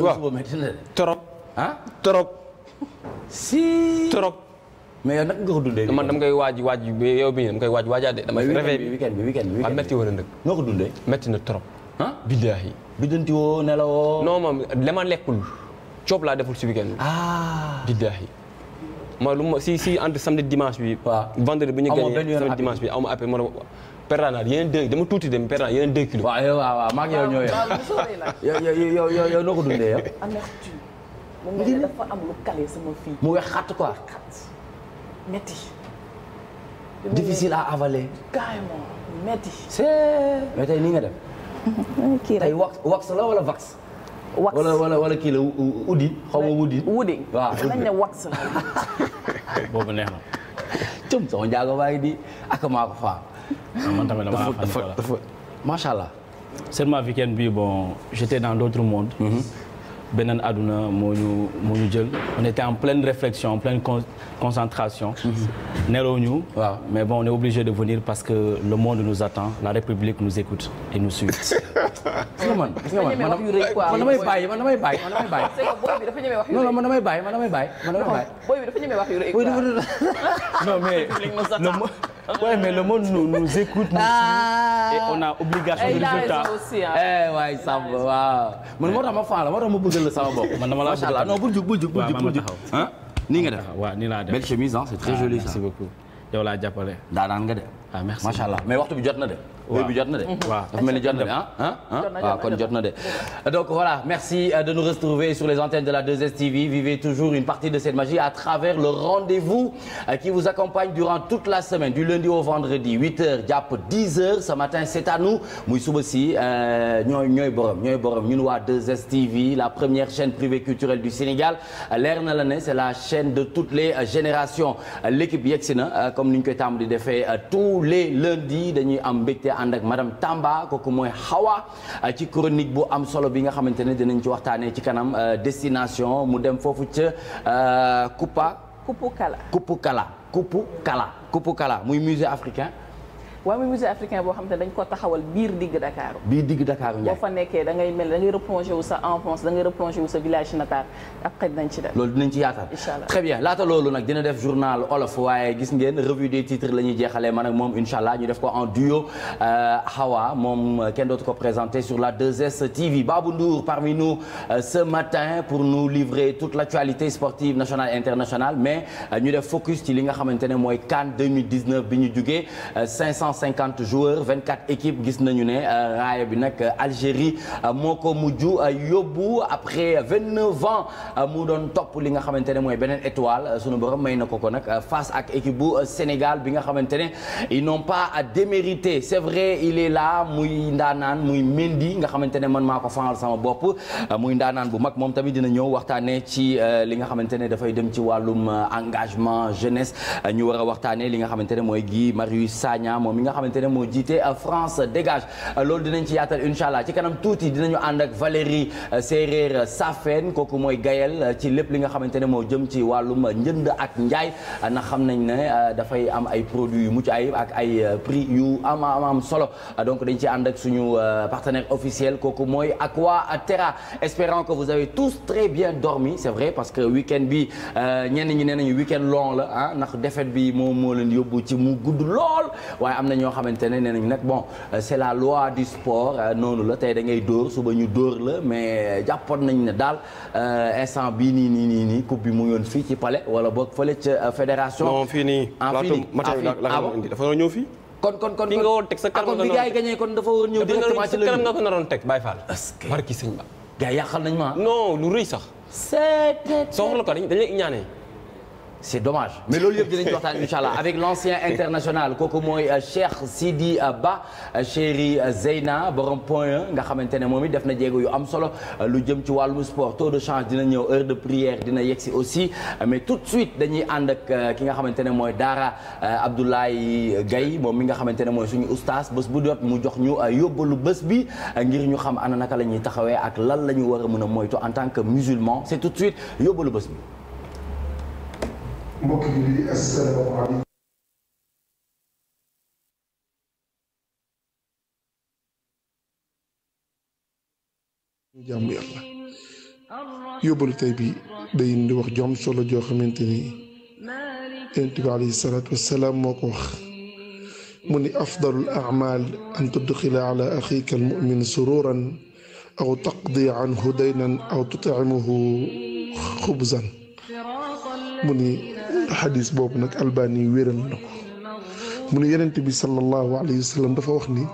yow suba métti na de. trop ah trop. si trop. mais yow naka nga ko dundee. man dama koy waaj waaj yow bi dama koy waaj waajaa de. damay réveil bi weekend bi weekend bi. métti woon na nag. noo ko dundee. métti na trop. ah billaahi. biddanti woo nelawoo. non moom dama lekkul coob laa deful si weekend bi. ah billaahi. ma lu ma si si entre samedi dimanche bi. waaw vendredi bu ñu. gagné samedi dimanche bi aw ma appel ma perdre naa yeneen deux tuuti dem perdre naa yeneen deux kilos. waaw yow waaw waaw maa ngi yow ñoo yow yow yow yow ko dundee yow. Ah? amertume. mu mel ne dafa am lu kale mu ngi xat quoi. xat métti. difficile la wala vax. wax wala wala wala kii la wudi xaw ma wudi. ne wax la. boobu neex na. cëm sama njaago baa di ak maa ko Ah, man tamit damaa dafa dafa macha allah. seulement weekend bi bon j'étais dans d'autres mondes. Mm-hmm. beneen àdduna moo ñu moo ñu jël on était en pleine réflexion en pleine con concentration. Mhm. neloo ñu waaw mais bon on est obligé de venir parce que le monde nous attend la République nous écoute et nous suit. gis nga man gis nga man man damay bàyyi man a bàyyi man damay bàyyi. non non man damay bàyyi man damay bàyyi man damay bàyyi. booy bi dafa ñeme wax yu rëy quoi non mais le mo ouais mais le monde nous nous écoute. nous suit ah. et on a obligation de eh ma faa la moo jël la sama bopp man dama la. macha allah non bul jug bul jug bul jug bul jug ah nii nga def waaw nii laa def belle chemise ah c'est très ah, joli ça. merci beaucoup yow laa jàppale. daanaan nga de. ah merci macha allah mais waxtu bi jot na de. heure bi donc voilà merci euh, de nous retrouver sur les antennes de la 2STV vivez toujours une partie de cette magie à travers le rendez-vous euh, qui vous accompagne durant toute la semaine du lundi au vendredi 8h jàpp 10h ce matin c'est à nous muy suba si euh, ñooy ñooy borom ñooy borom ñun waa 2STV la première chaîne privée culturelle du Sénégal leer na la ne c'est la chaîne de toutes les générations l'équipe yegsi na comme ni ñu koy tàmm di defee tous les lundis dañuy am mbégte ànd ak madame Tamba kooku mooy Hawa euh, ci chronique bu am solo bi nga xamante ne dinañ ci waxtaanee ci kanam euh, destination mu dem foofu ca euh, kuppa Kupu Kala Kupu Kala Kupu Kala Kupu Kala muy musée africain. waaw muy musée africain boo xam te dañ ko taxawal biir digg Dakar. biir digg Dakar boo fa nekkee da ngay mel da ngay replongé wu sa enfance da ngay sa village natal après dinañ ci def. loolu dinañ ci yaatal incha allah très bien laata loolu nag dina def journal la ñuy jeexalee man ak moom incha allah ñu def euh, Hawa moom kenn dootu ko présenté sur la 2S TV Babou Ndour parmi nous euh, ce matin pour nous livrer toute l'actualité sportive nationale et internationale mais euh, ñu d focus ci li xamante ne mooy CAN 2019 bi ñu jugee 500. 250 joueurs 24 équipes gis nañu ne euh, raaya bi nag euh, Algérie euh, moo ko mujj yóbbu après 29 ans mu doon topp li nga xamante ne mooy beneen étoile sunu borom may na ko ko nag face ak équipe bu Sénégal bi nga xamante ne ils n'ont pas démérité c'est vrai il est la muy ndaanaan muy Mendy nga xamante ne man maa ko fangal sama bopp muy ndaanaan bu mag moom tamit dina ñëw waxtaanee ci li nga xamante ne dafay dem ci wàllum engagement jeunesse ñu war a li nga mi nga xamante ne moo jiite euh, France dégage euh, loolu dinañ ci yaatal incha allah ci kanam tuuti dinañu ànd ak Valérie euh, Séréer Safène kooku mooy gayel ci lépp li nga xamante ne moo jëm ci wàllum njënd ak njaay na xam nañ ne dafay am ay produits yu mucc ayib ak ay prix yu am am solo donc dañ ci ànd ak suñu partenaire officiel kooku mooy Aqua Terra espérant que vous avez tous très bien dormi c'est vrai parce que week-end bi ñenn ñi ne nañu week-end long la ah ndax défaite bi moom moo leen yóbbu ci mu gudd lool na ñoo xamante ne nee nañ nag bon c'est la loi du sport euh, noonu la tey da ngay dóor suba ñu dóor la mais euh, jàppoon nañ ne daal euh, instant bii nii nii nii nii coupe bi mu yoon fii ci palais wala boog fële ca fédération. non fii nii en ah, fii nii ah, ah, dafa war ñëw fii. kon kon kon nga woon teg sa kanam nga naroon teg kon dafa war a teg Baye Fall. barki sëñ Ba. gars yàqal nañ ma. non lu rëy sax. c'est. soxla ko dañ dañ lay c'est dommage mais loolu yëpp dinañ waxtaan incha allah avec l'ancien international kooku mooy euh, Cheikh Sidi euh, Ba euh, chéri Zeyna borom point nga xamante ne moom it def na jéego yu am solo lu jëm ci wàllum sport taux de change dina ñëw heure de prière dina yegsi aussi mais tout de suite dañuy ànd ak ki nga xamante ne mooy Daara Abdoulaye Gaye moom mi nga xamante ne mooy suñu ustaas bés bu jot mu jox ñu yóbbalu bés bi ngir ñu xam ana naka la ñuy taxawee ak lan la ñu war a mën a moytu en tant que musulman c'est tout de suite mbokk yi di asalaamaaleykum jàmm yàlla yóbbalu tey bi day indi wax ju am solo joo xamante ni yonent bi alayhi salaatu wasalaam moo ko wax mu ni afdalul amal an tudxila ala axika almumin sururan aw taqdi anhu daynan aw tutcimuhu xubzan mu ni xadis boobu nag albani wéral na ko mu ne yonent bi sallallahu alayhi wa sallam dafa wax ni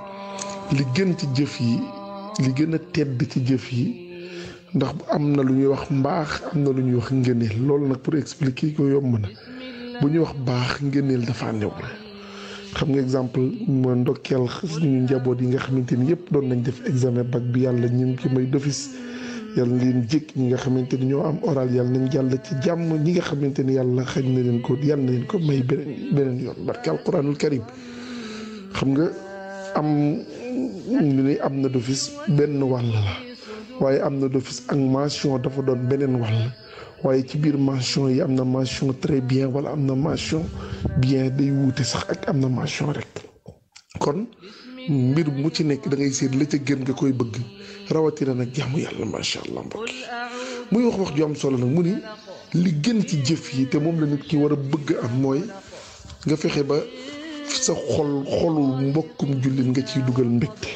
li gën ci jëf yi li gën a tedd ci jëf yi ndax am na lu ñuy wax mbaax am na lu ñuy wax ngëneel loolu nag pour expliquer ko yomb na bu ñuy wax baax ngëneel dafa ñëw xam nga exemple ma ndokkeel suñu njaboot yi nga xamante ni yëpp doon nañ def examen bac bi yàlla ñun ci may d'office yàlla na leen jik ñi nga xamante ni ñoo am oral yàlla nañ jàll ci jàmm ñi nga xamante ni yàlla xañ na leen ko na leen ko may beneen beneen yoon barke alquranul karim xam nga am am na d'office benn wàll la waaye am na d'office ak mention dafa doon beneen wàll waaye ci biir mention yi am na mention très bien wala am na mention bien day wuute sax ak am na mention rek kon mbir mu ci nekk da ngay seet la ca gën nga koy bëgg rawatina nag jaamu yàlla macha allah mbokk muy wax wax ju solo nag mu ni li gën ci jëf yi te moom la nit ki war a bëgg am mooy nga fexe ba sa xol xolu mbokkum jullit nga ciy dugal mbégte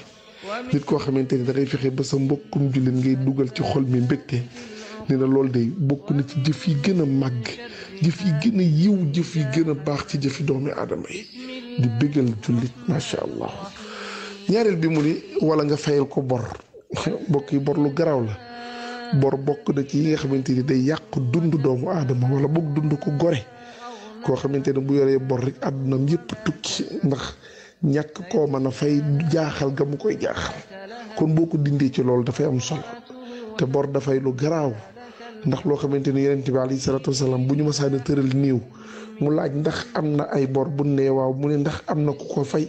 nit koo xamante ni da fexe ba sa mbokkum jullit ngay dugal ci xol mi mbégte nee na loolu de bokk na ci jëf yi gën a màgg jëf yi gën a yiw jëf yi gën a baax ci jëfi doomi aadama yi di bégal jullit macha allah. ñaareel bi mu ni wala nga fayal ko bor bokk yi bor lu garaaw la bor bokk na ci yi nga xamante ni day yàq dund doomu aadama wala boog dund ko gore koo xamante ne bu yoree bor rek àddunam yëpp tukki ndax ñàkk koo mën a fay jaaxal ga mu koy jaaxal kon boo ko dindee ci loolu dafay am solo te bor dafay lu garaaw ndax loo xamante ni yonent bi alayhi salaatu wasalaam bu ñu masaana tëral néew mu laaj ndax am na ay bor bu nee waaw mu ne ndax am na ku ko fay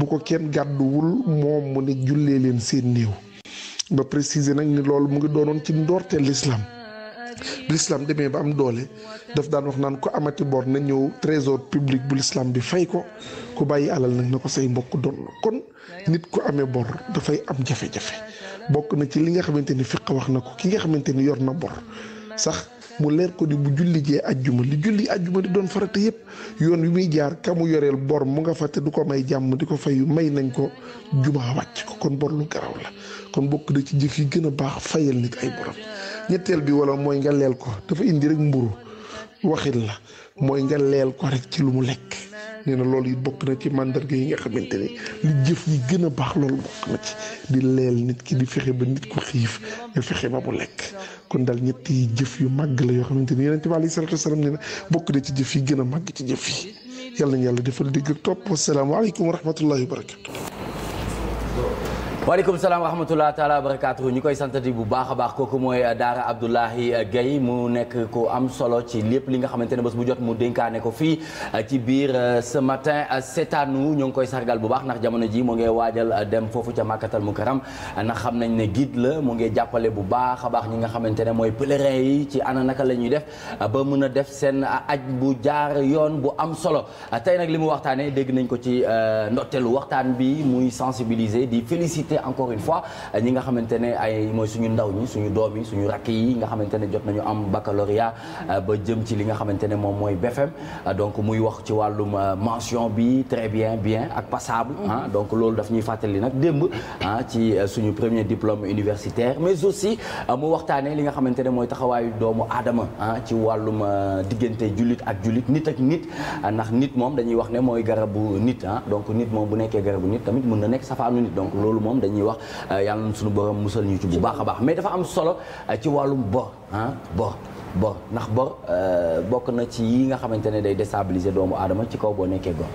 bu ko kenn gàdduwul moom mu ne jullee leen seen néew ba préciser nag ni loolu mu ngi doonoon ci ndoorteel lislaam l'islam demee ba am doole daf daan wax naan ko amati bor na ñëw trésor public bu l'islam bi fay ko ku bàyyi alal nag na ko say mbokk doon kon nit ku amee bor dafay am jafe-jafe bokk na ci li nga xamante ni fiq wax na ko ki nga xamante ni yor na bor sax mu leer ko ni bu julli jee ajjuma li julli ajjuma di doon farata yépp yoon wi muy jaar kamu yoreel bor mu nga fa te du ko may jàmm di ko fayu may nañ ko jumaa wàcc ko kon bor lu garaw la kon bokk na ci jëf yi gën a baax fayal nit ay borom ñetteel bi wala mooy nga leel ko dafa indi rek mburu waxin la mooy nga leel ko rek ci lu mu lekk nee na loolu it bokk na ci mandarga yi nga xamante ne li jëf yi gën a baax lool bokk na ci di leel nit ki di fexe ba nit ku xiif nga fexe ba mu lekk kon daal ñetti jëf yu màgg la yoo xamante ni yonent bi alayhi salaatu wa salaam nee bokk na ci jëf yi gën a màgg ci jëf yi yàlla na yàlla defal digg ak topp wassalaamu aleykum wa rahmatullahi wa barakatu waaleykum salaam wa rahmatulah taalaa barakaatu ñu koy santati bu baax a baax kooku mooy euh, Daara Abdoulahi euh, Gaye mu nekk ko am solo ci lépp li nga xamante ne bés bu jot mu dénkaane ko fii euh, ci biir ce matin seetaanu ñoo ngi koy sargal bu baax ndax jamono ji mu ngi waajal dem foofu ca Màkkatal Mukaram ndax xam nañ ne guide la mu ngi jàppale bu baax a baax ñi nga xamante ne mooy pèlerin yi ci ana naka la ñuy def ba mën a def seen aj bu jaar yoon bu am solo tey nag li mu waxtaanee dégg nañ ko ci ndorteelu waxtaan bi muy sensibiliser di féliciter. féliciter encore une fois euh, ñi nga xamante ne ay mooy suñu ndaw ñi suñu doom yi suñu rakk yi nga xamante ne jot nañu am baccalauréat euh, ba jëm ci li nga xamante ne moom mooy BFM euh, donc muy wax ci wàllum mention bi très bien bien ak passable ah donc loolu daf ñuy fàttali nag démb ah ci suñu premier diplôme universitaire mais aussi mu waxtaanee li nga xamante ne mooy taxawaayu doomu aadama ah ci wàllum diggante jullit ak jullit nit ak nit ndax nit moom dañuy wax ne mooy garabu nit ah donc nit moom bu nekkee garabu nit tamit mën na nekk safaanu nit dañuy wax euh, yàlla na suñu borom musal ñu ci bu baax a baax mais dafa am solo euh, ci wàllum bor ah bor bor ndax bor euh, bokk na ci yi nga xamante ne day déstabiliser doomu aadama ci kaw boo nekkee gor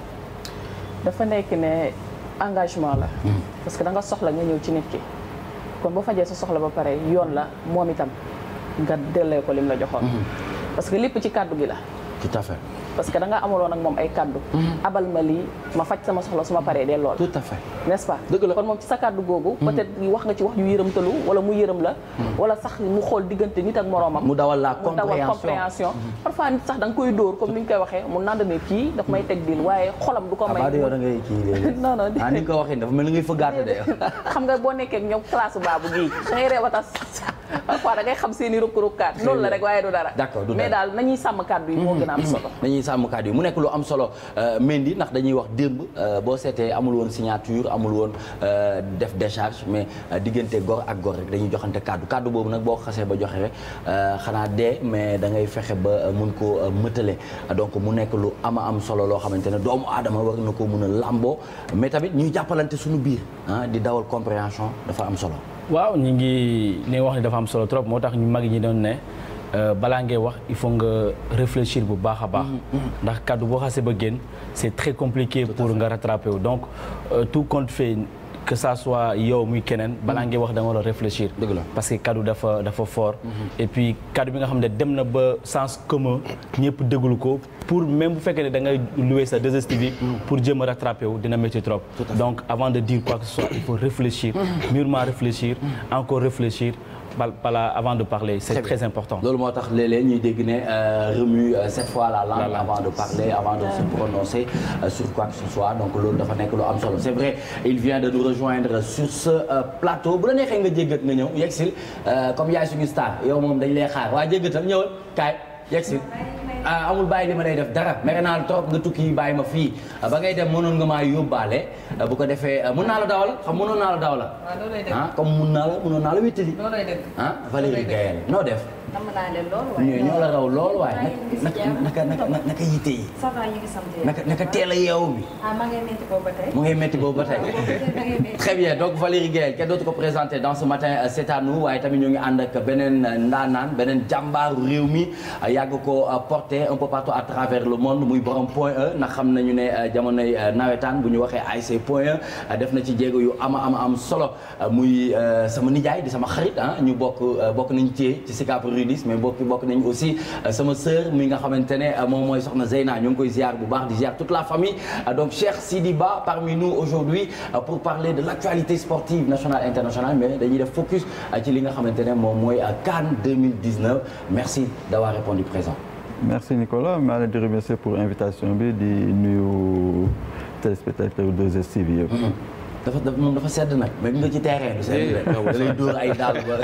dafa nekk ne engagement la hmm. parce que da soxla nga ñëw ci nit ki kon boo fajee sa soxla ba pare yoon la moom itam nga dellee ko lim la joxoon hmm. parce que lépp ci kàddu gi la tout à parce que da nga amaloon ak moom ay kaddu. Mhm. abal ma lii ma faj sama soxla su paree delloo la. tout à fait n'est-ce mhm. wax nga ci wax yu yërëmtalu wala mu yërëm la. Mhm. wala sax mu xool diggante nit ak moroomam. mu dawal la compréhension parfois nit koy dóor comme ni ñu koy waxee mu naan ne kii daf may teg diil waaye xolam du ah, ah, de. xam a tas parfois da la rek waaye du dara. d'accord daal nañuy sàmm kàddu yi moo gën a am solo sàmmkat yi mu nekk lu am solo euh, Mendy ndax dañuy wax démb euh, boo seetee amul woon signature amul woon euh, def décharge mais diggante gor ak gor rek dañuy joxante kàddu kàddu boobu nag boo xasee ba joxe rek xanaa dee mais dangay fexe ba mun koo mëtale donc mu nekk lu ama am solo loo xamante ne doomu aadama war na ko mun a làmboo mais tamit ñuy jàppalante suñu biir ah di dawal compréhension dafa am solo. waaw ñu ngi li wax ne dafa am solo trop moo tax ñu mag ñi doon Euh, balaa ngay wax il faut nga réfléchir bu baax a baax. Mm-hmm. Mm-hmm. ndax kàddu boo xasee ba génn c'est très compliqué pour nga rattraper wu donc euh, tout compte fait. que ça soit yow muy keneen balaa mm-hmm. ngay wax da nga war a réfléchir parce que kaddu dafa dafa fort et puis kaddu bi nga xam ne dem na ba sens commun ñëpp déglu ko pour même bu fekkee ne da ngay louer sa 2STV bi pour jéem a rattraper wu dina métti trop donc avant de dire quoi que soit il faut réfléchir mûrement réfléchir balaa avant de parler. c'est très important. loolu moo tax léeg-léeg euh, remue euh, cette fois la langue avant de parler avant de se prononcer euh, sur quoi que ce soit donc loolu dafa nekk lu am solo c'est vrai il vient de nous rejoindre sur ce plateau bu la neexee nga jéggat nga ñëw yegsil comme yaay suñu star yow moom dañ lay xaar waa jéggatal ñëwal kaay yegsil. Ah, amul bàyyi li ma lay def dara mere naa la trop nga tukki bàyyi ma fii ah, ba ngay dem mënoon nga maa yóbbaale ah, bu ko defee mën naa la dawal xam mënoon la dawal ah comme mën naa la mënoon naa la wéttali ah Valérie Gaël noo def ñoo la raw waaye naka yitte yi naka naka a yeewu bi mu ngay métti boobu ba tey très bien donc Valérie Gaël kenn dootu ko présenté dans ce matin euh, c'est waaye tamit ñoo ngi ànd ak beneen euh, ndaanaan beneen jàmbaaru réew mi euh, yàgg ko porté supporter un peu à travers le monde muy borom point 1 e, ndax xam nañu ne euh, jamonoy euh, nawetaan bu ñu waxee ASC point 1 e, euh, def na ci jéego yu ama ama am solo muy sama nijaay di sama xarit ah ñu bokk bokk nañ ci ci Sicap Rudis mais bokk bokk nañ aussi sama sœur mi nga xamante ne moom mooy soxna Zeyna ñu ngi koy ziar bu baax di ziar toute la famille donc Cheikh Sidi Ba parmi nous aujourd'hui pour parler de l'actualité sportive nationale internationale mais dañuy def focus ci li nga xamante ne moom mooy CAN 2019 merci d'avoir répondu présent merci Nicolas maa leen di remercier pour invitation bi di nuyu téléspectateurs 2STV yëpp mm-hmm. dafa dafa moom dafa sedd nag mais bu nga ci terrain du sedd rek eh, da ay daal ba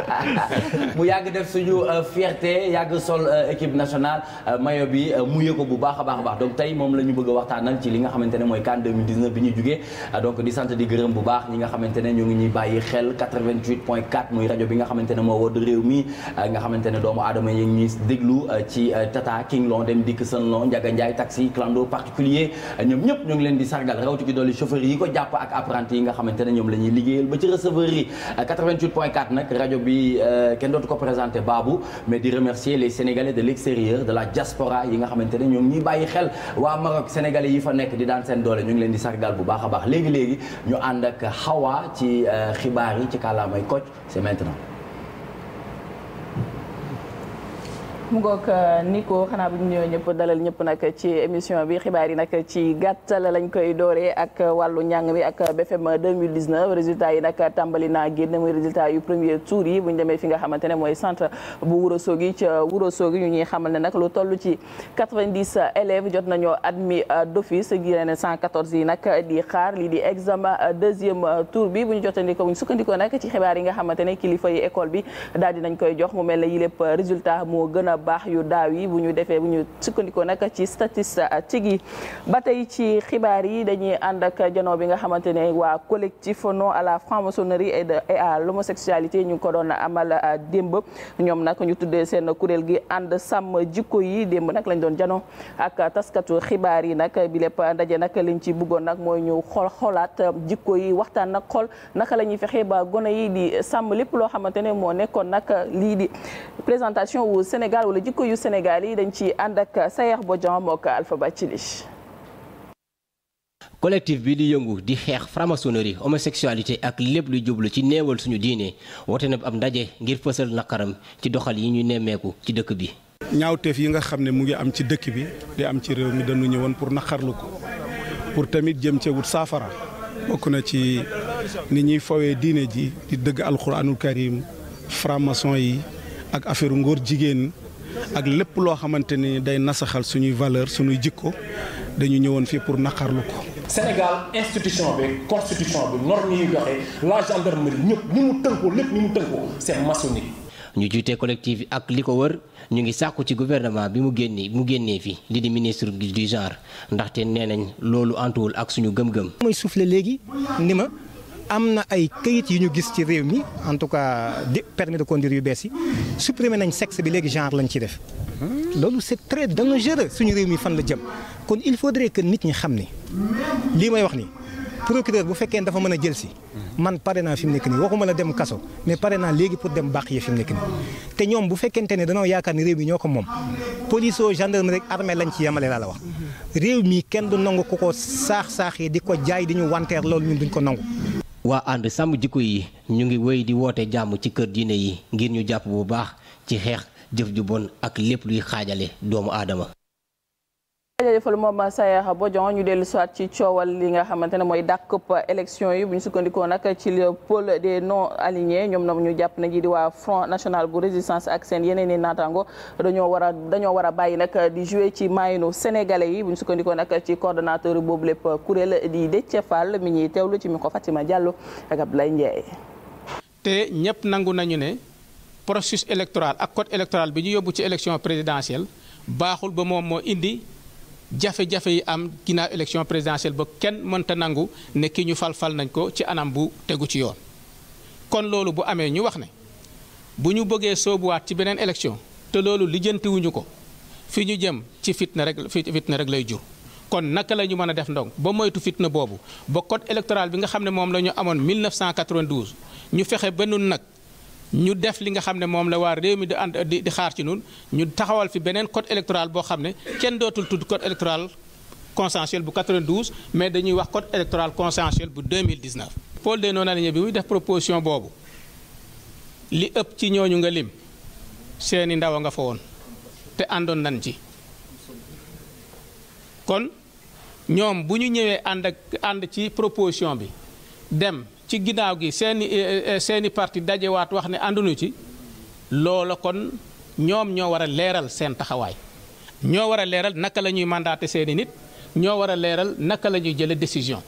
mu yàgg def suñu euh, fierté yàgg sol euh, équipe nationale euh, maillot bi muyee bu baax a baax a baax donc tey moom la ñu bëgg a waxtaanal ci li nga xamante ne mooy CAN 2019 bi ñu jugee donc di sant di gërëm bu baax ñi nga xamante ne ñu ngi ñuy bàyyi xel 88 point 4 muy rajo bi nga xamante ne moo wodd réew mi nga xamante ne doomu aadama yi ñuy déglu ci Tata King Long dem dikk Sen Long Njaga tax taxi clando particulier ñoom ñëpp ñu ngi leen di sargal ko jàpp ak apprenti yi nga xamante ne ñoom la ñuy liggéeyal ba ci receveur yi 88 nag rajo bi euh, kenn dootu ko présenté Babou mais di remercier les sénégalais de l' extérieur de la diaspora yi nga xamante ne ñoom ñuy bàyyi xel waa Maroc sénégalais yi fa nekk di daan seen doole ñu ngi leen di sargal bu baax a baax léegi-léegi ñu ànd ak Hawa ci euh, xibaar yi ci kàllaamay Kocc c'est maintenant mu ngoog euh, Nico xanaa bu ñu ñëwee ñëpp dalal ñëpp nag ci émission bi xibaar yi nag ci gàttal lañ koy dooree ak wàllu njàng mi ak BFM 2019 résultat yi nag tàmbali naa génn muy résultat yu premier tour yi bu ñu demee fi nga xamante ne mooy centre bu Ourossogui ca Ourossogui ñu ñuy xamal ne nag lu toll ci 90 élèves jot nañoo admis euh, d'office gi ne 114 yi nag di xaar lii di examen euh, deuxième tour bi bu ñu jotandikoo bu ñu sukkandikoo nag ci xibaar yi nga xamante ne kilifa yi école bi daal di nañ koy jox mu mel baax yu daaw yi bu ñu defee bu ñu sukkandikoo nag ci statistique yi ba tey ci xibaar yi dañuy ànd ak janoo bi nga xamante ne waa collectif non à la franc-maçonnerie et à l'homosexualité ñu ngi ko doon amal euh, démb ñoom nag ñu tuddee seen kuréel gi ànd sàmm jikko yi démb nag lañ doon janoo ak taskatu xibaar yi nag bi lépp ndaje nag liñ ci buggoon nag mooy ñu xool xoolaat jikko yi waxtaan nag xool naka lañuy ñuy fexee ba gone yi di sàmm lépp loo xamante wala jikko yu Sénégal yi dañ ci ànd ak Sayer Bodian moo ko Alpha Bathily bi di yëngu di xeex franc-maçonnerie ak lépp lu jublu ci néewal suñu diine woote na ab ndaje ngir fësal naqaram ci doxal yi ñu nemmeeku ci dëkk bi. ñaawteef yi nga xam ne mu ngi am ci dëkk bi di am ci réew mi dañu ñëwoon pour naqarlu ko pour tamit jëm cee wut saafara bokk na ci ni ñuy fawee diine ji di dëgg alxuraanul karim franc yi ak affaire ngóor jigéen. ak lépp loo xamante ni day nasaxal suñuy valeur suñuy jikko dañu ñëwoon fii pour naqarlu ko. Sénégal institution bi constitution bi norme yi joxe la gendarmerie ñëpp ni mu tënkoo lépp ni mu tënkoo c'est maçonnique. ñu jiite collectif bi ak li ko wër ñu ngi sàkku ci gouvernement bi mu génnee mu génnee fi li di ministre du genre ndaxte nee nañ loolu antuwul ak suñu gëm-gëm. mooy soufflé léegi ni ma. am na ay kayit yu ñu gis ci réew mi en tout cas di permis de conduire yu bees yi supprimer nañ sexe bi léegi genre lañ ci def loolu c'est très dangereux suñu réew mi fan la jëm kon il faudrait que nit ñi xam ni lii may wax ni procureur bu fekkee dafa mën a jël si man pare naa fi mu nekk nii waxuma la dem kaso mais pare naa léegi pour dem baax yi fi mu nekk nii te ñoom bu fekkente ne danoo yaakaar ni réew mi ñoo ko moom police o gendarme rek armée lañ ci yemale laa la réew mi kenn du nangu ku ko saax-saaxee di ko jaay di ñu wanteer loolu duñ ko nangu waa ànd sàmm jikko yi ñu ngi wéy di woote jàmm ci kër diine yi ngir ñu jàpp bu baax ci xeex jëf ju bon ak lépp luy xaajale doomu aadama jaajëfal moom Sayer Bodian ñu dellu soit ci coowal li nga xamante ne mooy dàkkup élection yi bu ñu sukkandikoo nag ci le non alignés ñoom nag ñu jàpp na ji di waa national bu résistance ak seen yeneen i naataango dañoo war a dañoo a bàyyi nag di jouer ci maayinu sénégalais yi bu ñu sukkandikoo nag ci coordonnateur boobu lépp kuréel di Déthié Fall mi ñuy teewlu ci micro Fatima Diallo ak Abdoulaye Ndiaye. te ñëpp nangu nañu ne processus électoral ak code électoral bi ñu yóbbu ci élection présidentielle baaxul ba moom moo indi. jafe-jafe yi am ginnaaw élection présidentielle ba kenn mënta nangu ne ki ñu fal-fal nañ ko ci anam bu tegu ci yoon kon loolu bu amee ñu wax ne bu ñu bëggee soobuwaat ci beneen élection te loolu lijjantiwuñu ko fi ñu jëm ci fitna rek fitna rek lay jur kon naka la ñu mën a def ndong ba moytu fitna boobu ba code électoral bi nga xam ne moom la ñu amoon 1992 ñu fexe ba nun nag ñu def li nga xam ne moom la waa réew mi di ànd di xaar ci nun ñu taxawal fi beneen code électoral boo xam ne kenn dootul tudd code électoral consensuel bu 92 mais dañuy wax code électoral consensuel bu 2019. Paul Denona la bi muy def proposition boobu li ëpp ci ñooñu nga lim seeni ndaw a nga fa woon te àndoon nañ ci kon ñoom bu ñu ñëwee ànd ak ànd ci proposition bi dem. ci ginnaaw gi seeni eh, eh, eh, seeni parti dajewaat wax ne ànduñu ci loola kon ñoom ñoo war a leeral seen taxawaay ñoo war a leeral naka la ñuy mandaté seeni nit ñoo war a leeral naka la ñuy jële décision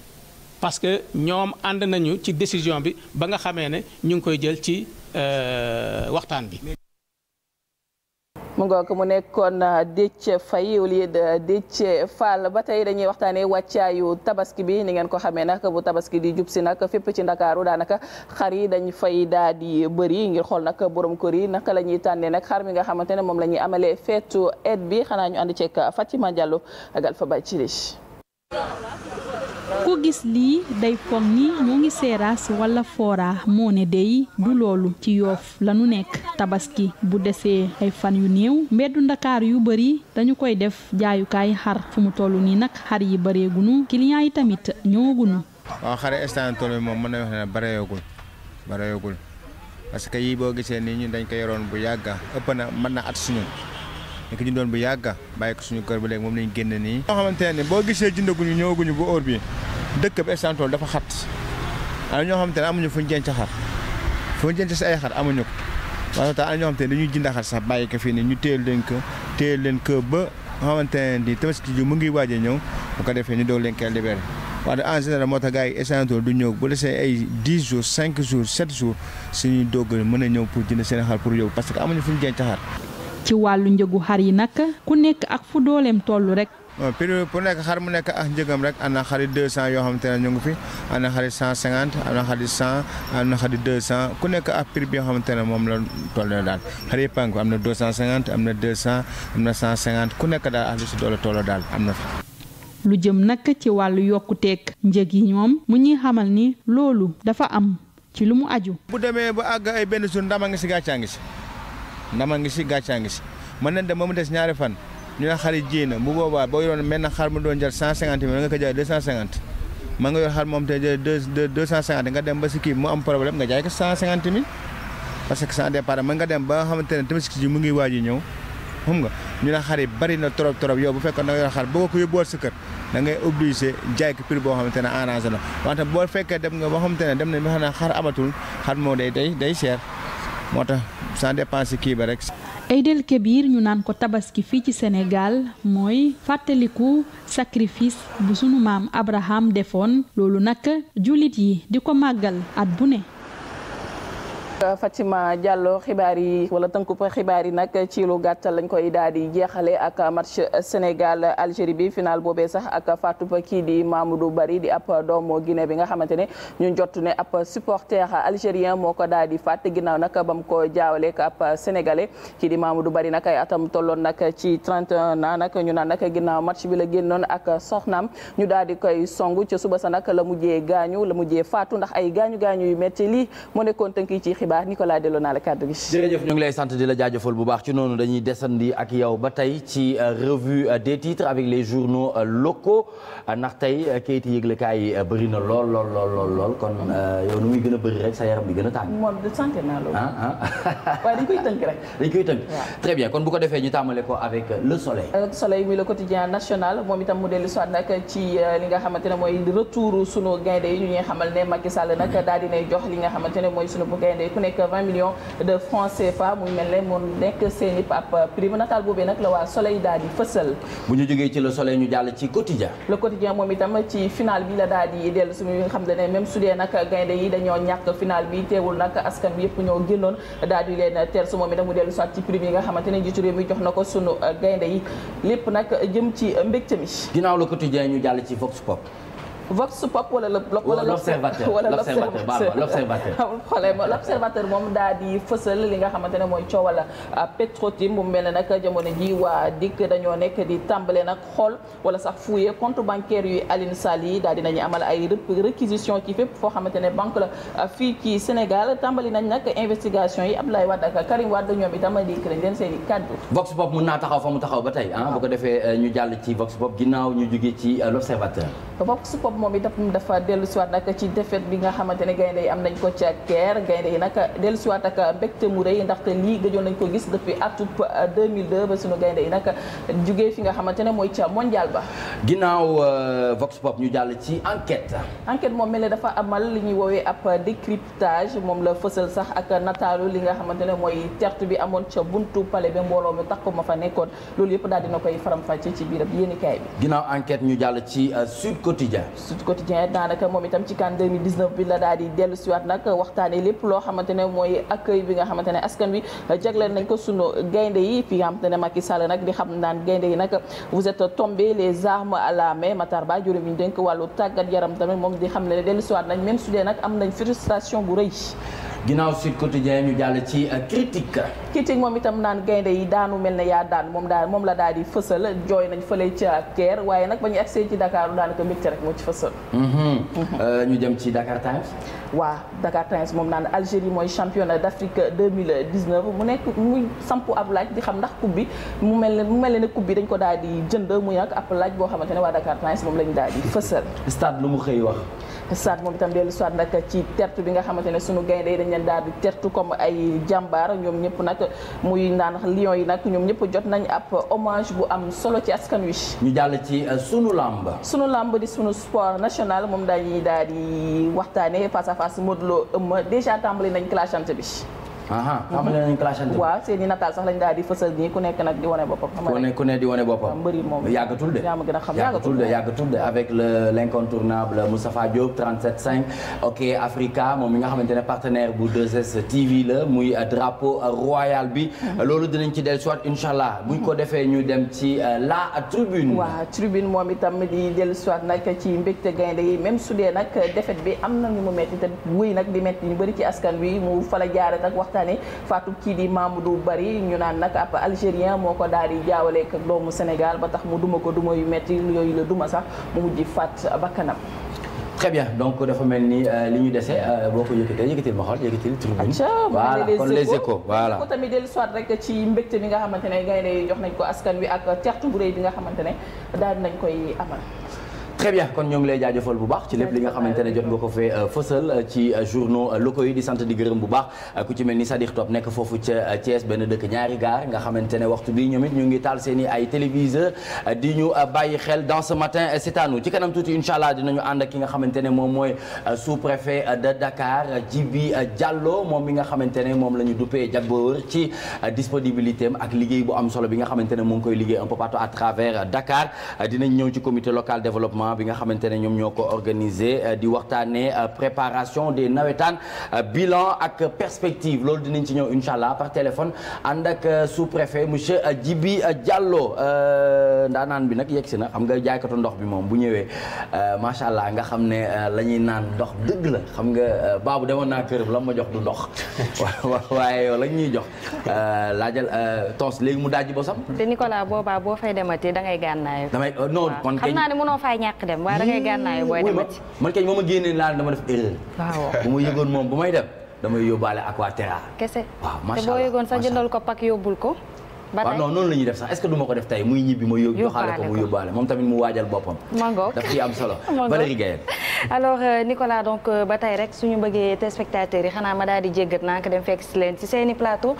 parce que ñoom ànd nañu ci décision bi ba nga xamee ne ñu ngi koy jël ci euh, waxtaan bi mu ngoog mu nekkoon ah, Déthié Faye au lieu de Déthié Fall ba tey dañuy waxtaanee wàccaayu tabaski bi ni ngeen ko xamee nag bu tabaski di jub si nag fépp ci ndakaaru daanaka xar yi dañ fay daa di bëri ngir xool nag borom kër yi naka la ñuy tànnee nag xar mi nga xamante ne moom la ñuy amalee feetu aide bi xanaa ñu ànd ceeg Fatima Diallo ak Alpha Bay ci ku gis lii day foog ni ñoo ngi seeraas wala foora moo ne day du loolu ci yoof lanu nekk tabaski bu desee ay fan yu néew mbeddu ndakaar yu bari dañu koy def jaayukaay xar fu mu toll nii nag xar yi bëreegunu client yi tamit ñëwagunu waaw xare instant toll moom mën na wax ne bareegul bareegul parce que yii boo gisee nii ñu dañ ko yoroon bu yàgga ëpp na mën na at suñu nekk ñu doon bu yàgga bàyyi ko suñu kër ba léegi moom lañ génn nii xamante ne boo gisee jëndaguñu ñëwaguñu bu óor bi dëkk bi estantool dafa xat am ñoo xam xamante ne amuñu fuñ jenc xar fuñ jenc si ay xar amuñu ko waaye tax am ñoo te ne dañuy jënd xar sax bàyyi ko fii nii ñu téyel leen ko téyel leen ko ba xamante ne ni tabaski ji mu ngi waaje ñëw bu ko defee ñu doog leen koy libéré waaye en général moo tax gars yi estantool du ñëw bu desee ay 10 jours 5 jours 7 jours suñuy doog mën a ñëw pour jënd seen pour yóbbu parce que amuñu fuñ jenc xar ci wàllu njëgu xar yi nag ku nekk ak fu dooleem toll rek. prix pour nekk xar mu nekk ak njëgam rek am na xari 200 yoo xamante ne ñu ngi fi am na xari 150 am na xari 100 am na xari 200 ku nekk ak prix bi xamante ne moom la toll daal xar yëpp am na 250 am na 200 am na 150 ku nekk daal ak lu si doole toll daal am na fi. lu jëm nag ci wàllu yokkuteeg njëg yi ñoom mu ñuy xamal ni loolu dafa am ci lu mu aju. bu demee ba àgg ay benn suñu a ngi si gàccaa ngi si. ndama ngi si gàccaa ngi si mën nañ dem ba mu des ñaari fan ñu ne xar yi ji na bu boobaa boo yoroon mel na xar mu doon jar cent cinquante mille nga ko jaay deux cent nga dem ba si kii mu am problème nga jaay ko cent cinquante nga dem ba nga xamante ne tabaski ji mu a ñëw xam xar yi bari na trop trop yow bu fekkoon na nga yor xar boo ko yóbbuwaat sa kër da ngay obligé jaay ko prix boo xamante ne arrangé na wante boo fekkee dem nga boo xamante ne dem na ba xam ne xar amatul xar moo day day day moo tax ça dépend si kii ba rek. Aidel Kébir ñu naan ko tabaski fii ci senegaal mooy fàttaliku sacrifice bu sunu maam Abraham defoon loolu nag jullit yi di ko màggal at bu ne. Fatima Diallo xibaar yi wala tënkub xibaar yi nag ci lu gàttal lañ koy daal di jeexale ak marché Sénégal Algérie bi final boobee sax ak faatub kii di Mamadou Bari di ab doomu Guinée bi nga xamante ne ñu jot ne ab supporter algérien moo ko daal di faat ginnaaw nag bam ko jaawale ak ab sénégalais kii di Mamadou Bari nag ay atam tolloon nag ci 31 ans nag ñu naan nag ginaaw match bi la génnoon ak soxnaam ñu daal di koy songu ci suba sa nag la mujjee gaañu la mujjee faatu ndax ay gaañu gaañu yu métti xibaar Nicolas delloo naa la kàddu gi. jërëjëf ñu ngi lay sant di la jaajëfal bu baax ci noonu dañuy desandi ak yow ba tey ci euh, revue euh, des titres avec les journaux euh, locaux ndax tey kayiti yëglekaay yi bëri na lool lool lool lool kon yow nu muy gën a bëri rek sa yaram bi gën a tàng. moom de sant naa loolu. ah, ah. waaye dañ koy tënk rek. dañ koy tënk très bien kon bu ko defee ñu tàmbale ko avec le soleil. le soleil muy le quotidien national moom itam mu dellu soit nag ci li nga xamante ne mooy retour sunu gaynde yi ñu xamal ne Macky Sall nag daal dinay jox li nga xamante ne mooy sunu gaynde mu nekk million millions de francs CFA muy mel ne mu nekk seen i ab prime nataal boobee nag la waa soleil daal di fësal. bu ñu jógee ci le soleil ñu jàll ci quotidien. le quotidien moom itam ci final bi la daal di dellu suñu xam ne même su dee nag gaynde yi dañoo ñàkk final bi teewul nag askan bi yëpp ñoo génnoon daal di leen teel su moom itam mu dellu soit ci prime yi nga xamante ne jiitu réew mi jox na ko sunu gaynde yi lépp nag jëm ci mbégte mi. ginnaaw le quotidien ñu jàll ci Vox Pop. Vox Pop wala le bloc wala l'observateur wala l'observateur amul problème mooy coowal ah, Petrotim bu mel ne nag jamono nekk di tàmbale nag xool wala sax fouiller compte bancaire yu Aline Sall yi daal dinañu amal ay réquisition ci fépp foo xamante ne banque la ah, fii ci Sénégal tàmbali nañ nag investigation yi Abdoulaye Wade ak Karim Wade ñoom itam dikk nañ leen seen i kaddu Vox Pop mën naa taxaw fa mu taxaw ba tey ah bu ko defee eh, ñu jàll ci Vox Pop ginnaaw ñu jógee ci eh, l'observateur moom itam dafa dellu siwaat nag ci défaite bi nga xamante ne gaynde yi am nañ ko ca Caire gaynde yi nag dellu siwaat ak mbégte mu rëy ndaxte lii gëjoon nañ ko gis depuis atub 2002 ba sunu gaynde yi nag jugee fi nga xamante ne mooy ca mondial ba ginnaaw euh, Vox Pop ñu jàll ci enquête enquête moom mel ne dafa amal li ñuy woowee ab décryptage moom la fësal sax ak nataalu li nga xamante ne mooy tertu bi amoon ca buntu palais ba mbooloo mi takku ma fa nekkoon loolu yëpp daal dina koy faram-fàcce ci biir ab yéenikaay bi ginnaaw enquête ñu jàll ci euh, Sud Quotidien Sud Quotidien daanaka moom itam ci CAN 2019 bi la daal di dellu siwaat nag waxtaanee lépp loo xamante ne mooy accueil bi nga xamante ne askan wi jagleel nañ ko sunu gaynde yi fi nga xamante ne Macky Sall nag di xam naan gaynde yi nag vous êtes tombé les armes à la main Matar Ba juróom yi ñu ko wàllu tàggat yaram tamit moom di xam ne dellu siwaat nañ même su dee nag am nañ frustration bu rëy ginnaaw Sud Quotidien ñu jàll ci euh, critique critique moom itam naan gaynde yi daanu mel ne yaa daan moom daal moom la daal di fësal jooy nañ fële ca Caire waaye nag ba ñu agsee ci dakaaru Dakar daanaka mbégte rek moo ci fësal mm-hmm. Mm-hmm. Euh, ñu jëm ci Dakar Times waa Dakar Times moom naan Algérie mooy championnat d'Afrique 2019 mu nekk muy sampu ab laaj di xam ndax coupe bi mu mel ne mu mel ne coupe bi dañ ko daal di jënd muy nag ab laaj boo xamante ne waa Dakar Times moom lañ daal di fësal stade lu mu xëy wax Saat moom itam dellu soit nag ci tertu bi nga xamante ne sunu gayndee yi leen daal di tertu comme ay jàmbaar ñoom ñëpp nag muy naan lion yi nag ñoom ñëpp jot nañ ab hommage bu am solo ci askan wi. ñu jàll ci euh, sunu lamb. sunu lamb di sunu sport national moom dañuy daal di waxtaanee face à face Modou Lo ëmb déjà tàmbali nañ clashante bi. xamal leen clashante nataal sax lañ daal di fësal nii ku nekk nag di wane boppam ku ne ku ne di wane boppam yàggatul de a xam yàggatul de yàggatul de avec le l'incontournable Moustapha Diop 37 5 ok Africa moom mi nga xamante ne partenaire bu 2S TV la muy drapeau royal bi hmm. loolu dinañ ci dellu soit incha allah buñ ko hmm. defee ñu dem ci euh, la tribune waaw tribune moom itam di dellu soit nag ci te gaynde yi même su dee nag défaite bi am na ñu mu metti te wuy nag di metti ñu bëri ci askan wi mu fala jaare ak waxtaan année Fatou kii di Mamadou Bari ñu naan nag ab algérien moo ko daal di jaawaleek doomu Sénégal ba tax mu duma ko duma yu metti yooyu la duma sax mu mujj faat bakkanam très bien donc dafa mel ni euh, li ñu dese euh, boo ko yëkkatee yëkkatil ma xool yëkkatil tribune voilà kon les échos voilà ko tamit dellu soit rek ci mbégte bi nga xamante ne gaynde jox nañ ko askan wi ak tertu bu rëy bi nga xamante ne daal nañ koy amal très bien kon ñoo ngi lay jaajëfal bu baax ci lépp li nga xamante ne jot nga ko fee euh, fësal euh, ci euh, journaux locaux yi di sant di gërëm bu baax ku ci mel ni Sadikh Top nekk foofu ca Thiès benn dëkk ñaari gaar nga xamante ne waxtu bi ñoom ñoo ngi taal seen i ay téléviseur di ñu bàyyi xel dans ce matin c'est à nous ci kanam tuuti incha allah dinañu ànd ak ki nga xamante ne moom mooy sous-préfet de Dakar Djibi Diallo moom bi nga xamante ne moom la ñu duppee Jagbor ci disponibilité am ak liggéey bu am solo bi nga xamante ne mu ngi koy liggéey un peu partout à travers local développement événement bi nga xamante ne ñoom ñoo ko organisé euh, di waxtaanee euh, préparation des nawetaan euh, bilan ak perspective loolu dinañ ci ñëw incha allah par téléphone ànd ak sous-préfet monsieur Djibi Diallo ndaanaan bi nag yegg si na xam nga jaaykatu ndox bi moom bu ñëwee macha allah nga xam ne lañuy naan ndox dëgg la xam nga baabu demoon naa këram la ma jox du ndox waaye yow lañ ñuy jox laajal tons léegi mu daaj bosam. te Nicolas boobaa boo fay demati da ngay gànnaayu. damay xam naa ne mënoo fay ñàkk ñàkk dem waaye da ngay gànnaayu booy dem ci man kañ moom a génnee laal dama def erreur bu ma yëgoon moom bu may dem damay yóbbaale aquaterra kese waaw macha te boo yëgoon sax jëndal ko pak yóbbul ko ba noonu la def sax est-ce ko def tey muy ñibbi ma yóbbaale moom tamit mu waajal boppam mangoog daf ciy am solo Valérie Gaye alors euh, Nicolas donc euh, ba tey rek suñu bëggee téléspectateurs yi xanaa ma daal di jéggat naa ko dem fekk si ci seeni plateau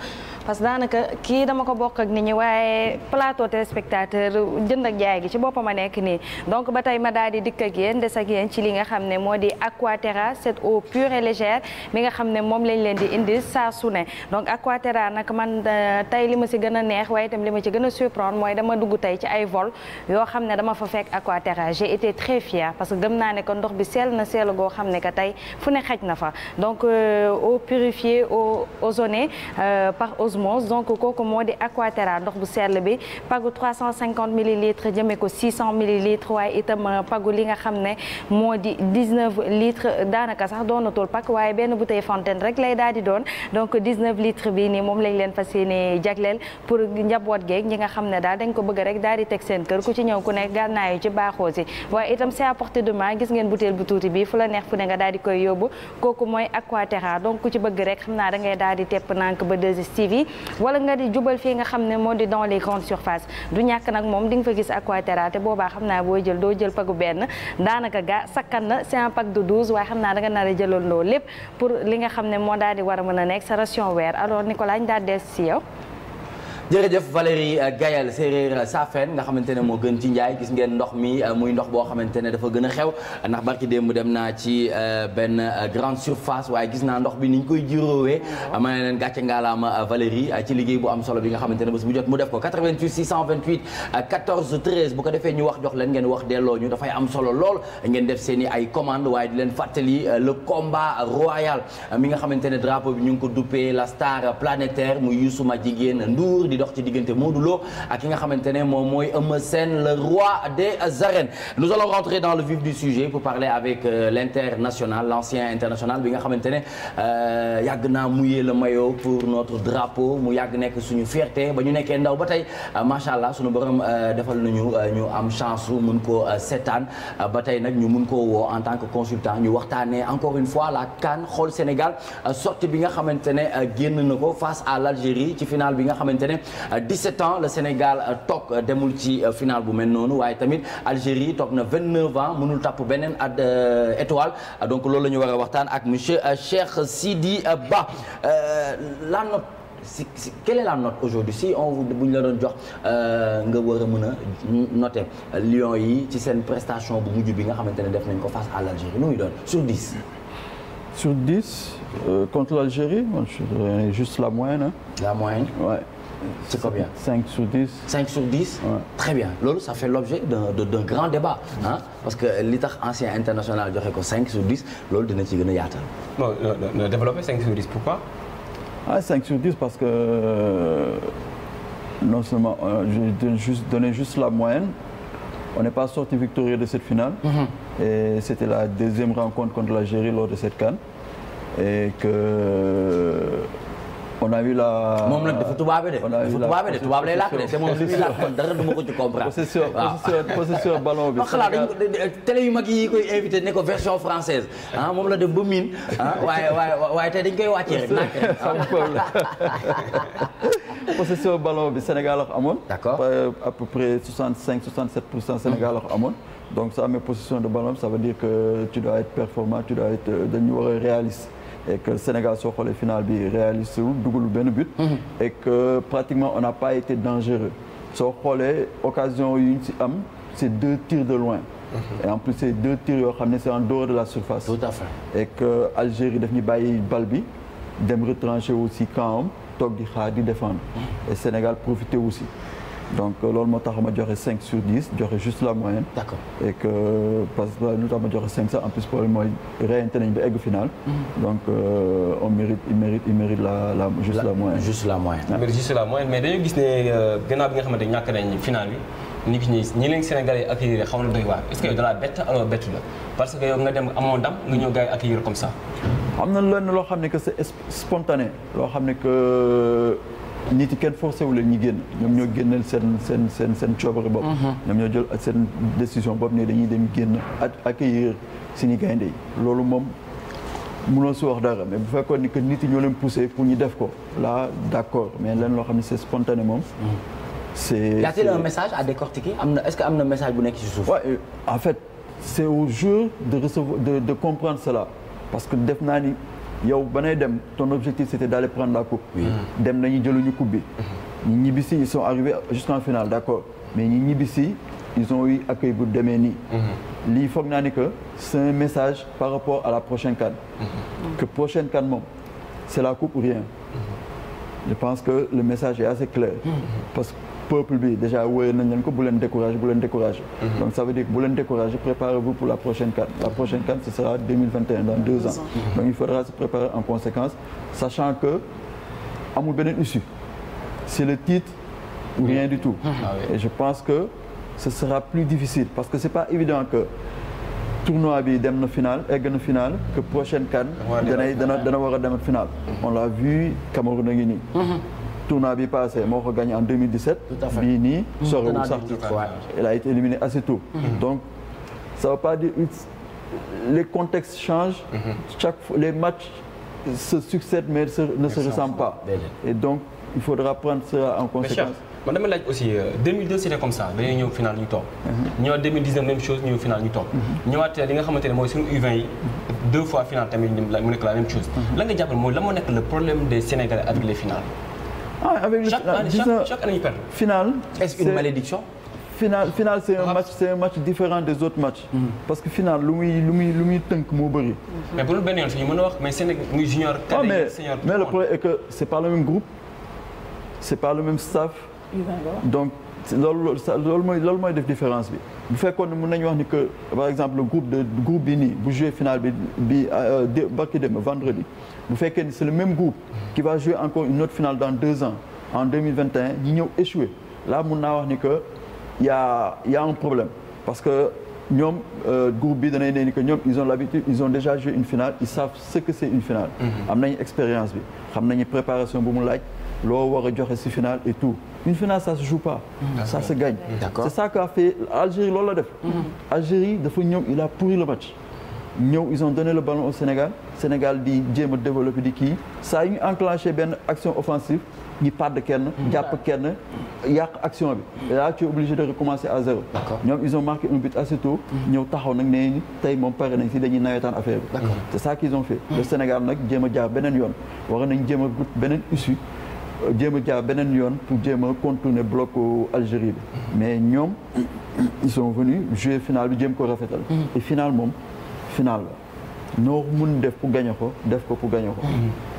parce que daanaka kii dama ko bokk ak nit ñi waaye plateau téléspectateur jënd a jaay gi ci boppam a nekk nii donc ba tey ma daal di dikk ak yéen des ak ci li nga xam ne moo di Aquaterra cette eau pure et légère mi nga xam ne moom lañ leen di indi saa su ne donc Aquaterra nag man euh, tey li ma si gën a neex waaye tam li ma ci gën a surprendre mooy dama dugg tey ci ay vol yoo xam ne dama fa fekk Aquaterra j'ai été très fière parce que gëm naa ne ndox bi seel na seelu goo xam ne que tey fu ne xaj na fa donc euh, eau purifiée eau ozonée euh, par osmose Cosmos donc kooku moo di Aquaterra ndox bu sell bi pagu 350 millilitres jëmee ko 600 millilitres waaye itam euh, pagu li nga xam ne moo di 19 litres daanaka sax doonatul pak waaye benn bouteille fontaine rek lay daal di doon donc 19 litres bi ni moom lañ leen fas yéene jagleel pour njaboot geeg ñi nga xam ne daal dañ ko bëgg rek daal di teg seen kër ku ci ñëw ku nekk gànnaayu ci baaxoo si waaye itam c'est à portée gis ngeen bouteille bu tuuti bi fu la neex fu nga daal di koy yóbbu kooku mooy Aquaterra donc ku ci bëgg naa da ngay daal di tepp nànk ba 2STV wala nga di jubal fii nga xam ne moo di dans les grandes surfaces du ñàkk nag moom di nga fa gis aquaterra te boobaa xam naa boo jël doo jël pagu benn daanaka gaa sakkan na c'est un pack de douze waaye xam naa da nga nar a jëloon lépp pour li nga xam ne moo daal di war a mën a nekk sa ration weer alors Nicolas ñu daal des si yow jërëjëf Valérie euh, Gayal séeréer euh, Safeen nga xamante ne moo gën ci njaay gis ngeen ndox mi euh, muy ndox boo xamante ne dafa gën a xew ndax barki mu dem naa ci benn grande surface waaye gis naa ndox bi ni ñu koy jiróowee ma ne leen gàcce ngaalaama Valérie ci liggéey bu am solo bi nga xamante ne bés bu jot mu def ko 88 628 14 13 bu ko defee ñu wax jox leen ngeen wax delloo ñu dafay am solo lool ngeen def seen i ay commande waaye di leen fàttali le combat royal mi nga xamante ne drapeau bi ñu ngi ko duppee la star planétaire muy Youssouma jigéen Ndour dox ci diggante Modou Lo ak ki nga xamante ne moom mooy Eumeu Sène le roi des arènes nous allons rentrer dans la vif du sujet pour parler avec euh, l'international l'ancien international bi nga xamante ne euh, yàgg naa mouiller le maillot pour notre drapeau mu yàgg nekk suñu fierté ba ñu nekkee ndaw ba tey euh, macha allah suñu borom defal na ñu am chance su mun koo seetaan ba tey nag ñu mun koo woo en tant que consultant ñu waxtaanee encore une fois la CAN xool Sénégal sortie 17 euh, ans le Sénégal euh, toog euh, demul ci final bu mel noonu waaye tamit Algérie toog na 29 ans mënul tàpp beneen ad étoile donc loolu la ñu war a waxtaan ak monsieur Cheikh Sidi Ba la note si si quelle est la note aujourd'hui si on bu la doon jox nga war a mën a noter Lions yi ci seen prestation bu mujj bi nga xamante ne def nañ ko face à l'Algérie lu muy doon sur 10. sur 10 euh, contre l'Algérie je dirais juste la moyenne. la moyenne c'est combien 5 sur 10. 5 sur 10 ouais. très bien loolu ça fait l'objet d'un d'un grand débat ah parce que li tax ancien international joxe ko 5 sur 10 loolu dina ci gën a yaatal. bon non développer 5 sur 10 pourquoi. ah 5 sur 10 parce que euh, non seulement euh, je donne juste donner juste la moyenne on n'est pas sorti victorieux de cette finale. Mm -hmm. et c'était la deuxième rencontre contre l'Algérie lors de cette CAN et que. on a vu moom nag dafa tubaabe de. on a vu la de tubaab lay làkk de te moom li ma invité ne ko version française ah, moom la def ba miin ah waaye waaye waaye tey dañ koy bi Sénégal amoon. d'accord à peu près 65 67 pour cent Sénégal la amoon. donc ça amee possession de ballon ça veut dire tu dois être performant et Sénégal soo xoolee final bi réalisé wul dugul benn but. Mhm. et que pratiquement on n'a pas été dangereux. soo xoolee occasion yu ñu si am c'est deux tirs de loin. Mhm. et en plus c'est deux tirs yoo xam ne c'est en dehors de la surface. tout à fait et que Algérie daf ñu bàyyi bal bi dem retranché aussi camp am toog di xaar di défendre. Mhm. et Sénégal profité aussi. donc euh, loolu moo tax ma joxe 5 sur 10 joxe juste la moyenne. d'accord et que parce que lu tax ma joxe 5 sax en plus problème mooy reyante nañ ba egg final. Mhm. donc euh, on mérite il mérite la juste la, la juste la moyenne. mais dañoo gis ne euh, gannaaw bi nga xamante ñàkk nañ final bi. ñu ngi ñi ñi leen Sénégalais yi accueillir xaw na doy waar est-ce que yow dalaa que yow nga dem amoo ndam nga ñëw gars yi accueillir comme ça. am na lenn loo xam ne que c'est loo xam ne que. nit yi kenn forcé wu leen ñu génn ñoom ñoo génneel seen seen seen seen coobare bopp. Mhm. ñoom ñoo jël seen décision bopp ne dañuy dem génn ak accueillir suñu gaynde yi loolu moom mënoo si wax dara mais bu fekkoon ni que nit yi ñoo leen poussé pour ñu def ko là d'accord mais leen loo xam ne c'est spontané moom. Mhm. c'est y a un message à décortiquer am na est-ce que am na message bu nekk ci suuf. Euh, en fait c'est au jour de recevoir de de comprendre cela parce que def ni. yow ba dem ton objectif c'était d'aller prendre la coupe dem nañu jëluñu coupe bi mm-hmm. ñi ñibbisi ils sont arrivés jusqu'en finale d'accord mais ñi ñibbisi ils ont eu accueil bu demee ni mm-hmm. lii foog naa ni que c'est un message par rapport à la prochaine CAN mm-hmm. que prochaine CAN moom c'est la coupe ou rien je pense que le message est assez clair peuple bi déjà wóyal nañ leen ko bu leen découragé bu leen découragé. Mhm. donc ça veut dire que bu leen préparez-vous pour la prochaine CAN la prochaine CAN ce sera dans ans. il faudra se préparer en conséquence sachant que amul beneen issue c'est le titre ou rien du tout. Ah et je pense que ce sera plus difficile parce que c'est pas évident que. tournoi bi dem na final egg na final que prochaine CAN. dana dana war a dem final. Mhm. on l'a vu Cameroun a ngi tournoi bi passé moo ko gagné en 2017. tout à fait bii nii mmh. soriwul sax. il éliminé assez tôt. Mmh. donc ça veut pas dire les contextes changent. Mmh. chaque fois les matchs se succèdent mais ne se ressemblent pas. donc il faudra prendre ça en conséquence. man dama laaj aussi 2002 euh, c'était comme ça dañoo ñëw final ñu toog. ñëwaat 2019 même chose ñëw final ñu toog. ñëwaat li nga xamante ne mooy suñu U20 yi. deux fois final tamit mu nekk la même chose. lan nga jàppal mooy la moo nekk le problème des Sénégalais avec les finales. ah avec le, chaque, année, chaque, chaque année, finale. est-ce une malédiction. final final c'est un match c'est un match différent des autres matchs. Mm. parce que final lu muy lu muy lu muy tënk moo bëri. Mm-hmm. mais bu dul benn yoon suñu mën a wax mais Sénégal muy junior. ah mais mais le problème est que c'est pas le même groupe c'est pas le même staff. donc loolu loolu mooy loolu mooy def différence bi. bu fekkoon ne mën nañu wax ni que par exemple le groupe de groupe bi nii bu joué final bi bi euh, barki dem vendredi. bu fekkee ni c'est le même groupe qui va jouer encore une autre finale dans deux ans en 2021 ñi ñëw échoué là mun ni que y a y un problème parce que ñoom euh, groupe bi danay ne ni que ñoom ils ont l'habitude ils ont déjà joué une finale ils savent ce que c'est une finale mm-hmm. am nañu expérience bi xam nañu préparation bu mu laaj loo war a joxe ci finale et tout une finale ça se joue pas mm-hmm. ça se c'est ça qu'a fait Algérie loolu la def mm-hmm. Algérie dafa ñëw il a pourri le ñëw ils ont donné le ballon au Sénégal Sénégal di jéem a développé di kii saa yu ñu enclenché benn action offensive ñi pàdd kenn jàpp kenn yàq action bi là tu es obligé de recommencer à zéro ñoom ils ont marqué un but assez tôt mm-hmm. ñëw taxaw nag nee ni tey moom pare nañ si dañuy nawetaan affaire bi c'est ça qu'ils ont fait le mm-hmm. Sénégal nag jéem a jaar beneen yoon war nañ jéem a beneen issue jéem a jaar beneen yoon pour jéem a contourner bloc Algérie bi mm-hmm. mais ñoom ils sont venus jouer final bi jéem ko rafetal final moom final la noo mun def pour gagné ko def ko pour gagné ko. Mm-hmm.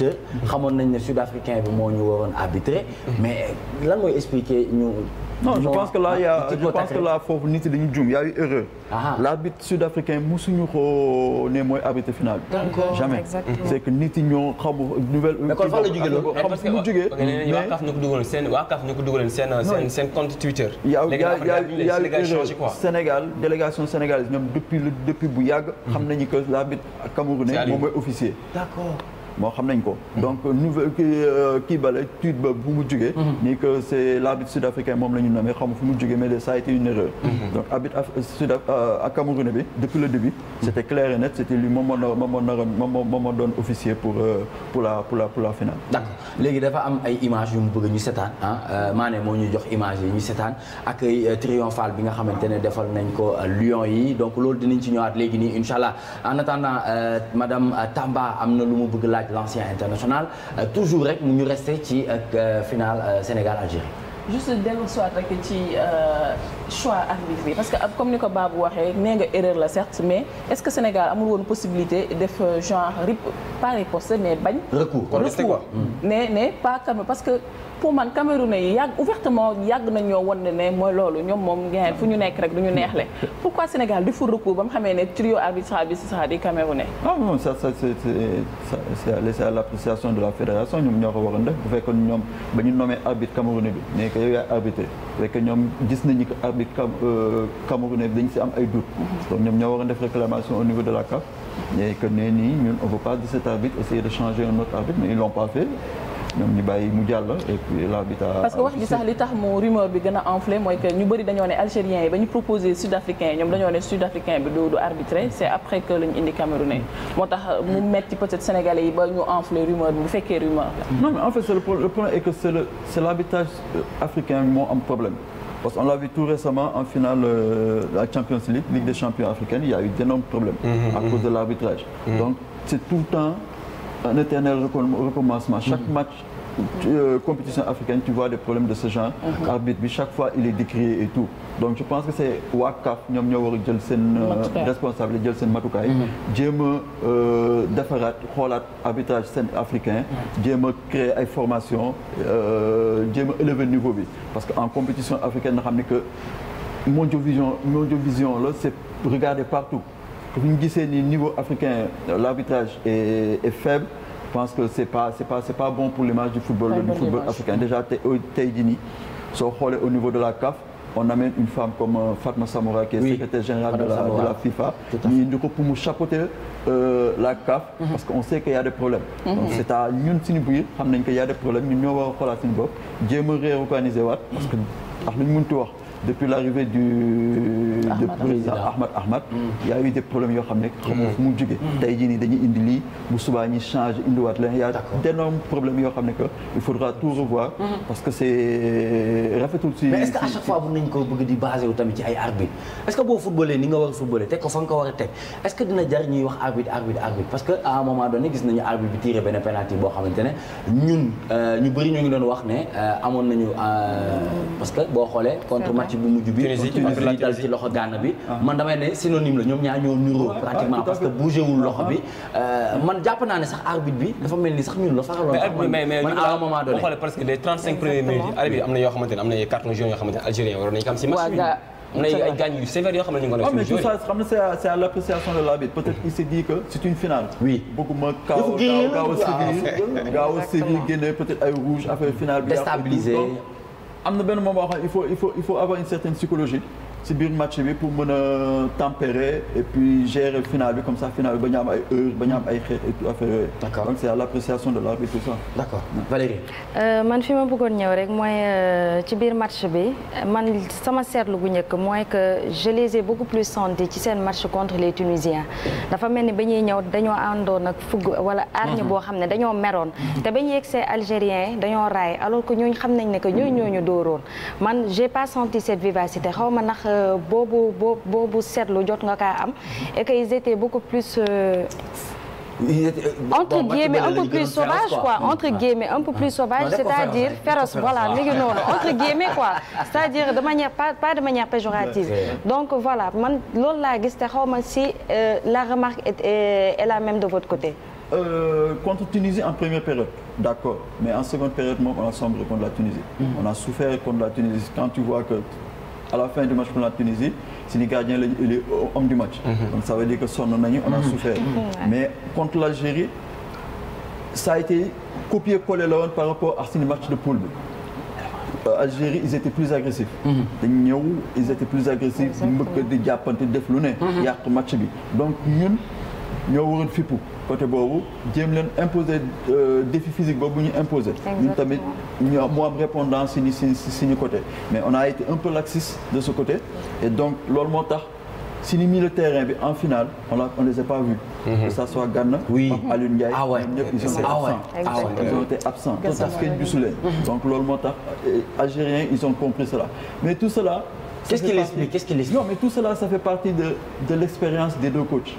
arbitre xamoon nañ ne sud africain bi moo mais lan mooy expliquer ñu. je pense que là y' a je jum y' a eu erreur. Ah ah. l' arbitre sud africain musuñu ko ne mooy arbitre final jamais c' que nit yi ñoo nouvelle. mais la jógee loolu xam fu mu jógee. mais waa CAF ñu ko dugaloon seen waa CAF ñu ko dugaloon seen seen compte a eu erreur Sénégal délégation sénégalaise depuis depuis bu yàgg. xam nañu que l' camerounais moom officier. bon xam nañ ko donc nouvelle euh, kii kii bale tuit ba bu mu jugee mhm. nii que c' est l' arbitre sud africain moom la ñu nommé xamu fu mu jugee mais ça a été une erreur mhm. donc arbitre sud euh, ak ay images yu mu bëgg ñu seetaan ah euh, maa ñu jox image yi ñu seetaan ak triomphal bi nga xamante ne defal nañ ko Lions yi donc loolu dinañ ci ñëwaat léegi nii incha allah en attendant madame Tamba am na lu mu bëgg laaj l'ancien international euh, toujours rek ñu resté ci ak euh, euh, finale Sénégal Algérie. juste dellu soit rek ci. choix arbitre bi parce que comme ni ko Babou waxee nee nga erreur la certes mais est-ce que Sénégal amul woon possibilité def euh, genre rip pas riposte mais bañ. recours recours hmm. mais mais pas Cameroun parce que pour man Camerounais yi yàgg ouvertement yàgg nañ ñoo wan ne mooy loolu ñoom moom ngeen hmm. fu ñu nekk rek du ñu neexle pourquoi Sénégal deful recours ba mu xamee ne trio arbitral bi ce sera des Camerounais. ah non ça ça c'est laissé à l'appréciation de la fédération ñoom ñoo ko waroon def bu fekkoon ñoom ba ñu nommé arbitre Camerounais bi mais que yow yaa arbitré bu fekkee ñoom gis nañu que arbitre bi euh, Camerounais bi am ay doute donc ñoom réclamation au niveau de la CAF mais que nee nii ñun pas de cet arbitre essayer de changer un autre arbitre mais ils l'ont pas fait ñoom ñu bàyyi mu jàll parce que wax ji sax li tax mu rumeur bi gën a mooy que ñu bëri dañoo algérien yi ba ñu sud africain yi ñoom sud africain bi du du arbitré après que lañu indi camerounais moo tax mu metti peut être sénégalais yi ba ñu enflé rumeur bi bu Parce qu'on l'a vu tout récemment en finale euh, de la Champions League, Ligue des champions africaine, il y a eu d'énormes problèmes mmh, à mm-hmm. cause de l'arbitrage. Mm-hmm. Donc c'est tout le temps un éternel recommencement. Chaque mm-hmm. match euh, compétition africaine, tu vois des problèmes de ce genre. Mhm. arbitre bi chaque fois il est décrié et tout. donc je pense que c' est waa CAF ñoom ñoo war a jël seen. Euh, responsable jël seen matukaay. Mhm. jéem a euh, defaraat xoolaat arbitrage seen africain. Mhm. jéem a créer ay formation euh, jéem a élever niveau bi parce que en compétition africaine nga xam ne que Mondio Vision Mondio Vision la c' est regarder partout bu ñu gisee ni niveau africain l'arbitrage est est faible. pense que c'est pas c'est pas c'est pas bon pour l'image du football du bon football image. africain déjà tey jii nii soo xoolee au niveau de la CAF on amène une femme comme euh, Fatma Samoura qui est oui. secrétaire générale de la, de la FIFA ñu indi ko pour mu chapeauter euh, la CAF mm -hmm. parce que on sait qu'il y a des problèmes mm -hmm. donc c'est à ñun suñu biir xam nañ que y a des problèmes ñun ñoo war a xoolaat suñu bopp jéem a réorganiser waat parce que ndax lu ñu mënti wax depuis l'arrivée du de président Ahmad Ahmad mm. y eu des problèmes yoo xam ne xamoo fu mu jógee mm. nii dañuy indi bu subaa ñi change indiwaat leen y a d'énormes problèmes yoo xam ne que il faudra mm. tout revoir mm-hmm. parce que c'est rafetul si mais est-ce que à chaque bu nañ ko bëgg di basé wu tamit ci ay arbitre est-ce que boo footballé ni nga war a footballé teg ko fa nga ko war a teg est-ce que dina jar ñuy wax arbitre arbitre arbitre parce que à un donné ne euh, ñu bëri ñu ngi doon wax ne euh, amoon nañu euh, parce que boo xoolee contre match match loxo Ghana bi ah. man damay ne la ñoom ñaar ñoo nuroo pratiquement parce que bougé wul loxo bi ah, ah. Euh, man sax arbitre bi dafa mel ni sax ñun la faraloon sax man à presque des 35 premières minutes yi arbitre am na yoo am na ay carton jaune algérien waroon nañu ko si match bi am na sévère yoo xam ne ñu ngi ko a sévir. gaaw a sévir génne peut-être am na benn moment boo xam il faut il faut il faut avoir une certaine psychologie ci biir match bi pour mën a tempérer et puis gérer final bi comme ça final bi ba ñu am ay heures ba ñu euh, man fi ma bëggoon ñëw rek mooy euh, ci biir match bi man sama seetlu gu njëkk mooy que je les ai beaucoup plus sentis ci seen match contre les Tunisiens dafa mel ni ba ñuy ñëw dañoo àndoon ak fugg wala arñe mhm. boo xam ne dañoo meroon. te ba ñu yegsee algériens dañoo raay alors que ñooñ xam nañ ne que ñooñu ñooñu dooroon man j'ai pas senti cette vivacité xaw nax. Euh, boobu boobu seetlu jot nga ka am mhm. et que ils étaient beaucoup plus euh, euh, entre guillemets un peu plus sauvage quoi c'est-à-dire féroce voilà mi entre guillemets c'est-à-dire pas de manière péjorative donc voilà man loolu laa gis te xaw ma si la remarque est la même de votre côté contre Tunisie en première période d'accord mais en seconde période moom on a sombré contre la Tunisie mhm. on a souffert contre la Tunisie quand tu vois que à la fin du match contre la Tunisie suñu gardien lañu élu homme du match. Mhm. donc ça veut dire que sonn nañu on a mhm. souffert. mais contre l'Algérie ça a été copier-coller la woon par rapport ak suñu match de poule bi. Euh, Algérie ils étaient plus agressifs. Mhm. dañu ñëw ils étaient plus agressifs. mbëkk di jàppante def lu ne. yàq match bi donc ñun ñoo waroon fippu. côté boobu jéem leen imposer euh, défi physique boobu ñu imposer. ñun tamit ñu mu am répondance suñu si suñu côté. mais on a été un peu laxiste de ce côté. et donc loolu moo tax suñu milieu terrain bi en finale on a on les a pas vus. Mm-hmm. que ça soit Gana. oui Alioune Ndiaye. Ah ah ah mm-hmm. donc loolu moo euh, ils ont compris cela mais tout cela. quest partie de l'expérience des deux coachs.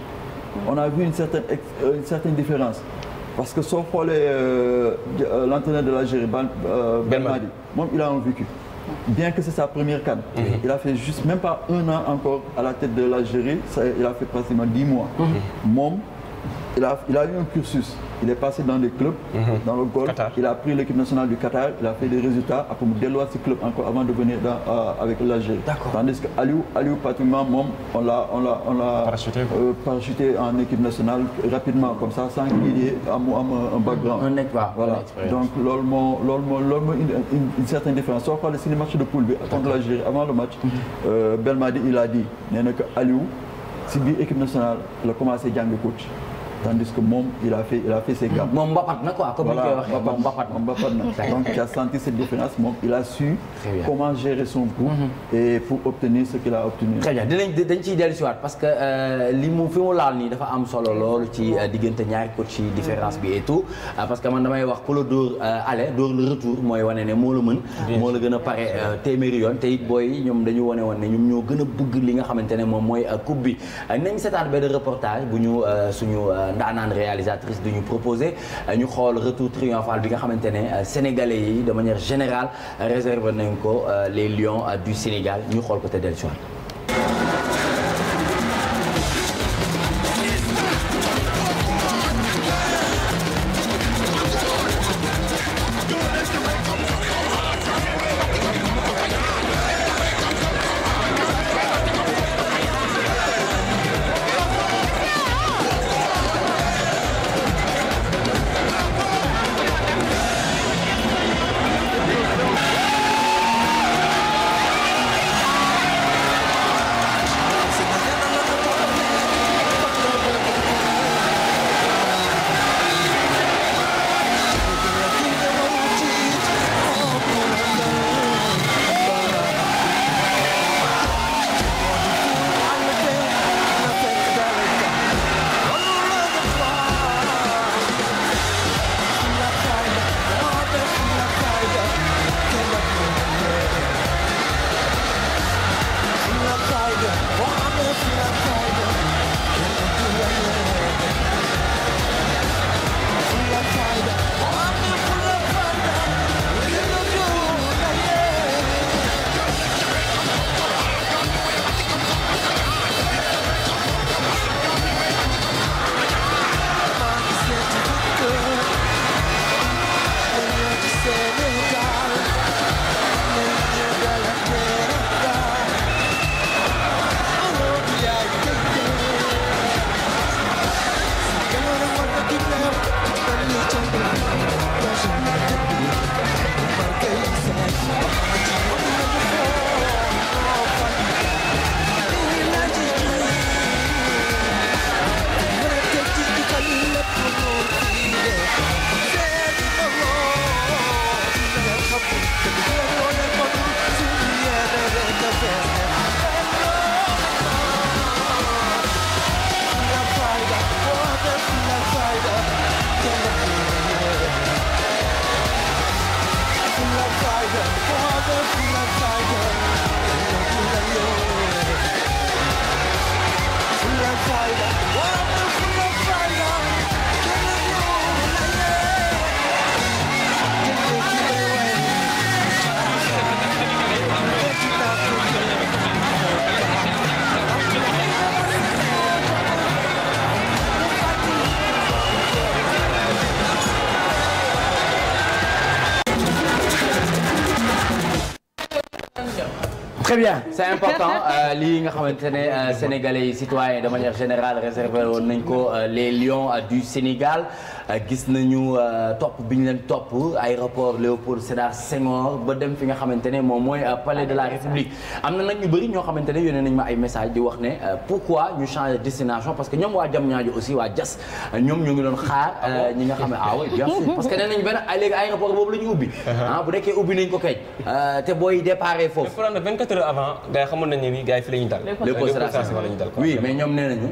on a vu une certaine ex, euh, une certaine différence parce que soo xoolee euh, euh, l'entraîneur de l'Algérie Bal Ben Madi moom il a un vécu bien que c'est sa première CAN. Mm -hmm. il a fait juste même pas un an encore à la tête de l'Algérie ça il a fait pratiquement dix mois. Mhm. moom. Mm -hmm. il a, il a eu un cursus. Il est passé dans des clubs, mm -hmm. dans le golf. Qatar. Il a pris l'équipe nationale du Qatar, il a fait des résultats, après mu delluwaat si club encore avant de venir dans, euh, avec l'Algérie. D'accord. Tandis que Aliou Aliou Patouma moom on l'a on l'a on l'a parachuté, euh, parachuté en équipe nationale rapidement comme ça sans qu'il y ait am am un background. Un net voilà. Donc loolu moo loolu moo loolu moo une, une, une certaine différence. Soo xoolee si les matchs de poule bi contre l'Algérie avant le match, mm -hmm. euh, Belmadi il a dit nee na que Aliou si biir équipe nationale la commencé jàng coach. tandis que moom il a fait il a fait ses gammes. moom mbapat na quoi comme ni nga waxee moom mbapat na mbapat na donc tu as senti cette différence moom il a su. comment gérer son groupe. Mm-hmm. et pour obtenir ce qu'il a obtenu. très bien dinañ dañ ciy dellusiwaat parce que euh, li mu fi mu laal nii dafa am solo loolu ci euh, diggante ñaari coach yi différence bi et tout euh, parce que man damay wax ku la dóor aller dóor le retour mooy wane ne moo la mën. moo la gën a pare téeméeri yoon te it booy ñoom dañu wane woon ne ñoom ñoo gën a bëgg li nga xamante ne moom mooy coupe bi nañ seetaan benn reportage bu ñu suñu. ndaanaan réalisatrice du ñu proposé ñu xool retour triomphal bi nga xamante ne euh, sénégalais yi de manière générale réservé nañ ko euh, les lions euh, du Sénégal ñu xool ko te dellusiwaat c'est important euh, lii nga xamante ne euh, sénégalais yi citoyens de manière générale réservé woon nañ ko euh, les lions du Sénégal Euh, gis nañu euh, topp bi ñu leen topp aéroport Léopold Sédar Senghor ba dem fi nga xamante ne moom mooy euh, palais de la République am na nag ñu bëri ñoo xamante ne yónnee nañ ma ay message di wax ne pourquoi ñu changer destination parce que ñoom waa jam ñaajo aussi waa jas ñoom ñoo ngi doon xaar ah ñi nga xam ne ah oui bien sûr parce que nee nañ benn léegi aéroport boobu la ubbi uh-huh. ah, bu nekkee ubbi nañ ko kay te booy départ foofu 24 heures avant gars yi yi fi la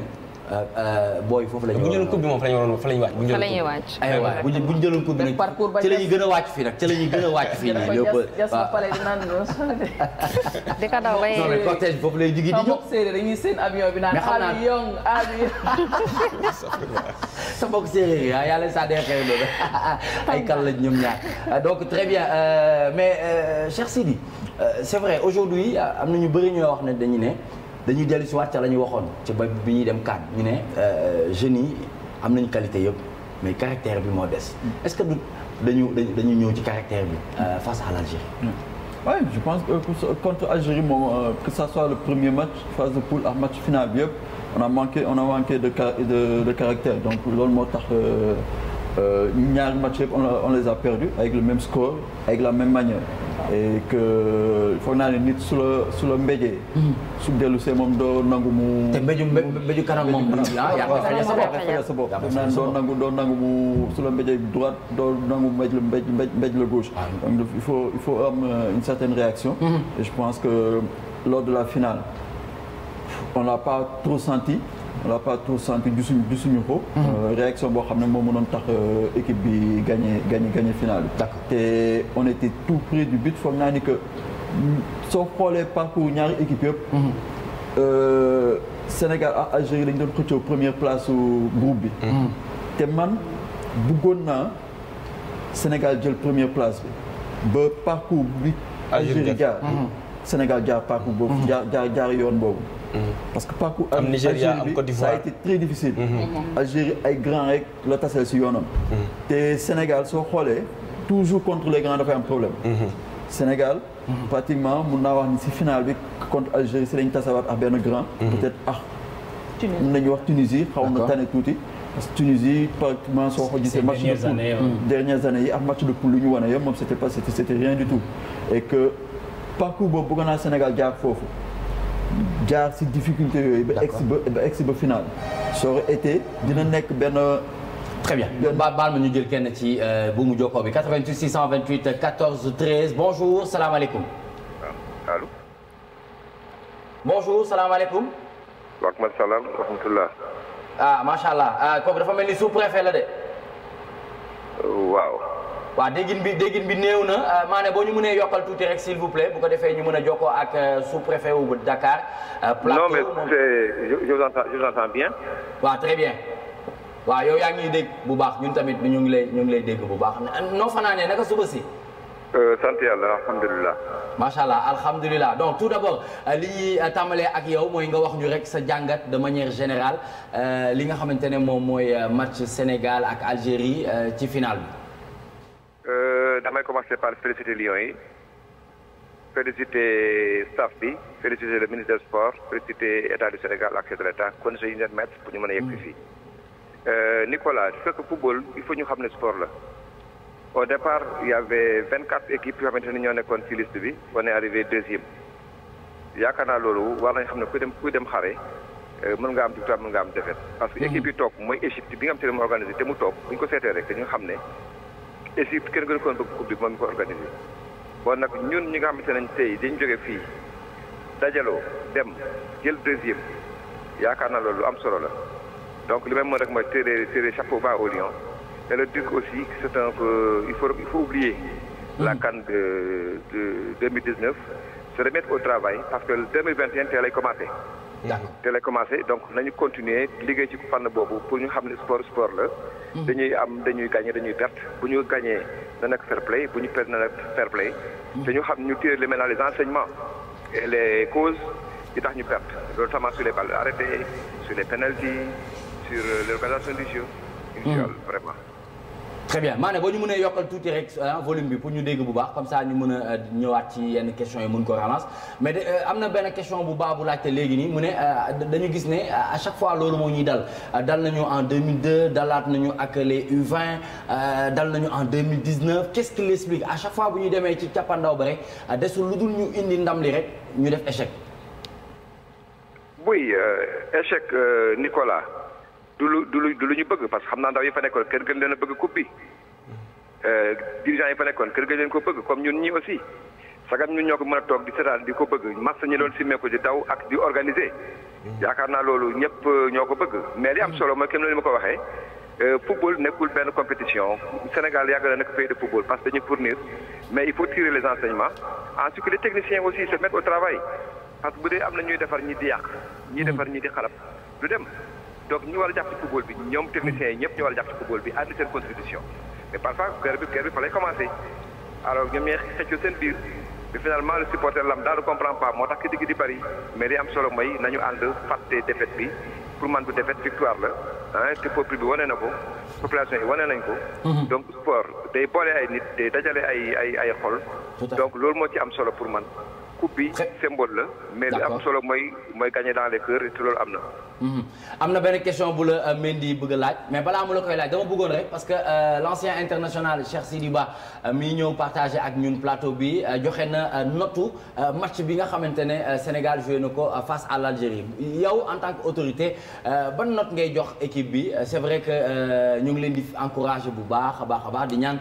Euh, booy foofu la ñu. bu ñu jëloon coupe bi moom fa la ñu waroon fa la ñu wàcc. fa la ñuy wàcc aywa bu ñu jëloon coupe bi la ñuy gën a wàcc fii nag ci gën a wàcc fii nii. lépp seen avion bi naan. mais xam naa avion avion. sa mbokk séeréer yi ah, yàlla saa dee xew loolu ay kan lañ ñaar ah, donc très bien euh, mais euh, Cheikh Sidi c'est vrai aujourd'hui ah, am na ñu bëri ñoo wax ne dañu ne dañuy dellu si waat la ñu waxoon ci ba bi ñuy dem kaan ñu ne euh, jeunes yi am nañu qualité yëpp mais caractère bi moo des. Mm. est-ce que du dañu dañu ñëw ci caractère bi euh, face à l'Algérie. Mm. je pense que contre Algérie moom euh, que ça soit le premier match phase final bi yëpp on a manqué on de de de caractère donc loolu moo tax. Euh, ñaari match yëpp on les a perdus avec le même score avec la même manière et que foog naa ne nit su la su la mbéjee. Mm-hmm. su dellu see moom doo nangu mu. te mbéju mbéju kanam moom. ah yaa ngi fayal sa bopp doo nangu doo nangu mu su la mbéjee droite doo nangu mbéj la mbéj mbéj la gauche. Ah donc il faut il faut am euh, une certaine réaction. Mm-hmm. et je pense que lors de la finale on n'a pas trop senti. on partour pas trop senti gisuñu ko. Mhm. Euh, réaction boo xam ne moom moo noon tax euh, équipe bi gagné gagné gagné finale bi. te on était tout près du but foog naa ni que mm, soo xoolee parcours ñaari équipe yëpp. Mhm. Euh, Sénégal ah Algérie lañ doon xëccoo première place su groupe bi. Mhm. te man bëggoon naa Sénégal jël première place bi ba parcours bi. Algérie jaar. Sénégal jaar parcours boobu. Mhm. jaar jaar jaar yoon boobu. Mhm. parce que parcours am Nigéria am Côte d'Ivoire ça a été très difficile. Mhm. Algérie ay grand rek la taseel si yoonam. te Sénégal soo xoolee toujours contre les grands dafay am problème. Sénégal. pratiquement mun naa wax ni si final bi contre Algérie si lañ tasawaat ak benn grand. peut-être ah. mun nañu wax Tunisie xaw na tane tuuti. parce que Tunisie pratiquement soo ko gisee. match de poule dernières années yi match de poule lu ñu wane yëpp moom c'était pas c'était rien du parcours boobu bëggoon naa Sénégal jaar foofu jaar si difficulté yooyu ba egsi ba ba egsi ba final ça été dina nekk benn très bien baal ma ñu jël kenn ci euh, buumu jokkoo bi 88 628 14 13 bonjour salaamaaleykum ah, allo bonjour salaamaaleykum waaleykum ah macha allah ah, kooku dafa mel ni sous-préfet la de waaw déggin bi déggin bi néew na euh, maanaam boo ñu mënee yokkal tuuti rek s'il vous plaît bu ko defee ñu mën a jokkoo ak euh, sous-préfet bu Dakar. Euh, plateau non mais bien. waaw bien. waaw yow yaa ngi dégg bu baax ñun tamit ñu ngi lay ñu ngi lay dégg bu baax noo fanaanee naka suba si. sant yàlla alhamdulilah. macha allah alhamdulilah donc tout d'abord li ñuy tàmbalee ak yow mooy nga wax ñu rek sa jàngat de manière générale li nga xamante ne moom mooy match Sénégal ak Algérie ci finale bi. Euh, damay commencer par féliciter Lions yi féliciter staff bi féliciter le ministre des sports féliciter état du Sénégal ak chef de l'État conditions yi ñu leen mettre pour ñu mën a yegg fii. Euh, Nicolas su fekkee football il faut ñu xam ne sport la au départ il y avait vingt quatre équipes yoo xamante ne ñoo nekkoon ci liste bi on est arrivé deuxième yaakaar naa loolu war nañ xam ne kuy dem kuy dem xare euh, mën nga am victoire mën nga am défaite. parce que mhm. équipe yi toog mooy Égypte nga xam ne. Égypte kenn gënu ko bëgg coupe bi moom mi ko organisé bon nag ñun ñi nga xamante ne tey dañ jóge fii dajaloo dem jël deuxième yaakaar naa loolu lu am solo la donc li may mën rek mooy téere téere chapeau bas au lion et le duc aussi c'est un peu il faut il faut oublier mm. la CAN de de 2019 se remettre au travail parce que 2021 teel lay commencé. te la commencé donc nañu continuer liggéey ci fànn boobu pour ñu xam ne sport sport la. Mhm. dañuy am dañuy gagné dañuy perte bu ñu gagné na nekk fair play bu ñu perte na nekk fair play. te mhm. ñu xam ñu tirer les maintenant les enseignements et les causes yi tax ñu perte loolu tamit sur les balles arrêtées sur les pénalties sur l'organisation du jeu. Mhm. incha vraiment. très bien maanaam boo ñu mënee yokkal tuuti rek volume bi pour ñu dégg bu baax comme ça ñu mën a euh, ñëwaat ci yenn questions yi mën ko relance mais euh, am na benn question bu baax bu laajte léegi nii mu ne euh, dañu gis ne a chaque fois loolu moo ñuy dal dal nañu en mille 2002 dalaat nañu ak les U20 dal nañu en 2019 quest que qui l'explique à chaque fois bu ñu demee ci cappandaw ba rek desul lu dul ñu indi ndam li rek ñu def échec. oui échec Nicolas. du lu du lu du lu ñu bëgg parce que xam naa ndaw yi fa nekkoon kër gën leen a bëgg coupe bi euh, yi fa nekkoon kër gën leen ko bëgg comme ñun ñi aussi sagam ñun ñoo ko mën a toog di seetaan di ko bëgg massa ñi loolu simmee ko di daw ak di organiser yaakaar naa loolu ñëpp euh, ñoo ko bëgg mais li am solo mooy kenn loolu ma ko waxee euh, football nekkul benn compétition Sénégal yàgg na nekk pays de football parce que dañuy fournir mais il faut tirer les enseignements ensuite que les techniciens aussi se am na ñuy defar ñi di yàq ñuy defar ñi di xalab du dem donc ñi war a jàpp ci football bi ñoom techniciens yi ñëpp ñu war a jàpp ci football bi àndi seen contribution mais parfois guerre bi guerre bi fa lay commencé alors ñoom ñooy xëccoo seen biir finalement le supporter lam daal comprend pas moo tax ki digg di bëri mais li am solo mooy nañu ànd fàtte défaite bi pour man bu défaite victoire la ah te peuple bi na ko population yi wane nañ ko. Mhm. donc sport day boole ay nit day dajale ay ay xol. donc loolu moo ci am solo pour coupe bi symbole la. mais li am solo mooy mooy gagner dans les cœurs te loolu am na. Mhm. am na benn question bu la euh, Mendy bëgg a laaj mais balaa mu la koy laaj dama bëggoon rek parce que euh, l'ancien international si Sidi Ba euh, mi ñëw partagé ak ñun plateau bi joxe na notu match bi nga xamante ne Sénégal joué na ko face à l'Algérie yow en tant autorité ban note ngay jox équipe bi c'est vrai que ñu ngi leen di encourager bu baax a baax a baax di ñaan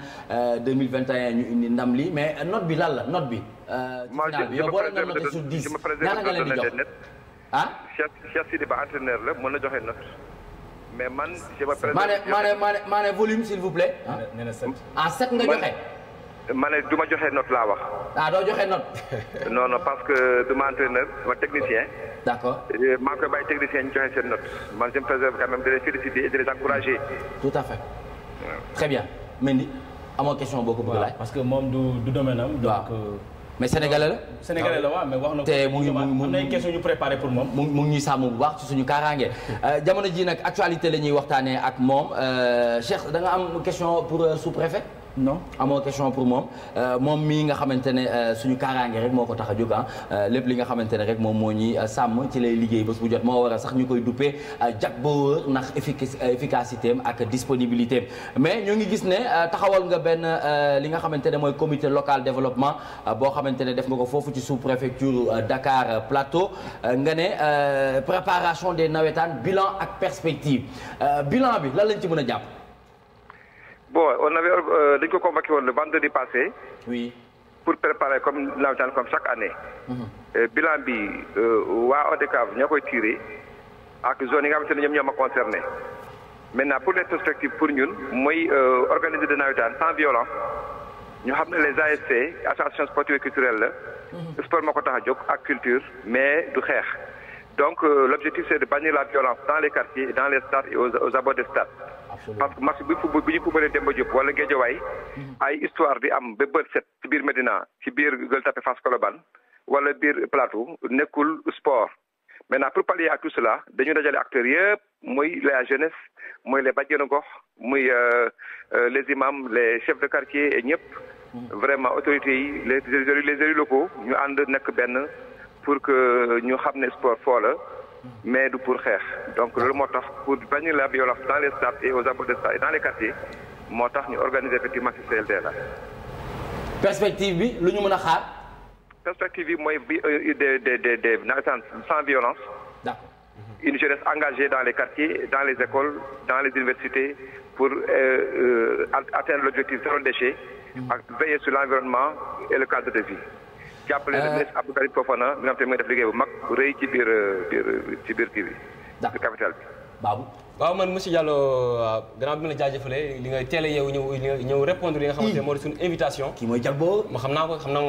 2021 ñu indi ndam li mais Euh, moi je je me ah? Ba entraîneur la mën na joxe note. mais man je me présente. maa ne maa ne maa ne volume s'il joxe. ma ne du ma joxe note laa wax. ah doo joxe note. non non parce que du ma entraîneur duma technicien. d' accord maa koy bàyyi technicien ñu joxe seen note. man je me préserve quand même de les féliciter de les encourager. tout à fait. très bien Mendy amoo question boo ko bëgg laaj. parce que moom du du domaine am. donc. Euh, mais sénégalais la. sénégalais la waaw mais wax na te mu ngi mu ngi question ñu préparé pour moom. mu mu ngi sàmm bu baax ci suñu kaaraange. Euh, jamono ji nag actualité la ñuy waxtaanee ak moom euh, Cheikh da nga am question pour euh, sous-préfet. non amoo ah, question pour moom euh, moom mii nga xamante ne euh, suñu kaaraange rek moo ko tax a jóg ah euh, lépp li nga xamante ne rek moom moo ñuy sàmm ci lay liggéey bés bu jot moo war a sax ñu koy duppee Jack Bauer ndax efficacité am ak disponibilité mais ñoo ngi gis ne taxawal nga benn li nga xamante ne mooy commité local développement boo xamante ne def nga ko foofu ci sous préfecture dakaar Plateau nga ne préparation des nawetaan bilan ak perspective bilan bi lan lañ ci mën a jàpp. Bon, on avait euh, dañ ko convoqué woon le vendredi passé. Oui. pour préparer comme nawetaan comme chaque année. Mhm. bilan bi euh, waa ODCAV ñoo koy tiré ak zone yi nga xamante ne ñoom ñoo ma concerné maintenant pour les perspectives pour ñun mooy euh, organiser de nawetaan sans violence ñu xam ne les ASC association sportive et culturelle la. Mhm. sport moo ko tax a jóg ak culture mais du xeex. Donc euh, l'objectif c'est de bannir la violence dans les quartiers, dans le stades et aux, aux abords des stades. parce que match bi fu bi ñu fubalee Demba Diop wala mhm. ay histoire di am ba bët set ci biir Médina ci biir Gueule Tapée Fass Colobane wala biir Plateau nekkul sport maintenant pour pallier à tout cela dañu dajale acteurs yëpp muy la jeunesse muy les bajjenu gox muy euh, euh, les imams les chefs de quartier et ñëpp mhm. vraiment autorités yi les les locaux ñu ànd nekk benn pour que ñu xam ne sport foo la mais du pour xeex donc loolu moo tax pour bañ la violence dans les stades et aux abords des stades et dans les quartiers moo tax ñu organiser effectivement ci CLD la. perspective bi lu ñu mën xaar. perspective bi mooy bi euh, des des des des naissances sans violence. d'accord. une jeunesse engagée dans les quartiers dans les écoles dans les universités pour euh, euh, atteindre l'objectif zéro déchet. Mm. ak veiller sur l'environnement et le cadre de vie. jàppale le ministre euh, Abdou Karim Fofana mag bu rëy ci biir euh, biir ci biir kii bi. waaw man monsieur Diallo gannaaw bi ma la jaajëfalee li nga teel a yeewu ñëw ñëw répondre li nga xamante moo di suñu invitation kii mooy Diallo ma xam naa ko xam naa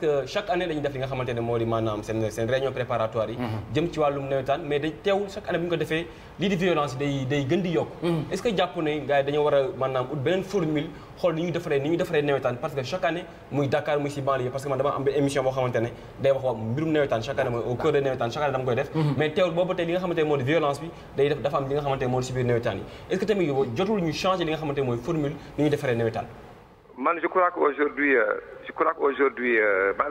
que chaque année dañuy def li nga moo di maanaam seen seen réunion préparatoire yi mm-hmm. jëm ci wàllum nawetaan mais dañ teewul chaque année bu ñu ko defee lii di violence day gën di yokk mm-hmm. est-ce que jàpp ne gars yi dañoo war a maanaam ut beneen formule xool ni ñuy defaree ni ñuy defaree nawetaan parce que chaque année muy Dakar muy si banlieue parce que man dama am benn émission boo xamante day wax waa mbirum nawetaan chaque année mooy dama koy def mhm. mais teewul boobu tey li nga xamante ne moo di violence bi day li nga xamante ne moo nawetaan yi est-ce que tamit jotul ñu changer li nga xamante mooy formule ni ñuy defaree nawetaan man je aujourd'hui euh, je aujourd'hui euh, maa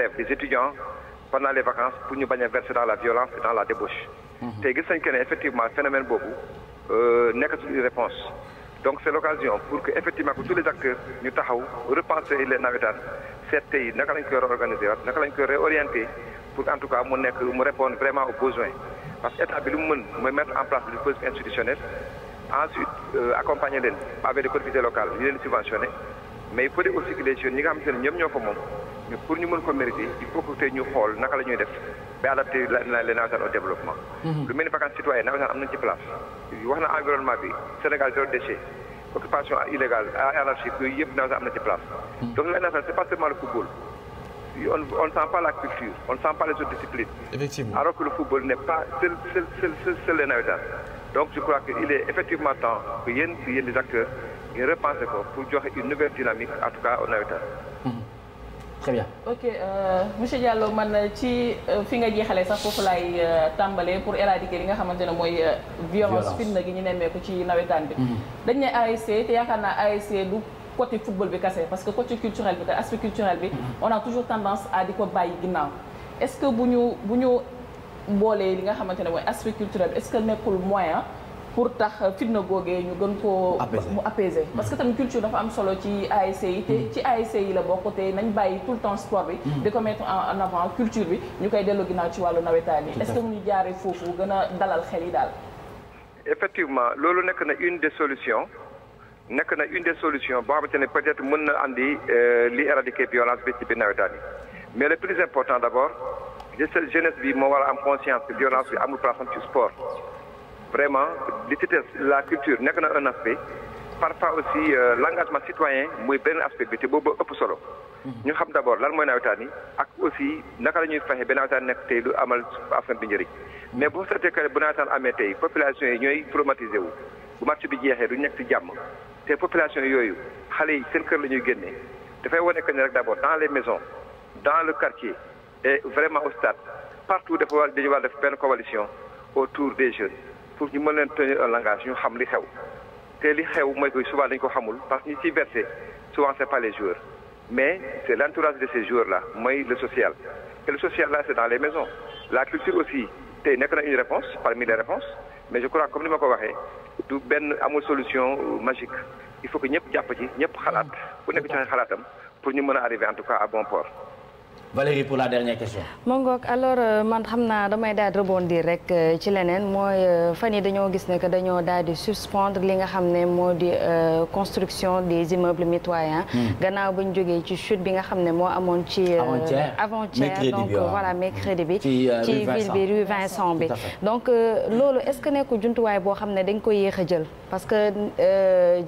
ngi pendant les vacances pour ñu bañ a verser dans la violence et dans la débauche. Mhm. te gis nañ que effectivement phénomène boobu euh, nekkatul une donc c' est l' occasion pour que effectivement que tous les acteurs ñu taxaw repenser les navétanes seet tey naka lañ koy réorganiser waat naka lañ koy réorienter pour en tout cas mu nekk mu répondre vraiment aux besoins parce que état bi lu mu mën mooy mettre en place le dispositif institutionnel ensuite euh, accompagner leen avec nga xamante ne ñoom ñoo ko moom. mais pour ñu mën ko mériter il faut que tey ñu xool naka la ñuy def ba adapté les nawetaan au développement. Mhm. lu mel ni vacances citoyennes nawetaan am nañ ci place. wax na environnement bi Sénégal zéro déchet occupation illégale anarchique yooyu yëpp nawetaan am na ci place. Mhm. donc la nawetaan c'est pas seulement le football. on on ne sent pas culture on ne sent pas les autres disciplines. football n'est pas seul seul seul donc je crois que il est effectivement temps très bien ok euh, monsieur Diallo man ci euh, fi nga jeexalee sax foofu laay euh, tàmbalee pour éradiquer li nga xamante ne mooy violence fitna gi ñu nemmeeku ci nawetaan bi mhm. dañ ne ASC te yaakaar naa ASC du côté football bi kase parce que côté culturel bi aspect culturel bi mhm. on a toujours tendance à di ko bàyyi ginnaaw est-ce que bu ñu bu ñu mboolee li nga xamante ne mooy aspect culturel est-ce que nekkul moyen pour tax fitna googee ñu gën koo mu apaiser parce que tamit culture dafa am solo ci ASC yi te ci ASC yi la bokk te nañ bàyyi tout le temps sport bi mm. di ko en avant culture bi ñu koy dellu ginnaaw ci wàllu nawetaan yi est-ce que mu ñu jaaree foofu gën a dalal xel yi daal effectivement loolu nekk na une des solutions nekk na une des solutions boo xamante ne peut mën na indi euh, li éradiquer violence bi ci biir nawetaan yi mais le plus important d'abord jeunesse bi moo war a am conscience que violence bi amul place ci sport vraiment li la culture nekk na un aspect parfois aussi euh, l'engagement citoyen muy benn aspect bi te boobu ëpp solo. Mhm. ñu xam d'abord lan mooy nawetaan yi ak aussi naka la ñuy fexe ba nawetaan nekk tey du amal affaire bi njëriñ mais boo seetee que bu nawetaan amee tey population yi ñooy traumatisé wu bu match bi jeexee du nekk ci jàmm te population yooyu xale yi seen kër la ñuy génnee dafay wane que ni rek d'abord dans les maisons dans le quartier et vraiment au stade partout dafa war dañu war def benn coalition autour des jeunes. pour ñu mën leen tenir un langage ñu xam li xew te li xew mooy que souvent dañu ko xamul parce que ñu ciy versé souvent c'est pas les joueurs mais c'est l'entourage de ces joueurs là mooy le social et le social là c'est dans les maisons la culture aussi tey nekk na une réponse parmi les réponses mais je crois comme ni ma ko waxee du benn amul solution magique il faut que ñëpp jàpp ci ñëpp xalaat mm. ku nekk ci xalaatam pour ñu mën a arriver en tout cas à bon port Valérie pour alors euh, man xam naa damay daal di rebondir rek euh, ci leneen mooy euh, fan yi dañoo gis ne que dañoo daal di suspendre li nga xam ne moo di construction des immeubles mitoyens. Hmm. gannaaw ba jógee ci chute bi nga xam ne moo amoon ci. avant-hier donc voilà mercredi bi. ci ville bi rue Vincent bi. donc loolu est ce que nekkul jumtuwaay boo xam ne dañ koy yéex a jël parce que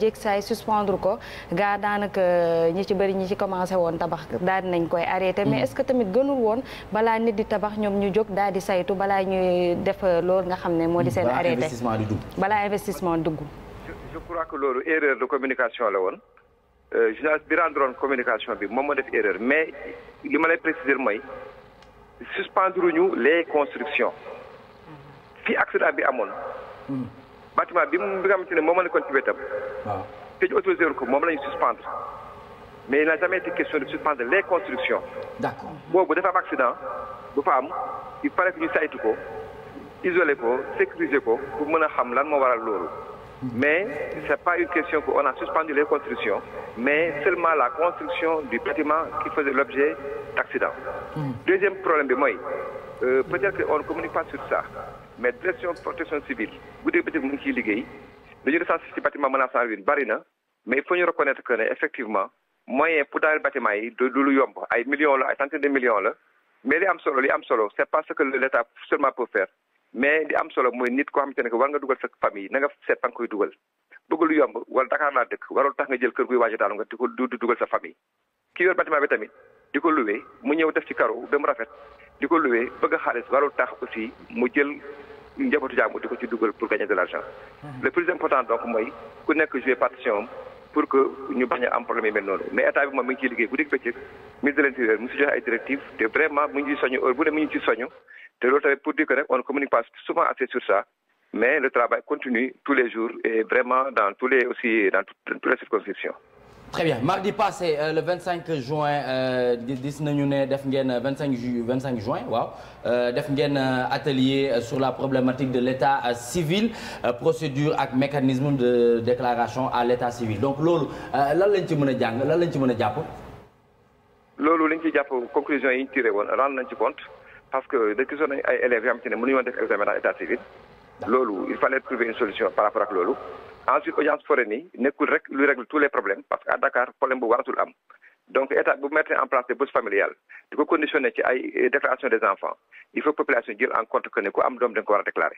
jéeg saay suspendre ko gaa daanaka ñi ci bëri ñi ci commencé woon tabax daal nañ koy arrêté mais hmm. que tamit gënul woon balaa nit di tabax ñoom ñu jóg daal di saytu balaa ñuy def euh, lool nga xam ne moo di seen arrêté balaa investissement dugg je crois que loolu erreur de communication la woon euh, journaliste bi rendroon communication bi moom ma def erreur mais li ma lay préciser mooy suspendre ñu les constructions mhm. fii accident bi amoon mhm. bâtiment bi bi nga xamante ne moom nekkoon ci wetam te ñu autorisé ko moom lañu suspendre mais il n'a jamais été question de suspendre les constructions. d'accord boobu dafa am accident bu fa am il paraît que ñu saytu ko isoler ko sécuriser ko pour mën a xam lan moo waral loolu. Hmm. mais c'est pas une question que on a suspendu les constructions mais seulement la construction du bâtiment qui faisait l'objet d'accident. Hmm. deuxième problème bi mooy euh, peut-être qu'on ne communique pas sur ça mais direction protection civile bu dee bëccëg mu ngi ciy liggéey dañu recensé ci bâtiment menaçant ruine bari na mais il faut ñu reconnaître que moyen pour daaneel bâtiment yi du lu yomb ay million la ay centaines de millions la mais li am solo li am solo c'est pas ce que l'État seulement peut faire mais li am solo mooy nit koo xamante ne que war nga dugal sa famille na nga seet fan koy dugal bëgg lu yomb wala Dakar laa dëkk warul tax nga jël kër guy waajo daal nga di ko du dugal sa famille ki yor bâtiment bi tamit di ko loué mu ñëw def ci karo ba rafet di ko loué bëgg xaalis waral tax aussi mu jël njabootu jaamu di ko ci dugal pour gagner de l'argent mmh. le plus mooy ku nekk jouer partition pour que ñu bañ a am problème yi mel noonu mais état bi moom mi ngi ciy liggéey bu de l'intérieur mu si joxe ay directives vraiment mu ngi ciy soñu heure bu ne mu ngi ciy pour dire que on ne communique pas souvent assez sur ça mais le travail continue tous les jours et vraiment dans tous les aussi dans toutes les circonscriptions très bien mardi passé euh, le 25 juin gis euh, nañu ne def ngeen 25 euh, ju 25 juin waaw euh, def ngeen atelier sur la problématique de l'état civil procédure ak mécanisme de déclaration à l'état civil donc loolu lan lañ ci mën a jàng lan lañ ci mën a jàpp. loolu liñ ci jàpp conclusion yi ñu tiré woon rendre nañ ci compte parce que dëkk soo nañ ay élèves yoo xam te ne mënuñu woon def à état civil. loolu il fallait trouver une solution par rapport ak loolu ensuite audience foraine yi nekkul rek luy régler tous les problèmes parce que à Dakar problème bu waratul am donc état bu mettre en place des bourses familiales di ko conditionné ci ay euh, déclaration des enfants il faut population jël en compte que am doom da nga a déclarer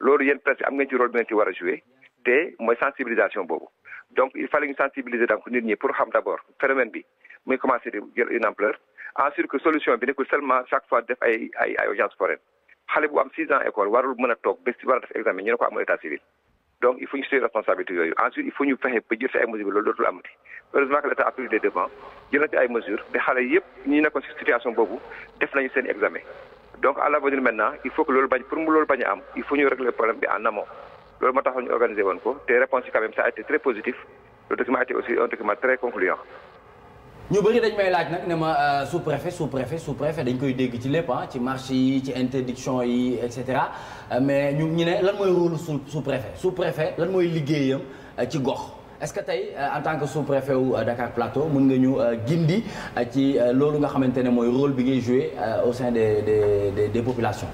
loolu yéen presque am ngeen ci bi ngeen ci war a jouer te mooy sensibilisation boobu donc il fallait ñu sensibiliser donc nit ñi pour xam d'abord phénomène bi muy commencé jël une ampleur ensuite solution bi nekkul seulement chaque fois def ay ay ay xale bu am six ans école warul mën a toog bés si war a def examen ñu ne ko amul état civil donc il faut ñu suñu responsabilité yooyu ensuite il faut ñu fexe ba jël si loolu dootul amati heureusement que l'état a pris des devants jël na ay mesures te xale yëpp ñi nekkoon si situation boobu def nañu seen examen donc à l'avenir maintenant il faut que loolu bañ pour mu loolu bañ am il faut ñu régler problème bi en amont loolu moo taxoon ñu organiser woon ko te réponse ñu bëri dañ may laaj nag ne ma euh, sous-préfet sous-préfet sous-préfet dañ koy dégg ci lépp ah ci marché yi ci interdiction yi et cetera euh, mais ñu ñu ne lan mooy rôle su sous-préfet sous-préfet lan mooy liggéeyam euh, ci gox est-ce que tey en tant que sous-préfet wu Dakar Plateau mën nga ñu gindi ci loolu nga xamante ne mooy rôle bi ngay jouer au sein des des des populations.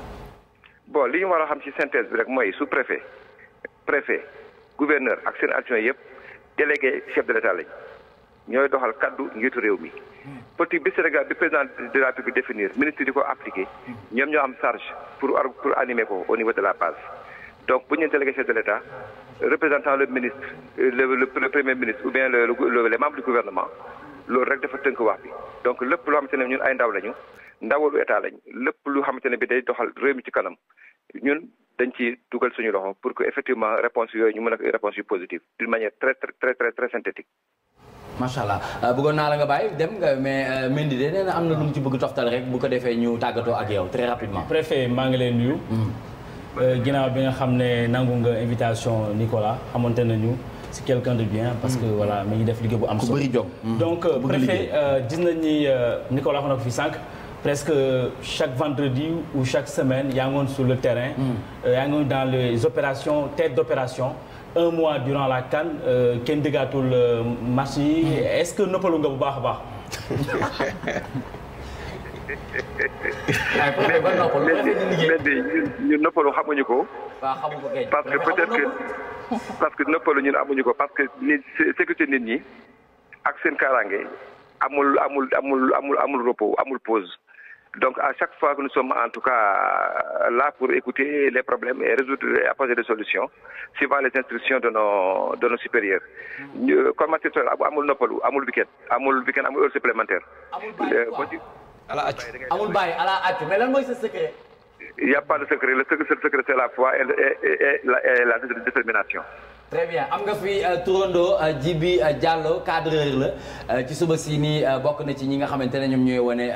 bon li ñu war a xam ci synthèse bi rek mooy sous-préfet préfet gouverneur ak seen action yëpp délégué de l'État ñooy doxal kaddu njiitu réew mi. politique bi Sénégal bi président de la République définir ministre di ko appliqué. ñoom ñoo am charge pour pour animer ko au niveau de la base. donc bu ñu délégué de l'État représentant le ministre euh, le le premier ministre ou bien le le les du gouvernement. loolu rek dafa tënk wax bi donc lépp loo xamante ne ñun ay ndaw lañu ndawalu état lañ lépp lu xamante ne bi day doxal réew mi ci kanam ñun dañ ci dugal suñu loxo ñu mën a réponse yu positive d'une manière très très très très synthétique macha allah euh, bëggoon naa la nga bàyyi dem nga mais euh, Mendy de nee am na lu mu ci bëgg toxtal rek bu ko defee ñu tàggatoo ak yow très rapidement. préfet maa ngi lay nuyu. Hmm. Euh, ginnaaw bi nga xam ne nangu nga invitation Nicolas xamante nañu c'est quelqu'un de bien. parce que hmm. voilà mi ngi def liggéey bu am solo. bëri jom hmm. donc préfet gis nañ ni Nicolas wax na ko fi sànq. presque chaque vendredi ou chaque semaine yaa ngoon sur le terrain. yaa ngoon dans les opérations tête d'opération. un mois durant la CAN euh, kenn dëggaatul euh, match yi est-ce que noppalu nga bu baax a baax. ay ba noppalu noppalu xamuñu ko. parce que peut-être que parce que noppalu ñun amuñu ko parce que nit sécurité nit ñi ak seen kaaraange amul amul amul amul amul repos amul pause. Donc à chaque fois que nous sommes en tout cas là pour écouter les problèmes et résoudre et apporter des solutions suivant les instructions de nos de nos supérieurs. Mhm. Euh, Comité social amul a amul week-end amul week-end amul heure supplémentaire. amul bàyyi quoi euh, amul bàyyi ala accu mais lan mooy sa il n'y la pas de secret secret la foi et la détermination. très bien am nga fi euh, turandoo euh, Djiby euh, Diallo cadreur la ci suba si nii bokk na ci ñi nga xamante ne ñoom ñooy wane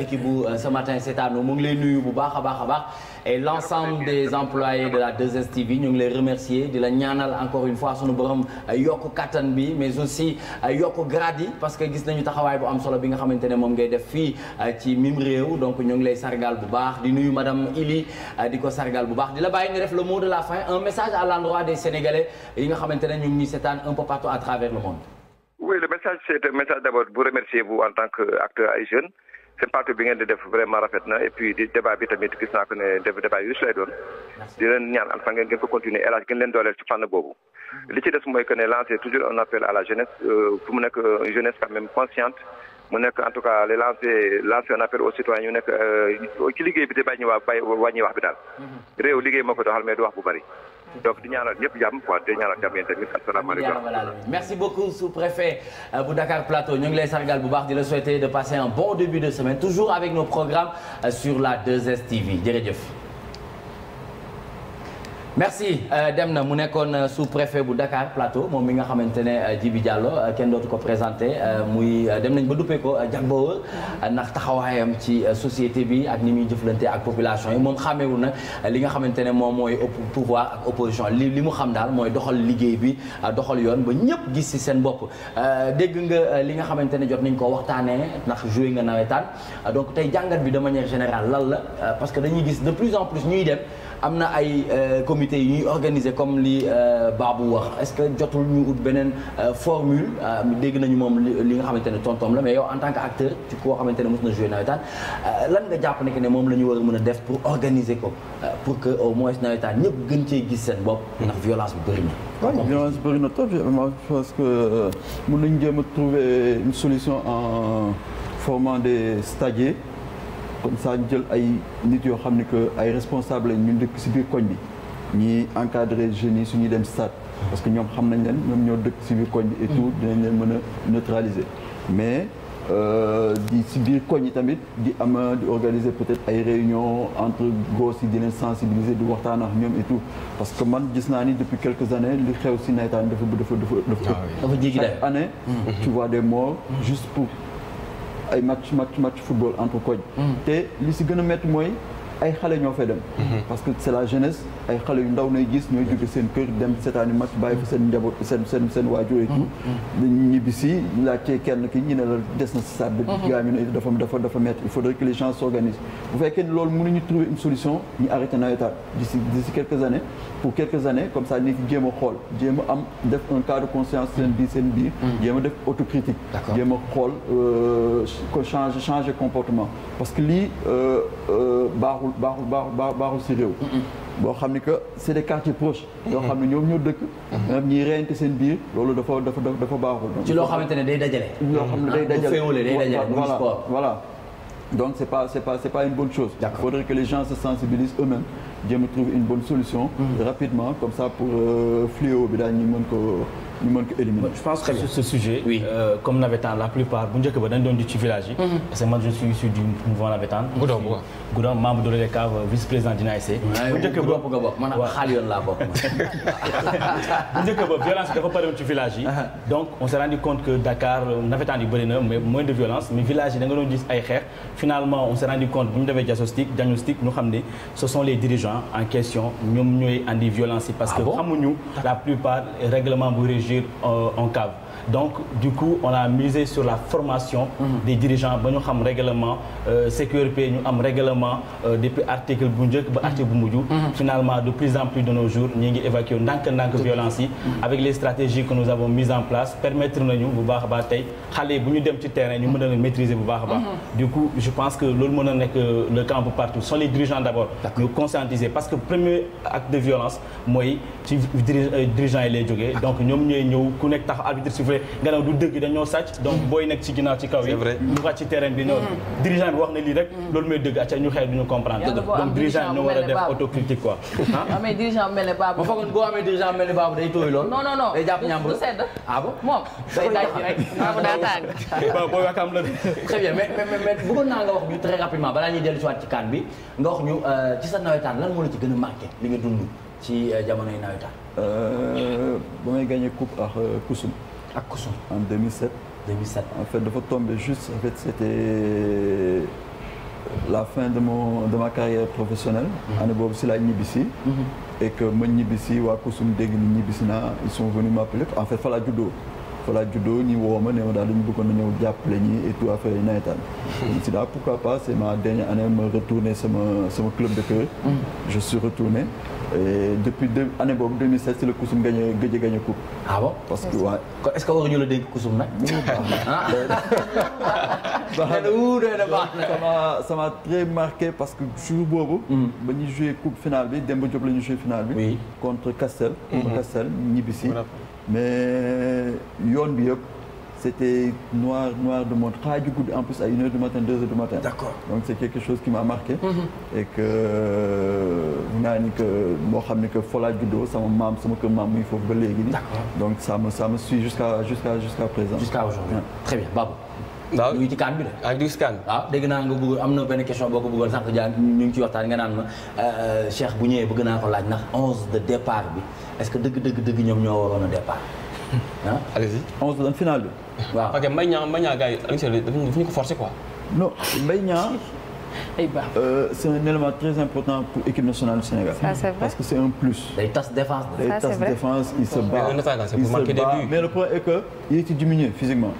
équipe bu ce matin seetaanu mu ngi lay nuyu bu baax a baax a baax. et l'ensemble des employés de la 2STV ñu ngi lay remercier di la ñaanal encore une fois sunu borom yokk kattan bi mais aussi yokk grade parce que gis nañu taxawaay bu am solo bi nga xamante moom ngay def fii euh, ci mim donc ñu ngi lay sargal bu baax di nuyu madame Ili euh, di ko sargal bu baax di la bàyyi nga def le mot la fin un message à l'endroit des Sénégalais yi nga xamante ne ngi ñuy un peu partout à travers le monde. oui seen parti bi ngeen di def vraiment rafet na et puis di débat bi tamit gis naa ko ne def débat yu riche lay doon di leen ñaan alfa ngeen gën ko continuer élage gën leen dooleel ci fànn boobu mm-hmm. li ci des mooy que ne lancer toujours un appel à la jeunesse euh, pour mu nekk euh, une jeunesse quand même consciente nekk en tout cas les lancer lancer un appel aux citoyens ñu nekk euh, ci liggéey bi di bàyyi waa bàyyi wàññi wax bi daal mm-hmm. réew liggéey moo ko doxal mais du wax bu bari donc di ñaanal ñëpp jàmm quoi di ñaanal jàmm yéen tamit asalaamaaleykum merci beaucoup sous-préfet euh, bu Dakar Plateau ñu ngi lay sargal bu baax di la souhaiter de passer un bon début de semaine toujours avec nos programmes euh, sur la 2STV jërëjëf merci euh, dem na mu nekkoon euh, sous-préfet bu Dakar Plateau moom mi nga xamante ne euh, Djibi Diallo kenn dootu ko présenté muy dem nañ ba duppee ko Jack Bauer ndax taxawaayam ci société bi ak ni muy jëflante ak population yi moom xàmmeewul nag li nga xamante ne moom mooy pouvoir ak opposition li li mu xam daal mooy doxal liggéey bi doxal yoon ba ñëpp gis ci seen bopp dégg nga li nga xamante ne jot nañ ko waxtaanee ndax joué nga nawetaan donc tey jàngat bi de manière générale lan la parce que dañuy gis de plus en plus ñuy dem am na ay euh, comité yu ñuy organiser comme li euh, bu wax est-ce que jotul ñu ut beneen euh, formule dégg nañu moom li nga xamante ne tontoom la mais yow en tant que acteur ci koo xamante ne mos na jouer nawetaan lan nga jàpp ne que ne moom la ñu war a mën a def pour organiser ko pour que au moins nawetaan ñëpp gën cee gis seen bopp ndax violence bu bëri na. waaw violence bu bëri na trop que mën nañu jéem a trouver une solution en formant des stagiaires. comme saa ñu jël ay nit yoo xam ne que ay responsable lañ ñun dëkk si biir koñ bi ñi encadré jeunes yi suñuy dem stade parce que ñoom xam nañ leen ñoom ñoo dëkk si biir koñ bi et tout dinañ leen mën a neutraliser mais euh, di si biir koñ yi tamit di am di organiser peut-être ay réunion entre gosses yi di leen sensibiliser di waxtaan ak ñoom et tout parce que man gis naa ni depuis quelques années li xew si nawetaan dafa dafa dafa dafa ah année mm-hmm. tu vois des morts juste ay match match match football entre koñ mm. te li si gën a métti mooy ay xale ñoo fay dem mm-hmm. parce que c'est la jeunesse ay xale yu ndaw nay gis ñooy jóge seen kër dem seetaani match bàyyi fa seen njaboot seen seen seen waajur et tout mm-hmm. ñibbisi laajtee kenn ki ñu ne la des na stade bi mm-hmm. gaa ñu ne dafa dafa dafa mettre il faudrait que les gens s'organisent bu fekkee ni loolu mënuñu trouver une solution ñu arrêté nawetaan d'ici d'ici quelques années pour quelques années comme ça ni ki jéem a xool jéem am def un cas de conscience seen biir seen biir mm-hmm. jéem a def autocritique jéem xool ko euh, changer changer comportement parce que lii euh, euh, baaxul baaxul baaxul baaxul si réew boo xam ni que c' est des quartiers proches. yoo xam ne ñoom ñoo dëkk. maanaam ñiy reyante seen biir loolu dafa dafa dafa baaxul. ci loo xamante ne day dajale. loo xam ne day day dajale voilà voilà. donc c' est pas c' est pas c' est pas une bonne chose. d' accord il que les gens se sensibilisent eux-mêmes jéem trouver une bonne solution. Mm-hmm. rapidement comme ça pour euh, fléau bi daal ñu mën ko. ñu mën ko éliminer. sur ce sujet. oui euh, comme la plupart bu njëkk ba dañ mhm. parce que man je suis issu du mouvement navétane. Goudon bu baax Goudon membre de l'ODCAV vice président du NAIC. bu njëkk ba waaw waaw man xaal yoon laa bokk. bu violence dafa pare woon uh-huh. donc on s'est rendu compte que Dakar euh, navétane yu bëri na mais moins de violence mais village yi da nga doon gis ay ce sont les dirigeants en jure euh, en cave donc du coup on a misé sur la formation mhm. des dirigeants ba ñu xam règlement euh, CQRP ñu am règlement euh, depuis article bu njëkk ba article bu mujj mhm. Mhm. finalement de plus en plus de nos jours ñi ngi évacuer ndànk-ndànk violence yi avec les stratégies que nous avons mises en place permettre nañu bu baax baax tey xale bu ñu dem ci terrain ñu mën a maîtriser bu baax baax du coup je pense que loolu mën a nekk euh, le camp partout sont les dirigeants d'abord ne gannaaw du dëgg dañoo sàcc donc booy nekk ci ginnaaw ci kaw yi du wàcc ci terrain bi ñoo mm. dirigeant bi wax na lii rek mm. loolu mooy dëgg acca ñu xeex du ñu comprendre donc dirigeant bi ñoo war a def autocritique quoi amee dirigeant mel ne baabu ma day tooy lool non non non day jàpp ñàmbur du sedd ah bon moom day daaj rek baabu daa tàng waaw booy la très bien mais mais mais bëggoon naa nga wax ñu très rapidement balaa ñuy dellu si waat ci kaan bi nga wax ñu euh, ci sa nawetaan lan moo la ci gën a marqué li nga dund ci euh, jamonoy nawetaan euh, ba may gagné coupe ak Kusum ak Koussoum. en 2007. 2007 en fait dafa tombé juste en fait c'était la fin de mon de ma carrière professionnelle. Mm-hmm. année boobu si laa ñibbisi. Mm-hmm. et que ma ñibbisi waa Koussoum dégg ni ñibbisi naa ils sont venus m'appeler en fait fa laa juddoo. voilà judo ñi woo ma ne ma daal dañu bëggoon a ñëw jàppale ñi et tout affaire yi nawetaan. si daal ah, pourquoi pas c'est ma dernière année ma retourné sama sama club de cœur. Mm-hmm. je suis retourné. Euh, depuis deux année boobu 2016 si la Kousum gagné gëj a gagné coupe. ah bon parce que waaw. kon est ce que waruñu la dénk Kousum nag. ah ça m'a très marqué parce que jour boobu. Mm. ba ñu joué coupe finale bi Demba Diop la ñu joué finale bi. oui contre Castel. contre mm-hmm. ñibbisi. mais yoon bi yëpp. c'était noir noir de monde xaaju guddi en plus à une heure du matin deux heures d'accord donc c'est quelque chose qui m'a marqué. Mhm. et que euh, naa ni que moo xam ne que Fola juddoo sama maam sama kër maam muy foofu ba léegi nii. donc ça me ça me suit jusqu'à jusqu'à jusqu'à présent. jusqu'à aujourd'hui très bien Babou. waaw ñu ngi ci kaan bi de. ah ñu ngi ci naa nga bëgg am na benn question boo ko bëggoon sànq Dia ñu ngi ci waxtaan nga naan ma euh, Cheikh bu ñëwee bëgg naa ko laaj ndax onze de bi est-ce que dëgg dëgg dëgg ñoom ñoo waroon a départ ah. allez waaw parce que Mbaye Niang Mbaye Niang gars yi Alioune Sèye dafa ñu ko forcé quoi. non Mbaye Niang. ay baax euh, c'est un élément très important pour équipe nationale du Sénégal. Ça, c'est vrai. parce que c'est un plus. day se bat mais le problème est que il était diminué physiquement.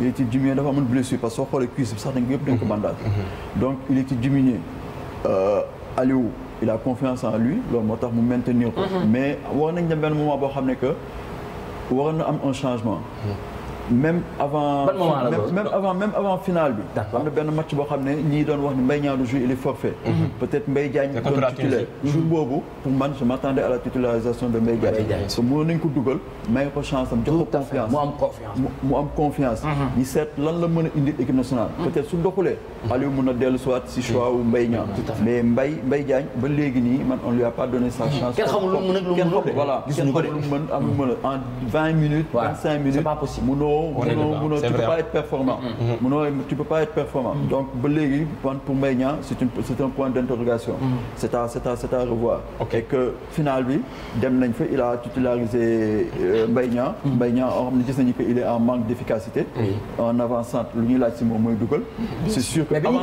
il était diminué dafa amoon blessure parce que soo xoolee cuisse bi sax dañ ko mhm. Mhm. donc il était diminué euh, Aliou il a confiance en lui loolu moo tax mu maintenir ko. Mhm. mais war nañ dem benn moment boo xam ne que waroon na am un changement. même avant finale bi benn match boo xam ne ñii doon wax ne Mbaye Niang du jouer il est forfait mhm. peut-être Mbaye Diagne doon titulaire jour mhm. boobu pour man je m'attendais à la titularisation de Mbaye Diagne so mënoon nañ ko dugal may ko chance am jox ko mu am confiance ñi mhm. seet lan la mën a équipe nationale peut-être su doxulee Aliou mën a dellu soit si choix wu Mbaye mais Mbaye Mbaye Diagne ba léegi nii man on lui a pas donné sa chance mu mën ak lu mu mën ma munoo mm-hmm. mm-hmm. tu peux pas être performant munoo tu peux pas être performant donc ba léegi pour Mbaye Niang c'est une c'est un point d'interrogation mm-hmm. c'est à revoir que final bi dem nañ fa il a titularisé euh, Mbaye Niang Mbaye Niang oo xam nañu que il est en manque d'efficacité en avant lu ñuy laaj si moom dugal c'est sûr que mais Mbaye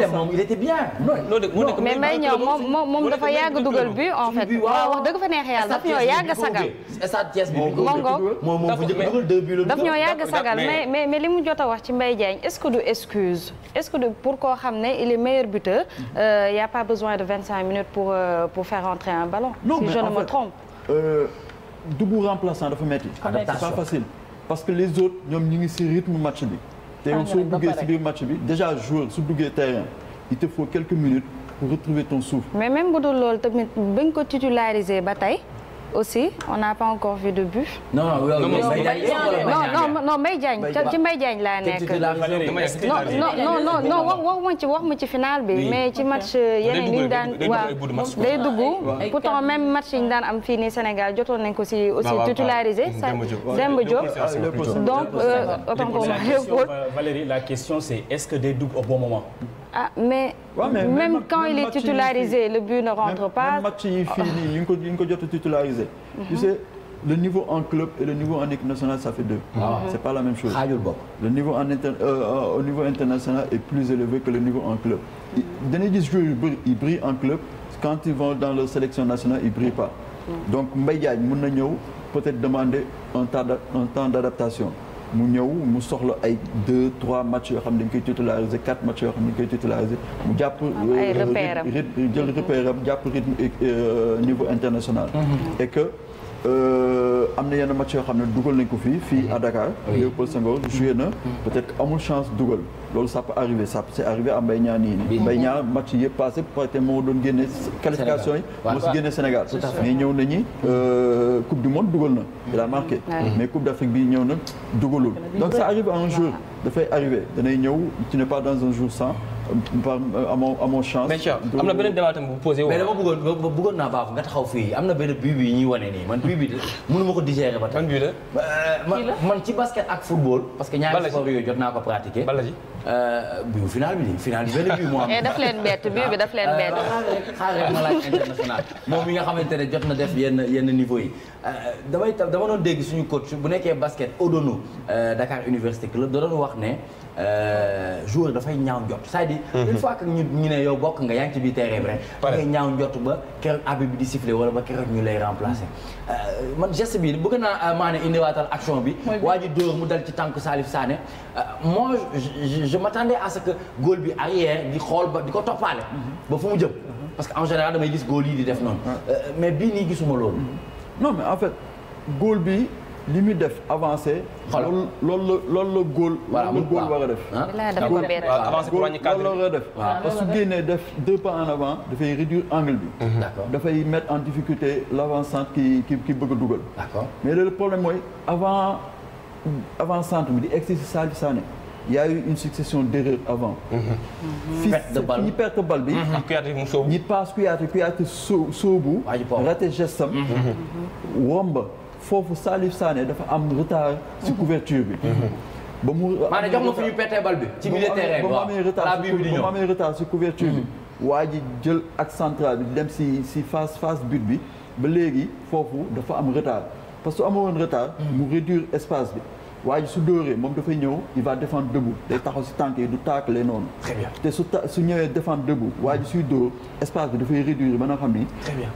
Niang moom dafa yàgg dugal but en fait wax dëgg fa neex yàlla daf ñoo yàgg sagal moom daf ñoo yàgg sagal mais mais mais li mu jot wax ci Mbaye Diagne est-ce que du excuse pour koo xam ne il est meilleur buteur. Mhm. Euh, y a pas besoin de vingt-cinq minutes pour euh, pour faire entrer un ballon. si je me fait, trompe. Euh, dugg remplaçant dafa metti. adaptation parce que les autres ñoom ñu ngi ci rythme match bi. te ah, yow soo duggee ci match bi déjà joueur su duggee terrain il te faut quelques minutes pour retrouver ton souffle. mais même bu dul loolu tamit bañ ko titulariser ba tey. aussi on n'a pas encore vu de but. non non non non ci Mbaye Diagne laa nekk. non non non non wax ma ci wax ma ci final bi. mais ci match yeneen yi ñu daan waaw day dugg. pourtant même match yi daan am fii nii Sénégal jotoon nañ ko si aussi titularisé. Demba Diop donc autant a moi la question c'est ce que day dugg au bon moment. ah mais. Ouais, mais même, même quand même il est titularisé le but ne rentre pas. même match yi fii nii yi nga ko yi nga ko jot a titularisé. tu mhm. sais le niveau en club et le niveau en équipe nationale ça fait deux. Ah. c'est pas la même chose. xaajul bopp le niveau en inter euh, euh, au niveau international est plus élevé que le niveau en club. dañuy gis joueur yu bëri ils brillent en club quand ils vont dans leur sélection nationale ils brillent pas. Mhm. donc Mbaye Diagne mën na ñëw peut-être demander un temps un temps d'adaptation. mu ñëw mu soxla ay deux trois matchs yoo xam ne dañ koy titulariser quatre matchs yoo xam ne dañ koy titulariser mu jàpp euh, jël repère am jàpp rythme euh, niveau international mm-hmm. et que Euh, am na yenn match yoo xam ne dugal nañ ko fii fii mhm. à Dakar. Léopold Senghor mhm. joué na. Mhm. peut-être chance dugal loolu ça peut arrivé à Mbaye Niang match yëpp passé peut-être moo doon qualification yi moo Sénégal. mais ñëw nañu euh, coupe du monde dugal na. il a marqué mais coupe d'Afrique bi ñëw na dugalul donc pas dans un jour sans. amoo mais Cheikh am na beneen débat tamit bu posé woo. mais na bëggoon bëggoon naa baax nga taxaw fii am na benn bii bii ñuy wane nii man bii bi de mënuma ko digérer ba tey. Euh, man bii la man ci basket ak football. parce que ñaari sport jot naa ko pratiquer. Eh, bu final bi final bi benn bii moo am. Eh, daf leen bi daf leen eh, moom mi nga xamante ne jot na def yenn yenn niveau yi damay dama doon dégg suñu coach bu nekkee basket Odonou Dakar Université Club da doon wax ne joueur dafay ñaaw njot c'est-à-dire mhm. une fois que ñu ñu ne yow bokk nga yaa bi ci biir terrain bi rek. dangay ñaaw jot ba keroog abi bi di sifflé wala ba keroog ñu lay remplacer. man geste bi bëgg naa maanaam indiwaatal action bi. waa ji dóor mu dal ci tànk Salif je m'attendais à ce que góol bi arrière di xool ba di ko toppaale. Mhm. ba fu mu jëm. Mhm. parce que en général damay gis góol yi di def noonu. Euh, mais bii nii gisuma loolu. Mhm. non mais en fait góol bi li muy def avancé. xoolal loolu la loolu la góol. voilà loolu la góol war a def. ah góol avancé pour wàññi parce que su génnee def deux pas en avant dafay réduire angle bi. d'accord dafay mettre en difficulté l'avant-centre ki ki bëgg a dugal. mais le problème mooy avant avant centre bi di egg si Sadio y a eu une succession d'erreurs avant. fii mm-hmm. ñi mm-hmm. perte bal bi. ñi paas Kouyaté Kouyaté soo soobu. raté gestam. Mm-hmm. womba foofu Salif Sané dafa am retard ci couverture bi. ba mu maanaam jox ma fu ñu ci milieu terrain bi waaw balaa bii bi ba mu amee retard ci couverture bi. waa ji jël ak central bi dem si si face face but bi ba léegi foofu dafa am retard parce que amoon retard. mu réduire espace bi. waa su dóoree moom dafay ñëw il va défendre debout day taxaw si tànk yi du taakale noonu. très te su ta su ñëwee défendre debout waa suy dóor espace bi dafay réduire ba nga xam ni. très bien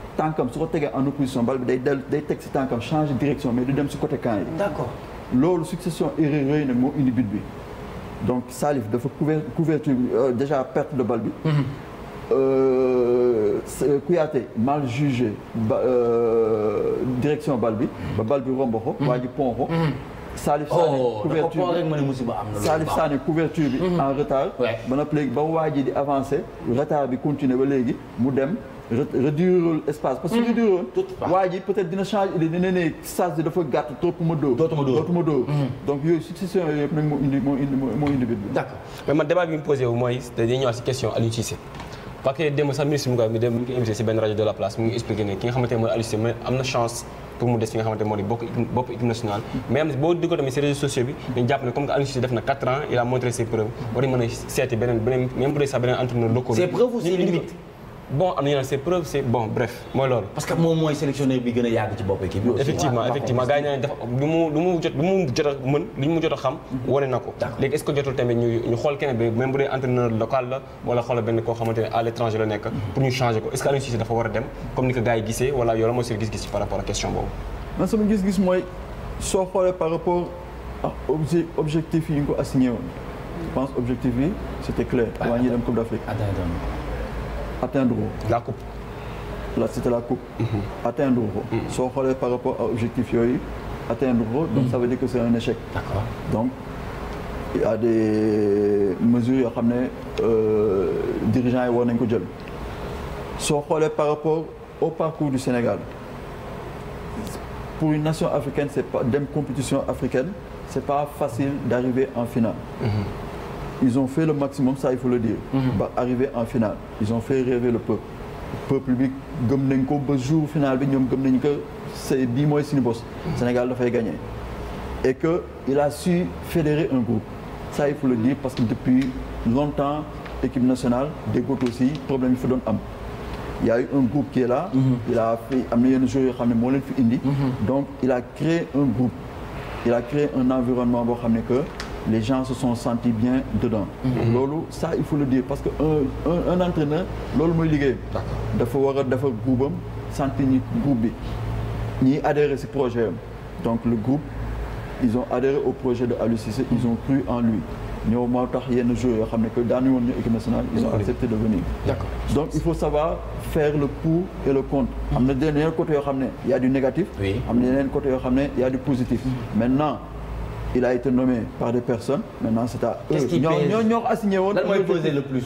su ko tegee en opposition bal bi day dellu day teg si tànkam changer direction mais de dem si côté camp yi. loolu succession erreur yooyu nag moo indi but bi donc Salif dafa couvert couverture euh, déjà perte de balle bi. Mhm. Euh, Kouyaté mal jugé ba euh, direction balle bi. Mhm. ba balle bi romb ko. Mhm. waa ji Salif oh, Sané couverture bi Salif Sané couverture bi en retard ba noppi léegi ba waa ji di avancé retard bi continuer ba léegi mu dem réduire espace parce que réduire mhm. waa ji peut-être dina changer idée dina ne sas bi dafa gàtt dootuma dóor dootuma dóor dootuma dóor mhm. donc yooyu situation yooyu yëpp nag moo indi moo bi d'accord mais man débat bi mu posé si question Aliou parce que démb sax ministre mu koy mu ngi invité si benn rajo de la place mu ngi expliqué ne ki nga xamante mooy Aliou Cissé am na chance pour mu des fi moo di bopp équipe nationale mais boo dëggoo tamit si réseaux sociaux bi dañu jàpp ne comme que Aliou def na 4 il a montré ses preuves war nañu mën seeti beneen beneen même bu dee sax beneen entraîneur locaux. ses preuves ou ses limites bon am na ñu naan c'est preuve c'est bon bref mooy loolu. parce que moom mooy sélectionneur bi gën a yàgg ci bopp équipe bi aussi. effectivement effectivement yi ne dafa lu mu jot lu mu jot a mën li mu jot a xam. Mhm. wane na ko léegi est-ce ñu ñu xool kenn bi même bu dee entraîneur local la wala xoolal benn koo xamante ne à l'étranger la nekk. Mhm. pour ñu est-ce que Aliou Cissé dafa war a dem comme ni ko gars gis-gis par soo xoolee par rapport ak obje objectif yi ko assigné woon. je bi c'était atteindre ko. la coupe. la c'était la coupe. Mhm. atteindre ko. Mhm. soo xoolee par rapport à objectif yooyu atteindre ko. donc mhm. ça veut dire que c'est un échec. d'accord donc il y a des mesures yoo xam ne euh, dirigeants yi war nañ ko jël. soo xoolee par rapport au parcours du Sénégal pour une nation africaine c'est pas dem compétition africaine c'est pas facile d'arriver en finale. Mm-hmm. ils ont fait le maximum ça il faut le dire. Mhm. ba arriver en ils ont fait le peuple. peuple bi gëm nañ ko jour final bi ñoom gëm nañ que c'est bii mooy suñu bos. Mhm. Sénégal gagner. et que il a su fédérer un groupe. ça il faut le dire parce que depuis longtemps équipe nationale déggoot aussi problème il y a mhm. a am il a créé un groupe. il a créé un environnement boo xam les gens se sont sentis bien dedans. Mhm. loolu ça il faut le dire parce que un un, un entraîneur loolu mooy liggéeyam. dafa war a dafa groupam sentir ñi groupe bi ñiy adhéré si projet am donc le groupe ils ont adhéré au projet de Aliou Cissé ils ont cru en lui ñoo moo tax yenn joueurs yoo xam ne que daanu woon ñu équipe nationale ils ont accepté de venir. d'accord donc il faut savoir faire le pour et le contre. am na yeneen côté yoo xam ne y a du négatif. am na yeneen côté yoo xam ne y a du positif. Mhm. maintenant. il a été nommé par des personnes maintenant c'est à assigné woon. le plus.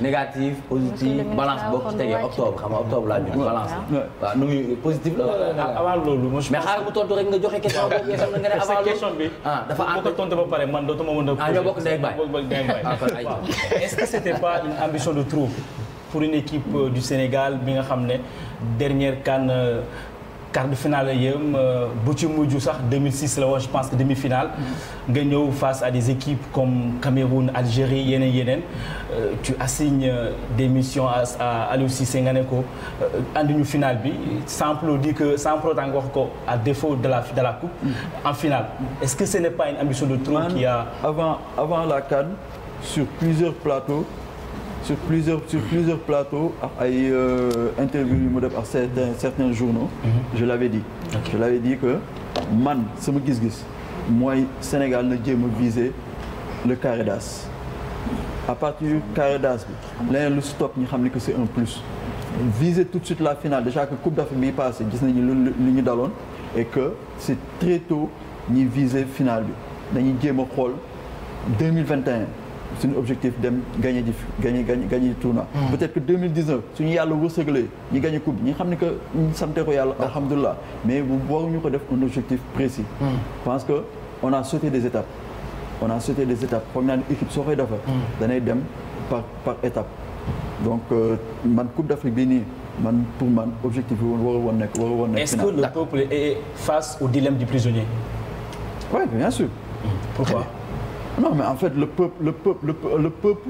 négatif positif balance boo ko ci tegee octobre xam nga octobre laa ñu balance waaw nu positif la avant loolu mais xaaral mu tontu rek nga joxe question boobu nga xam ne nga ne avant loolu. ah dafa ànd boo ko tontu ba pare man dootuma mën a. ah ñoo bokk ndey baay ah, est-ce que c'était pas une ambition de trop pour une équipe euh, du Sénégal bi nga xam ne dernière CAN. Euh, quart de finale yëm euh, bu ci mujj sax 2006 la woon je pense que demi-finale mm-hmm. nga ñëw face à des équipes comme Cameroun Algérie yeneen yeneen euh, tu assignes euh, des missions à Aliou Cissé nga ne ko andi ñu finale bi sans plus dire que wax ko à défaut de la de la coupe mm-hmm. en finale mm-hmm. est-ce que ce n'est pas une ambition de trop qui avant la CAN sur plusieurs plateaux sur plusieurs sur plusieurs plateaux ak ay euh, interview yu ma def ak certains certains journaux mhm. je l'avais dit je l'avais dit que man sama gis-gis mooy Sénégal na jéem a viser le carré d'as à partir du bi leneen lu stop ñu xam ne que c'est un plus viser tout de suite la finale déjà que Coupe d'Afrique bi passé gis nañu lu lu ñu daloon et que c'est très tôt ñuy viser finale bi dañuy jéem a xool 2021 suñu objectif dem gagné ji gagné gagné ji tournoi hmm. peut-être que 2019 suñu yàlla wërsëgalee ñu gagné coupe bi ñi xam ne que ñu sante ko yàlla ah. alhamdulilah mais bu waruñu ko def un objectif précis hmm. je pense que on a sauté des étapes on a sauté des étapes foog naa ne équipe soo koy defar hmm. danay dem par par étape donc euh, man coupe d'Afrique bii nii man pour man objectif bi woon waru woon nekk waru woon nekk est-ce que le peuple est face au dilemme du prisonnier oui bien sûr pourquoi non mais en fait le peuple le peuple le, le peuple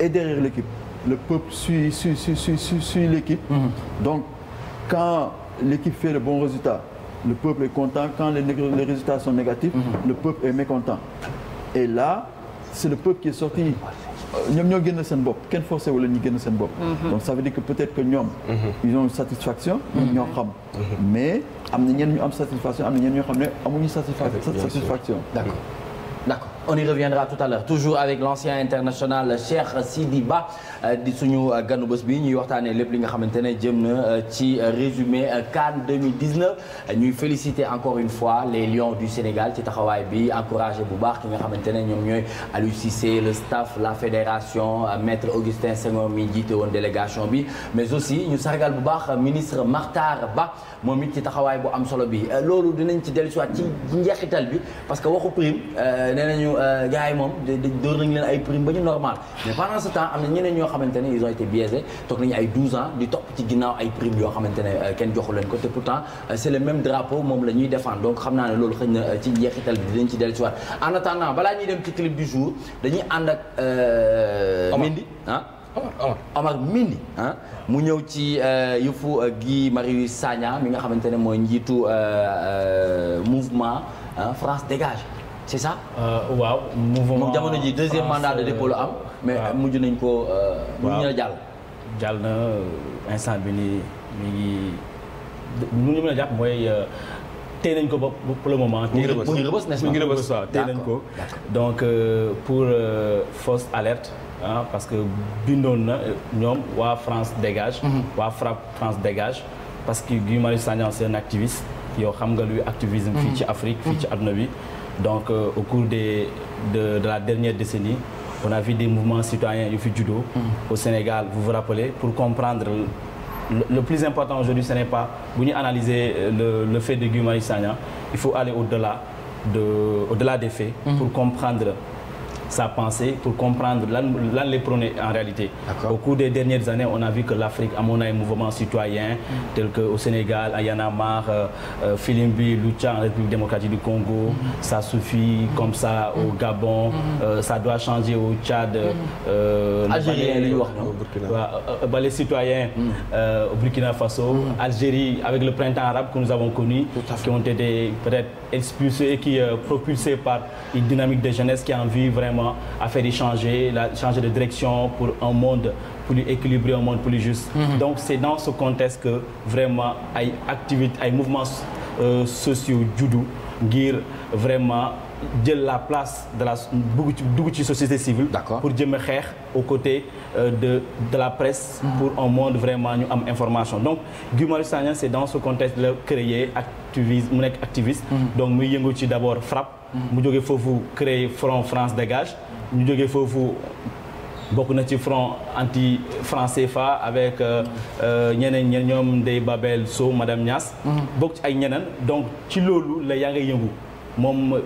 est derrière l'équipe le peuple suit suit suit suit suit, suit l'équipe mmh. donc quand l'équipe fait de bons résultats le peuple est content quand les, les résultats sont négatifs mmh. le peuple est mécontent et là c'est le peuple qui est sorti ñoom ñoo génn seen bopp kenn forcé wala ñu génn seen bopp mhm. donc ça veut dire que peut-être que ñoom mhm. ils ont une satisfaction ñoo xam mhm. mais am na ñenn ñu am satisfaction am na ñenn ñoo xam ne amuñu satisfaction d'accord D'accord. On y reviendra tout à l'heure. Toujours avec l'ancien international Cheikh Sidi Ba. Euh, di suñu euh, ganu bés bi ñuy waxtaanee lépp li nga xamante ne jëm na euh, ci résumé CAN 2019 ñuy féliciter encore une fois les lions du Sénégal ci taxawaay bi encouragé bu baax ki nga xamante ne ñoom ñooy Aliou Cissé le staff la fédération maître Augustin Senghor mi jiite woon délégation bi mais aussi ñu sargal bu baax ministre Makhtar Ba moom it ci taxawaay bu am solo bi loolu dinañ ci dellusiwaat ci njeexital bi parce que waxu prime nee nañu gaa yi moom dóor nañ leen ay prime ba ñu normal mais pendant ce xamante ne ils ont été biaisés toog nañu ay 12 ci ginnaaw ay primes yoo xamante ne euh, kenn joxu leen ko te pourtant euh, c' est le même drapeau moom ñuy défendre donc xam naa ne loolu xëy na euh, ci njeexital bi dinañ ci dellu si waat en attendant balaa ñuy dem ci clip du jour dañuy ànd a Mindi ah. Omar Omar Mindi ah? mu ñëw ci yëfu Guy Marius Sagna mi nga xamante ne mooy njiitu mouvement ah, France dégage. c'est ça. Euh, waaw mouvement moom jamono ji deuxième mandat de dépôt la am. Euh, mais mujj nañ ko euh, mujj na jàll. jàll na instant bi ni mi a jàpp mooy téye nañ ko ba pour le moment. mu ngi rëbës mu ngi rëbës mu ngi rëbës waaw nañ ko. donc pour fausse alerte. ah parce que bindoon na ñoom waa France dégage. Mm-hmm. waa FRAPP France dégage. parce que Guy Marius Sagna c'est un activiste. yow xam nga luy activisme. fii mm-hmm. ci Afrique fii ci adduna mm-hmm. bi. donc euh, au cours des de de la dernière décennie on a vu des mouvements citoyens yu fi juddoo mm. au Sénégal vous vous rappelez pour comprendre le plus important aujourd'hui ce n'est pas bu ñu analyser euh, le le fait de Guy Marius il faut aller au-delà de au-delà des faits mm. pour comprendre sa pensée pour comprendre lan lan les prôner en réalité. Au cours des dernières années on a vu que l'Afrique amoon na ay mouvement citoyen mm. tel que au Sénégal en a marre euh, euh, Filimbi Lucha en République démocratique du Congo mm. suffit comme ça mm. au Gabon mm. euh, ça doit changer au Tchad mm. euh Algérie li wax ba les euh, avec le printemps arabe que nous avons connu qui ont été euh, propulsés par une dynamique de jeunesse qui a envie vraiment vraiment affaire yi changer la changer direction pour un monde plus équilibré un monde plus juste mm -hmm. donc c'est dans ce contexte que vraiment ay activité ay mouvements euh, sociaux juddu ngir vraiment jël la place de la bugg ci dugg ci société civile pour jëm a xeex aux côtés euh, de de la presse mm -hmm. pour un monde vraiment ñu am information donc Guy Marius Sagna c'est dans ce contexte la créer activiste mm -hmm. donc muy yëngu ci d'abord mu jóge foofu créer front France dégage ñu jóge foofu bokk na ci front anti franc CFA avec euh, euh, ñeneen ñeneen ñoom Ndeye Babel Sow madame Niass mm-hmm. bokk ci ay ñeneen donc ci loolu la yaa ngay yëngu moom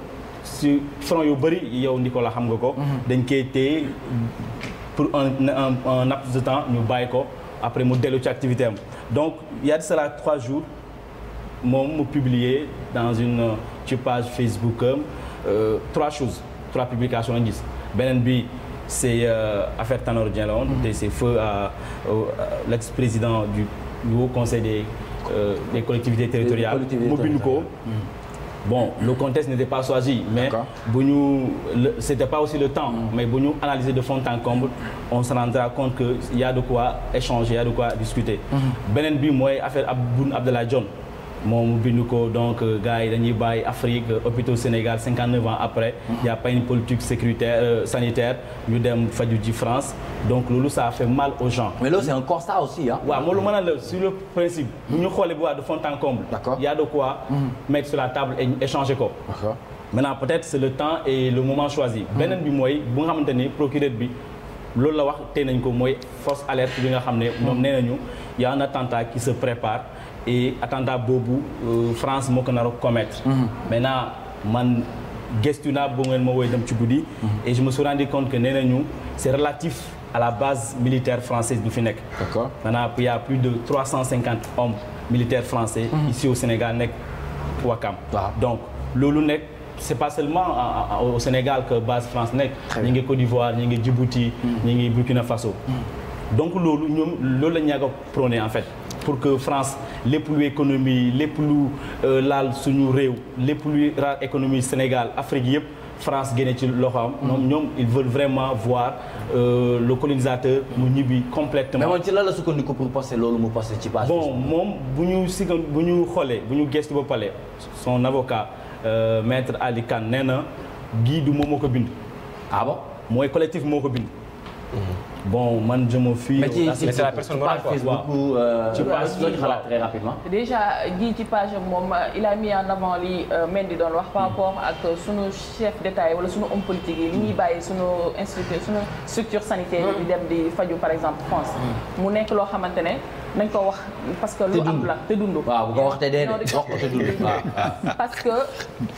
si front yu bëri yow Nicolas xam nga ko mm-hmm. dañ koy téye pour un un laps de temps ñu bàyyi ko après mu dellu ci activité donc il y a trois jours moom mu publier dans une euh, ci page Euh, trois choses trois publications lañ gis beneen bi c'est euh, affaire Tanor Dieng la woon mm-hmm. te c'est feu à l'ex-président du haut conseil des euh, des collectivités territoriales mu bind ko bon le contexte n'était pas choisi mais bu ñu c'était pas aussi le temps mm-hmm. mais bu ñu analyser de fond en comble on se rendra compte que y a de quoi échanger y a de quoi discuter mm-hmm. beneen bi mooy affaire Boun Abdallah Dionne moom bind ko donc gars yi dañuy bàyyi Afrique euh, hôpitaux Sénégal 59 ans après. Mm-hmm. y' a politique sécuritaire euh, sanitaire ñu dem faju ji France donc loolu ça fait mal aux gens. mais loolu c' est un constat aussi ah. waaw moom lu ma la sur le principe. bu ñu xoolee bu baax de fond en comble. d' mm-hmm. la table et échanger ko. maintenant peut-être c' est le temps et le moment choisi. Mm-hmm. bi mooy bu nga xamante ni procureur bi. loolu la wax tey nañ ko mooy fausse alerte bi nga xam ne moom nee ñu y na tanta attentat qui se prépare et attentat boobu euh, France moo ko nar a commettre. Mhm. maintenant man gëstu na boo ngeen ma woowee dem ci guddi. Mhm. et je me suis rendu compte que nee nañu c'est relatif à la base militaire française bi fi nekk. d'accord maintenant il plus de trois cent cinquante hommes militaires français. Mhm. ici au Sénégal nekk Ouakam. donc loolu nekk c'est pas seulement au Sénégal que base France nekk. ñi ngi Côte d'Ivoire ñi ngi Djibouti. ñi ngi Burkina Faso. donc loolu ñoom la ñu yàgg a prôné en pour que France lépp lu économie lépp lu euh, laal suñu réew lépp lu laal économie Sénégal Afrique yëpp France génne ci loxo am. Mm-hmm. ñoom ñoom ils veulent vraiment voir euh, le colonisateur mu ñibbi complètement. mais moom ci lan la sukkandiku pour passer loolu mu passé ci base. bon moom bu ñu si bu ñu xoolee bu ñu gëstu ba pale son avocat euh, maître Ali Kane nee na gii du moom moo ko bind. ah bon mooy collectif moo ko bind. Mm-hmm. bon man je me fie. mais la personne morale quoi Facebook euh, tu passes loo ci xalaat très rapidement. déjà a mis en avant li euh, Mendy doon wax par hmm. rapport ak euh, sunu chef d'État wala sunu homme politique yi li ñuy bàyyi sunu institut sunu structure sanitaire yi hmm. di fajo par exemple France. Hmm. mu nekk loo xamante ne. nañ ko wax parce que lu am la te dund waaw bu ko wax te dee de wax ko oh, te dund parce que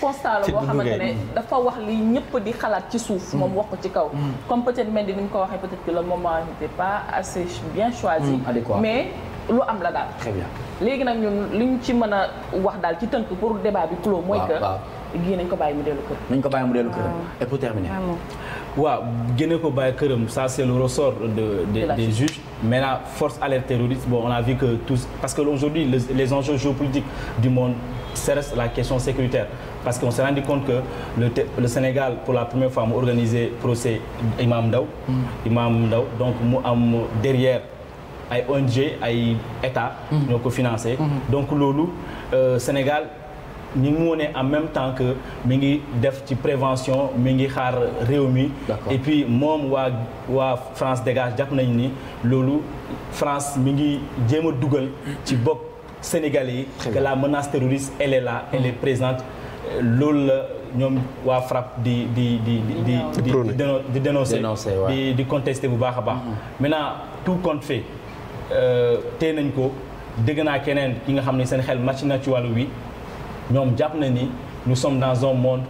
constat la boo xamante ne dafa wax li ñëpp di xalaat ci suuf mm. moom wax ko ci kaw mm. comme peut-être Mendy ni mu ko waxee peut-être que le moment n'était pas assez bien choisi mm, mais lu am la daal très bien léegi nag ñun li ñu ci mën a wax daal ci tënk pour débat bi clos mooy que gi nañ ko bàyyi mu dellu ko bàyyi pour terminer waaw génne ko bàyyi këram ça c'est le ressort de, de, de des juges maintenant force alerte terroriste bon on a vu que tous parce que aujourd'hui les, les enjeux géopolitiques du monde ça reste la question sécuritaire parce qu'on s'est rendu compte que le, le Sénégal pour la première fois mu organisé procès Imam Ndaw mm. Imam Ndaw donc mu am derrière ay ONG ay état mm. ñoo ko financé mm-hmm. donc loolu euh, Sénégal ñu ngi wone en même temps que mi ngi def ci prévention mi ngi xaar réew mi et puis moom waa waa France dégage jàpp nañ ni loolu France mi ngi jéem a dugal ci bopp Sénégalais yi que la menace terroriste elle est là présente loolu la ñoom waa FRAPP di di di di di di dénoncer di di contester bu baax a baax mm-hmm. maintenant tout compte fait euh, tee nañ ko dégg naa keneen ki nga xam ne seen xel màcc na ci wàllu wi ñoom jàpp na ni nous sommes dans un monde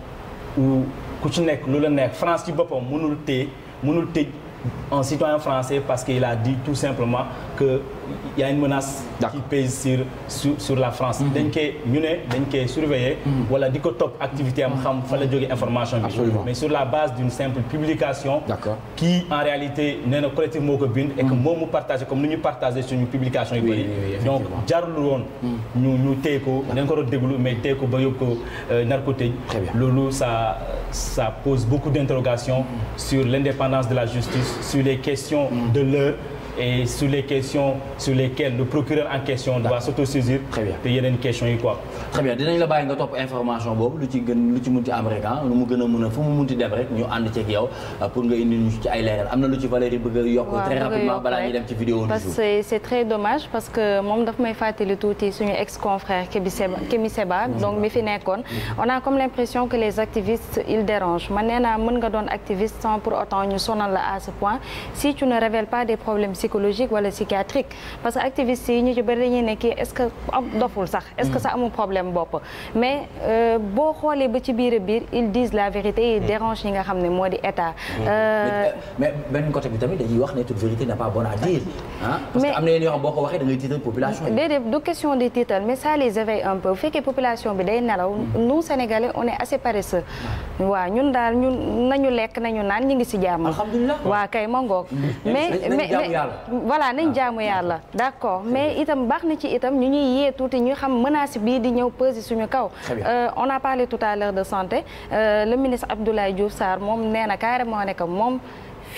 où ku ci nekk lu la nekk France ci boppam mënul té mënul tëj un citoyen français parce qu'il a dit tout simplement que y a une menace qui pèse sur la France mhm. dañ koy ñu ne dañ koy surveiller mhm. wala di ko topp activité am xam fa joge mhm. jógee information mais sur la base d'une simple publication qui en réalité nee na collectif moo ko bind et que moom mu partagé comme ni ñu partagé suñu publication yi bëri donc jarul woon ñu ñu téye ko dañ ko déglu mais téye ko ba yóbbu ko euh, nar ko tëj sa ça ça pose beaucoup d'interrogations sur l'indépendance de la justice sur les questions de l'heure et sur lesquelles le procureur en question doit s'autosaisir te très bien dinañ la bàyyi nga topp information boobu lu ci gën lu ci munti am rek ah, mu gën a fu mu munti dem rek ñu ànd ceeg yow ah, pour nga indi ñu ci ay leeral am na lu ci Valérie bëgg yokk très rapidement balaa ñuy dem ci vidéo parce que c'est très dommage parce que moom daf may fàttali tuuti suñu ex confrère Kémi Seba Kémi Seba donc mi fi nekkoon on a comme l'impression que les activistes psychologique wala psychiatrique parce que activistes yi ñu ci bëri dañuy ne est ce que doful sax est ce que ça mm. amul problème bopp mais euh, boo xoolee ba ci biir a biir ils disent la vérité ils mm. dérangent ñi nga xam ne moo di état mm. euh, euh, mais benn côté bi tamit dañuy wax na yenn yoo xam boo ko waxee da ngay tiital population déedéet du question de tiital mais ça les éveille un peu bu population bi day nelaw nous sénégalais on est assez paresseux waaw ñun daal ñun nañu lekk nañu naan ñu ngi si jàmm alhamdulilah waaw kay ma ngoog mais mais voilà nañ ah, jaamu yàlla d'accord mais itam baax na ci itam ñu ñuy yee tuuti ñu xam menace bii di ñëw peser suñu kaw euh, on a parlé tout à l'heure de santé euh, le ministre Abdoulaye Diouf saar moom nee na carrément ne que moom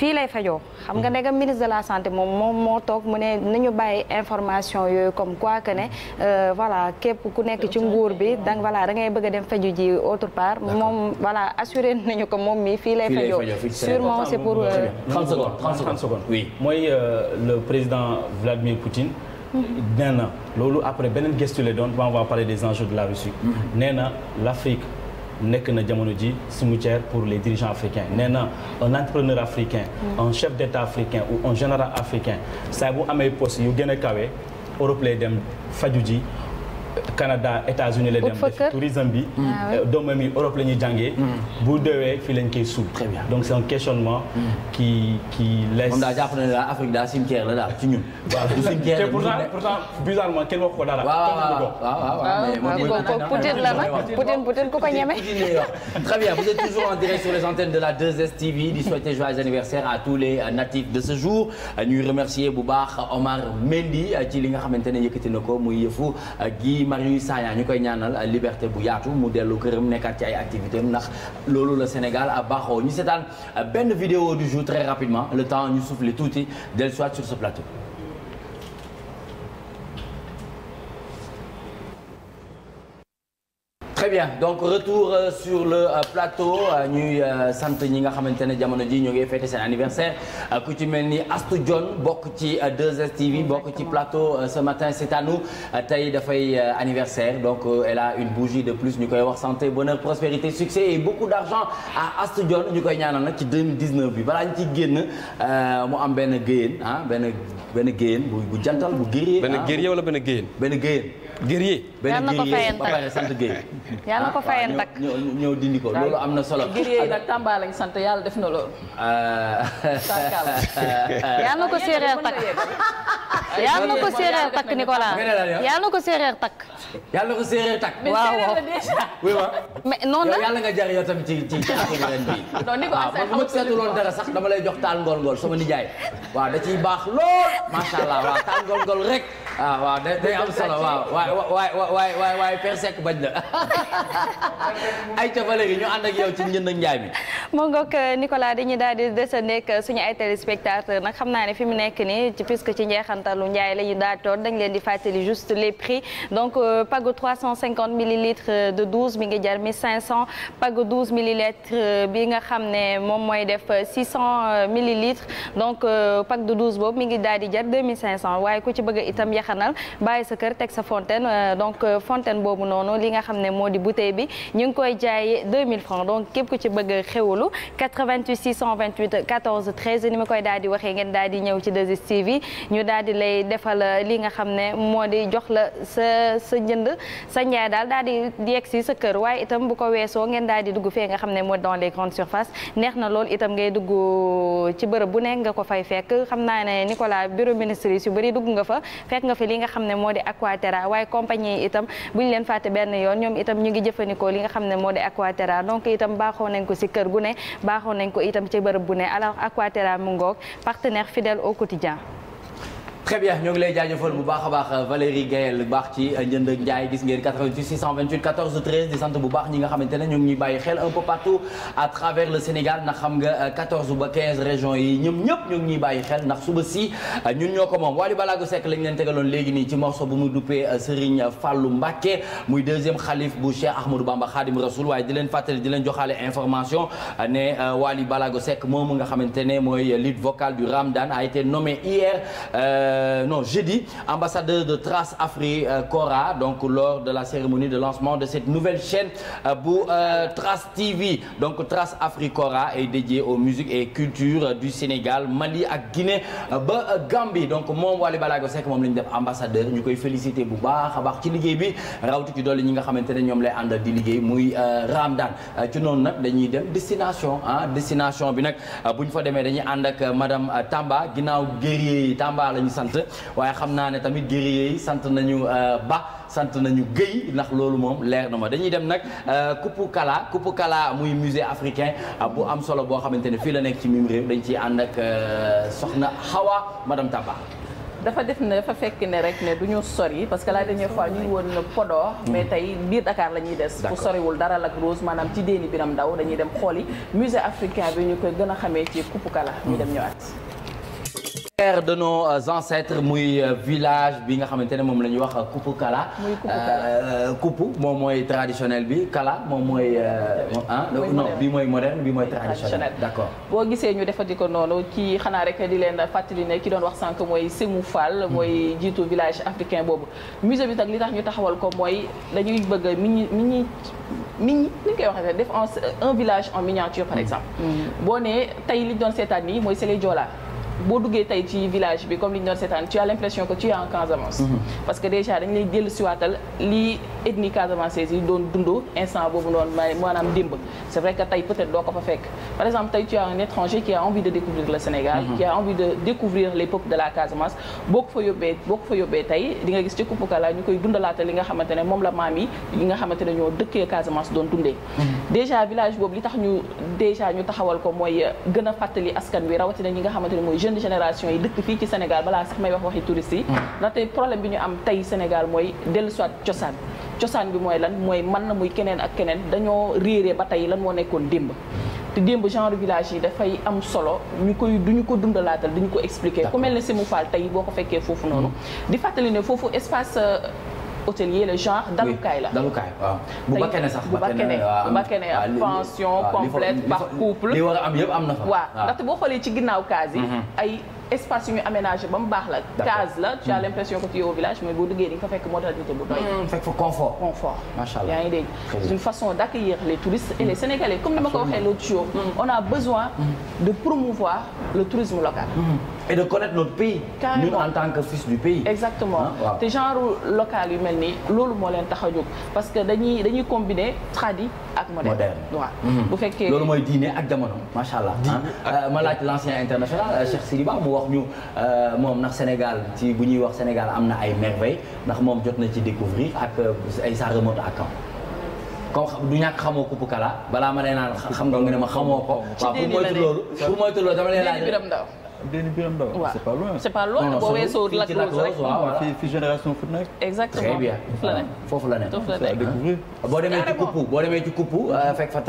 fii lay fajoo xam nga mm-hmm. ne ministre de la santé moom moom moo toog mu ne nañu bàyyi information yooyu comme quoi que ne euh, voilà képp ku nekk ci nguur bi donc voilà da ngay bëgg a dem faju ji autre part moom voilà assuré nañu ko moom mii fii lay fajoo sûrement c'est pour 30 euh, secondes 30 secondes oui mooy euh, le président Vladimir Poutine mm-hmm. nee na loolu après benn gestu lay doon on va parler des enjeux de la Russie mm-hmm. nee na l'Afrique nekk na jamono ji cimetière pour les dirigeants africains nee na un entrepreneur africain mm. un chef d'état africain ou un général africain saa bu amee poste yu gën a kawe Europe lay dem faju ji Canada États-Unis la dem def tourisme bi ah euh, doomam yi Europe la ñuy jàngee mm. bu dewee fii lañ koy suul très bien donc c'est un questionnement mm. qui laisse Afrique daal cimetière la daal ci ñun waaw pourtant pourtant bizarrement kenn wax ko dara waaw waaw ah, Poutine la nag Poutine Poutine ñeme très bien vous êtes toujours en direct sur les antennes de la 2STV di souhaiter joyeux anniversaire à tous les euh, natifs de ce jour ñuy remercier bu Omar Mendy euh, ci li nga xamante ne yëkkati na ko muy Guy Marius Sagna ñu koy ñaanal liberté bu yaatu mu dellu këram nekkaat ci ay activités ndax loolu la Sénégal a baaxoo ñu seetaan benn vidéo du jour très rapidement le temps ñu souffler tuuti dellu soit sur ce plateau très bien donc retour euh, sur le euh, plateau euh, ñuy sant ñi nga xamante ne jamono ji ñoo ngi fêté seen anniversaire ku ci mel ni Astou Dione bokk ci 2STV bokk ci plateau ce matin c'est à tey dafay anniversaire donc elle a une bougie de plus ñu koy wax santé bonheur prospérité succès et beaucoup d'argent à Astou Dione ñu koy ñaanal nag ci 2019 bi balaa ñu ciy génn mu am benn géyeen ah benn benn géyeen bu jantal bu guerrier benn ah, guerrier wala benn géyeen benn géyeen guerrier benn guerrier ba pare sant Guèye. yàlla na ko fayeen takk ñëw dindi ko loolu am na solo. guerrier nag Tamba lañ sant yàlla def na loolu. Ah. yàlla na ko séeréer takk yàlla na ko séeréer takk Nicolas yàlla na ko séeréer takk. yàlla na ko séeréer takk. waaw waaw oui waaw. mais noonu la yàlla nga jar yow tamit ci ci ci ci ren bi. non ni ko asay bu ma seetuloon dara sax dama lay jox taal ngol ngol sama nijaay. waaw da ciy baax lool macha allah waaw taal ngol ngol rek. ah waaw day day am solo waaw waay waay waay bañ na ay ca ba léegi ñu ànd ak yow ci njënd njaay mi. moo ngoog euh, Nicolas dañuy daal di desandi ak euh, suñu ay téléspectateurs nag xam naa ne fi mu nekk nii ci puisque ci njeexantalu njaay la ñu daal toon dañ leen di fàttali juste les prix donc euh, pagu 350 millilitres de 12 mi ngi jar 1500 pagu 12 millilitres bi nga xam ne moom mooy def 600 millilitres donc pagu de 12 boobu mi ngi daal di jar 2500 waaye ko ci bëgg itam xanal bàyyi sa kër teg sa fontaine euh, donc euh, fontaine boobu noonu li nga xam ne moo di bouteille bi ñu ngi koy jaayee 2000 francs donc képp ku ci bëgg a xewlu 88 628 14 13 ni ma koy daal di waxee ngeen daal ñëw ci 2 yi ñu daal lay defal euh, li nga xam ne moo di jox la sa sa njënd sa njaay daal daal di yegg si sa kër waaye itam bu ko weesoo ngeen daal di dugg fee nga xam ne moo dans les grandes surfaces neex na lool itam ngay dugg ci bërëb bu nekk nga ko fay fekk xam naa ne Nicolas bureau ministre yi si bëri fi li nga xam ne moo di Aquaterra waaye compagnie yi itam bu leen fàtte benn yoon ñoom itam ñu ngi jëfandikoo li nga xam ne moo di Aquaterra donc itam baaxoo nañ ko ci kër gu ne baaxoo nañ ko itam ci bërëb bu ne alors Aquaterra mu ngoog partenaire fidèle au quotidien très bien ñoo ngi lay jaajëfal bu baax a baax Valérie Gayel baax ci euh, njënd njaay gis ngeen bu baax ñi nga xamante ne ñoo ngi ñuy bàyyi xel un peu partout à travers le Sénégal ndax xam nga 14 euh, ba 15 régions yi ñoom ñëpp ñoo ngi ñuy bàyyi xel ndax suba si euh, ñun ñoo ko moom Wally Ballago Seck lañ leen tegaloon léegi nii ci morceau bu mu duppee Serigne Fallou Mbacké muy deuxième xalif bu Cheikh Ahmadou Bamba Khadim Rasoul waaye di leen fàttali di leen joxaale information ne Wally Ballago Seck moomu nga xamante ne mooy lead vocal du Ramadan a été Euh, non jeudi ambassadeur de Trace Afri euh, Cora donc lors de la cérémonie de lancement de cette nouvelle chaîne euh, bu Trace TV donc Trace Afri Cora est dédiée aux musiques et cultures du Sénégal Mali ak Guinée ba Gambie donc moom Wally Ballago Seck moom la ñu def ambassadeur ñu koy féliciter bu baax a baax ci liggéey bi rawtu ci doole ñi nga xamante ne ñoom lay àndal di liggéey muy Ramadan ci noonu nag dañuy dem destination ah, destination bi nag bu ñu fa demee dañuy sant waaye xam naa ne tamit guerrier yi sant nañu euh, Ba sant nañu Guèye ndax loolu moom leer na ma dañuy dem nag euh, Kupu Kala Kupu Kala muy musée africain euh, bu am solo boo xamante ne fii la nekk ci mim réew dañ ciy ànd ak soxna Hawa madame Taba. dafa def ne dafa fekk ne rek ne du ñu sori parce que la dernière fois ñu woon Podor. mais tey biir Dakar la ñuy des. bu soriwul dara la rose maanaam ci déeni biram ndaw dañuy dem xooli musée africain bi ñu koy gën a xamee ci Kupu Kala. ñu dem ñëwaat. terre de nos euh, ancêtres muy euh, village bi nga xamante ne moom la ñuy wax euh, Kupu Kala. muy Kupu Kala Kupu moom mooy traditionel bi Kala moom mooy. ah non bi mooy moderne bi mooy traditionnel. d'accord boo gisee ñu defati ko noonu ci xanaa rek di leen fàttali ne ki doon wax sànq mooy mu Fall. Hmm. mooy jiitu village africain boobu. musée bi nag li tax ñu taxawal ko mooy dañuy bëgg mi ñi mi ñi ni koy waxee def un village en miniature par hmm. exemple. Hmm. boo nee tey li seetaan nii mooy Sélé Joola. boo duggee tey ci village bi comme li ñu doon seetaan tu as l'impression que tu es en Casamance. Mhm. parce que déjà dañ lay dellu siwaatal li ethnie casamançaise yi doon dund instant boobu noonu maanaam démb c'est a envie de mhm. a envie de découvrir les peuples de la Casamance moom la maam yi li nga xamante ñoo dëkkee Casamance doon dundee mhm. déjà village boobu li tax ñu déjà ñu taxawal ko mooy gën a fàttali askan wi rawatina ñi nga xamante mooy jeune génération yi dëkk fii ci Sénégal balaa sax may wax waxi touristes yi mm. ndaxte problème bi ñu am tey Sénégal mooy dellu soit cosaan cosaan bi mooy lan mooy man na muy keneen ak keneen dañoo réeree ba tey lan moo nekkoon démb te démb genre village yi dafay am solo ñu koy duñu ko dundalaatal duñu ko expliquer ku mel ne Sémou Fall tey boo ko fekkee foofu noonu mm. di fàttali ne foofu espace euh, hôtelier le genre dalukaay la. dalukaay waaw bu bakkee ne sax. bu bakkee ne bu bakkee ne pension complète par couple. li war a am yëpp am na fa. waaw ndaxte boo xoolee ci ginnaaw kaas yi mhm. ay. espace yu ñu aménagé ba mu baax la. case la tu as hmm. l'impression que tu es au village mais boo duggee fa fekk modalité bu doy. confort confort. macha allah yaa façon d'accueillir les touristes et les hmm. sénégalais comme ni ma ko waxee hmm. le tourisme local. et de connaître notre pays. que fils du pays. exactement te genre local yu mel nii loolu moo leen tax parce que dañuy dañuy combiner ak moderne. moderne bu fekkee ak jamono macha allah. Euh, ma laaj l'ancien international euh, Cheikh Sidibaa wax ñu euh, moom nax Sénégal ci bu ñuy wax Sénégal am na ay merveille ndax moom jot na ci découvrir ak euh, ay ça remonte à quand comme du ñàkk xamoo kupu kala balaa ma lay naan xam nga nga ne ma xamoo ko. waaw pour moytu loolu pour moytu loolu dama lay Déni Biram c'est pas loin. c'est pas loin boo weesoo Lac exactement très bien foofu la nekk foofu la nekk. boo demee ci kuppu boo demee ci kuppu fekk fa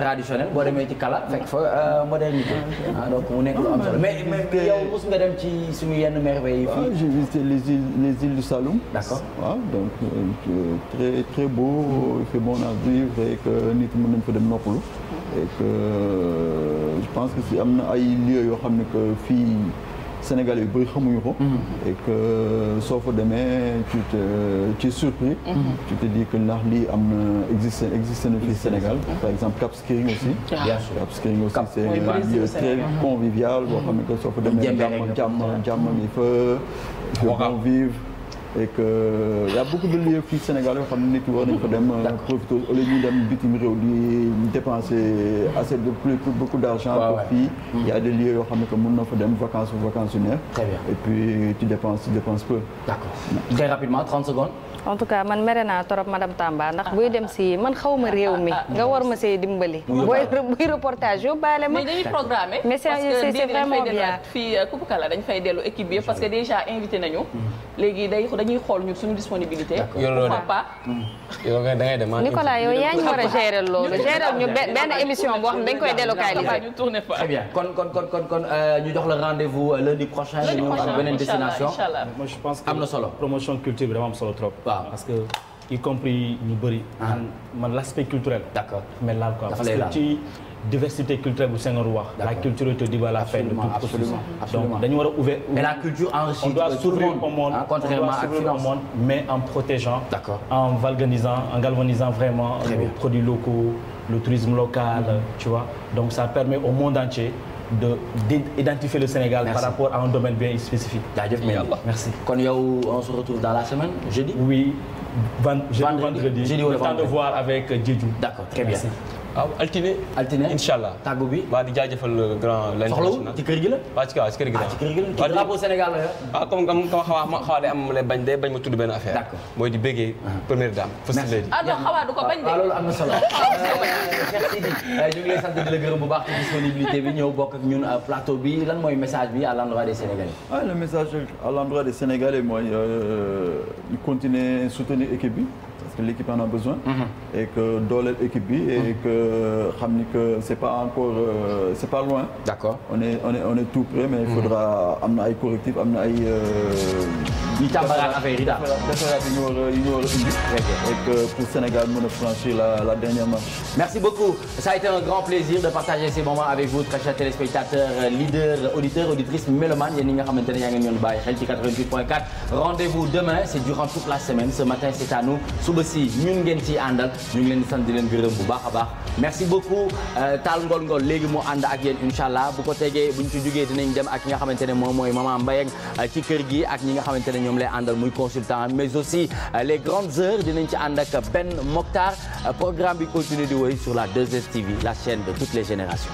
boo demee ci kala fekk fa modernité. donc mu nekk lu mais mais yow mos nga dem ci suñu yenn merveilles yi. waaw j'ai visité les îles les îles du Saloum. d'accord waaw ah, donc euh, très très beau. il fait bon à vivre et que nit mën nañu fa dem noppalu. et que euh, je pense que si am na ay lieux yoo xam ne que fii Sénégal yu bëri xamuñu ko. Mhm. et que euh, soo fa demee tu te tu es surpris. Mhm. tu te dis que ndax lii am na existe existe na fii Sénégal. par exemple Cap Skirring aussi. Mhm. bien sûr Cap Skirring aussi c' est un lieu très convivial boo xam ne que soo fa demee. jàmm jàmm jàmm gi fa. on va vivre. et que y' a beaucoup de lieux fii Sénégal yoo xam ne nit war nañ fa dem euh, profité au lieu ñuy dem bitim réew di dépenser assez de plus beaucoup d' argent pour fii mm. y' a des lieux yoo xam ne que mën na fa dem vacances ou vacances yu neex et puis tu dépenses tu dépenses peu d'accord très rapidement 30 secondes en tout cas man mere naa torop madame Tamba ndax buy dem si man xaw ma réew mi nga war ma see dimbali. booy buy reportage yóbbaale ma. mais dañuy programmé. mais c' est c' dañ fay dellu équipe bi parce que déjà invité nañu. Mm. léegi day dañuy xool ñun suñu disponibilité. pourquoi pas. Mm. yow da ngay dem Nicolas yow ñu war a gérer loolu gérer ñu benn émission boo xam ne dañ koy délocaliser. ñu tourné fa kon kon kon euh, la rendez-vous euh, lundi prochain. lundi prochain incha allah beneen destination am na solo. promotion culture bi dama am solo trop. waaw parce que y compris ñu bëri. Ah. man man l' aspect culturel. d' accord mais laal quoi parce que ci diversité culturelle bu Senghor wax. la culture te dit pas la fin de tout. donc dañu war a ouvert. mais la culture enrichit. on doit s'ouvrir au monde contrairement ak finance on doit s'ouvrir au monde mais en protégeant. d' accord en galvanisant en galvanisant vraiment. les produits locaux le tourisme local. Mm-hmm. tu vois donc ça permet au monde entier. de d'identifier le Sénégal merci. par rapport à un domaine bien spécifique. mais yàlla merci. kon yow on se retrouve dans la semaine jeudi. oui vendredi vendredi jeudi le temps de voir avec Diédhiou. d'accord très merci. bien. waaw ah, altine. altine incha allah tàggu bi. waa di jaajëfal euh, grand l' international ci kër gi la. waa ci kër gi la ci kër gi la ah, drapeau Sénégal la ah comme comme xawaa ma xawaa day am lay bañ day bañ ma tudd benn affaire. d'accord mooy di béggee ah. première dame. merci fës ah non xawaa du ko bañ de. waaw loolu am na solo. merci eh, ñu ngi lay sant di la gërëm bu baax ci disponibilité bi ñëw bokk ak ñun plateau bi lan mooy message bi à l' endroit des Sénégalais. ah le message à l' endroit des Sénégalais mooy euh, ñu continuer soutenir équipe bi. parce que l'équipe en a besoin. Mhm. et que dooleel équipe bi. et mhm. que euh, xam ni que c'est pas euh, loin. on est tout prêt mais il mhm. faudra am ay correctifs am na ay. Euh, ñu càmbalaat a yi ñu a que pour Sénégal mën a la dernière marche. merci beaucoup ça a été un grand plaisir de partager ces moments avec vous téléspectateurs leaders auditeurs auditrices mélomanes yéen ñi nga xamante ne yaa rendez-vous demain c'est durant toute la semaine ce matin c'est à nous. bés ñun ngeen ci àndal ñu ngi leen di leen gërëm bu baax a baax merci beaucoup euh, taal ngol ngol léegi moo ànd ak yéen incha allah bu ko tegee buñ ci jógee dinañ dem ak ki nga xamante ne moom mooy maman Mbayang euh, ci kër gi ak ñi nga xamante ne ñoom lay àndal muy consultant mais aussi euh, les grandes heures dinañ ci ànd benn Ben Mokhtar programme bi continue di woy sur la 2STV la chaîne de toutes les générations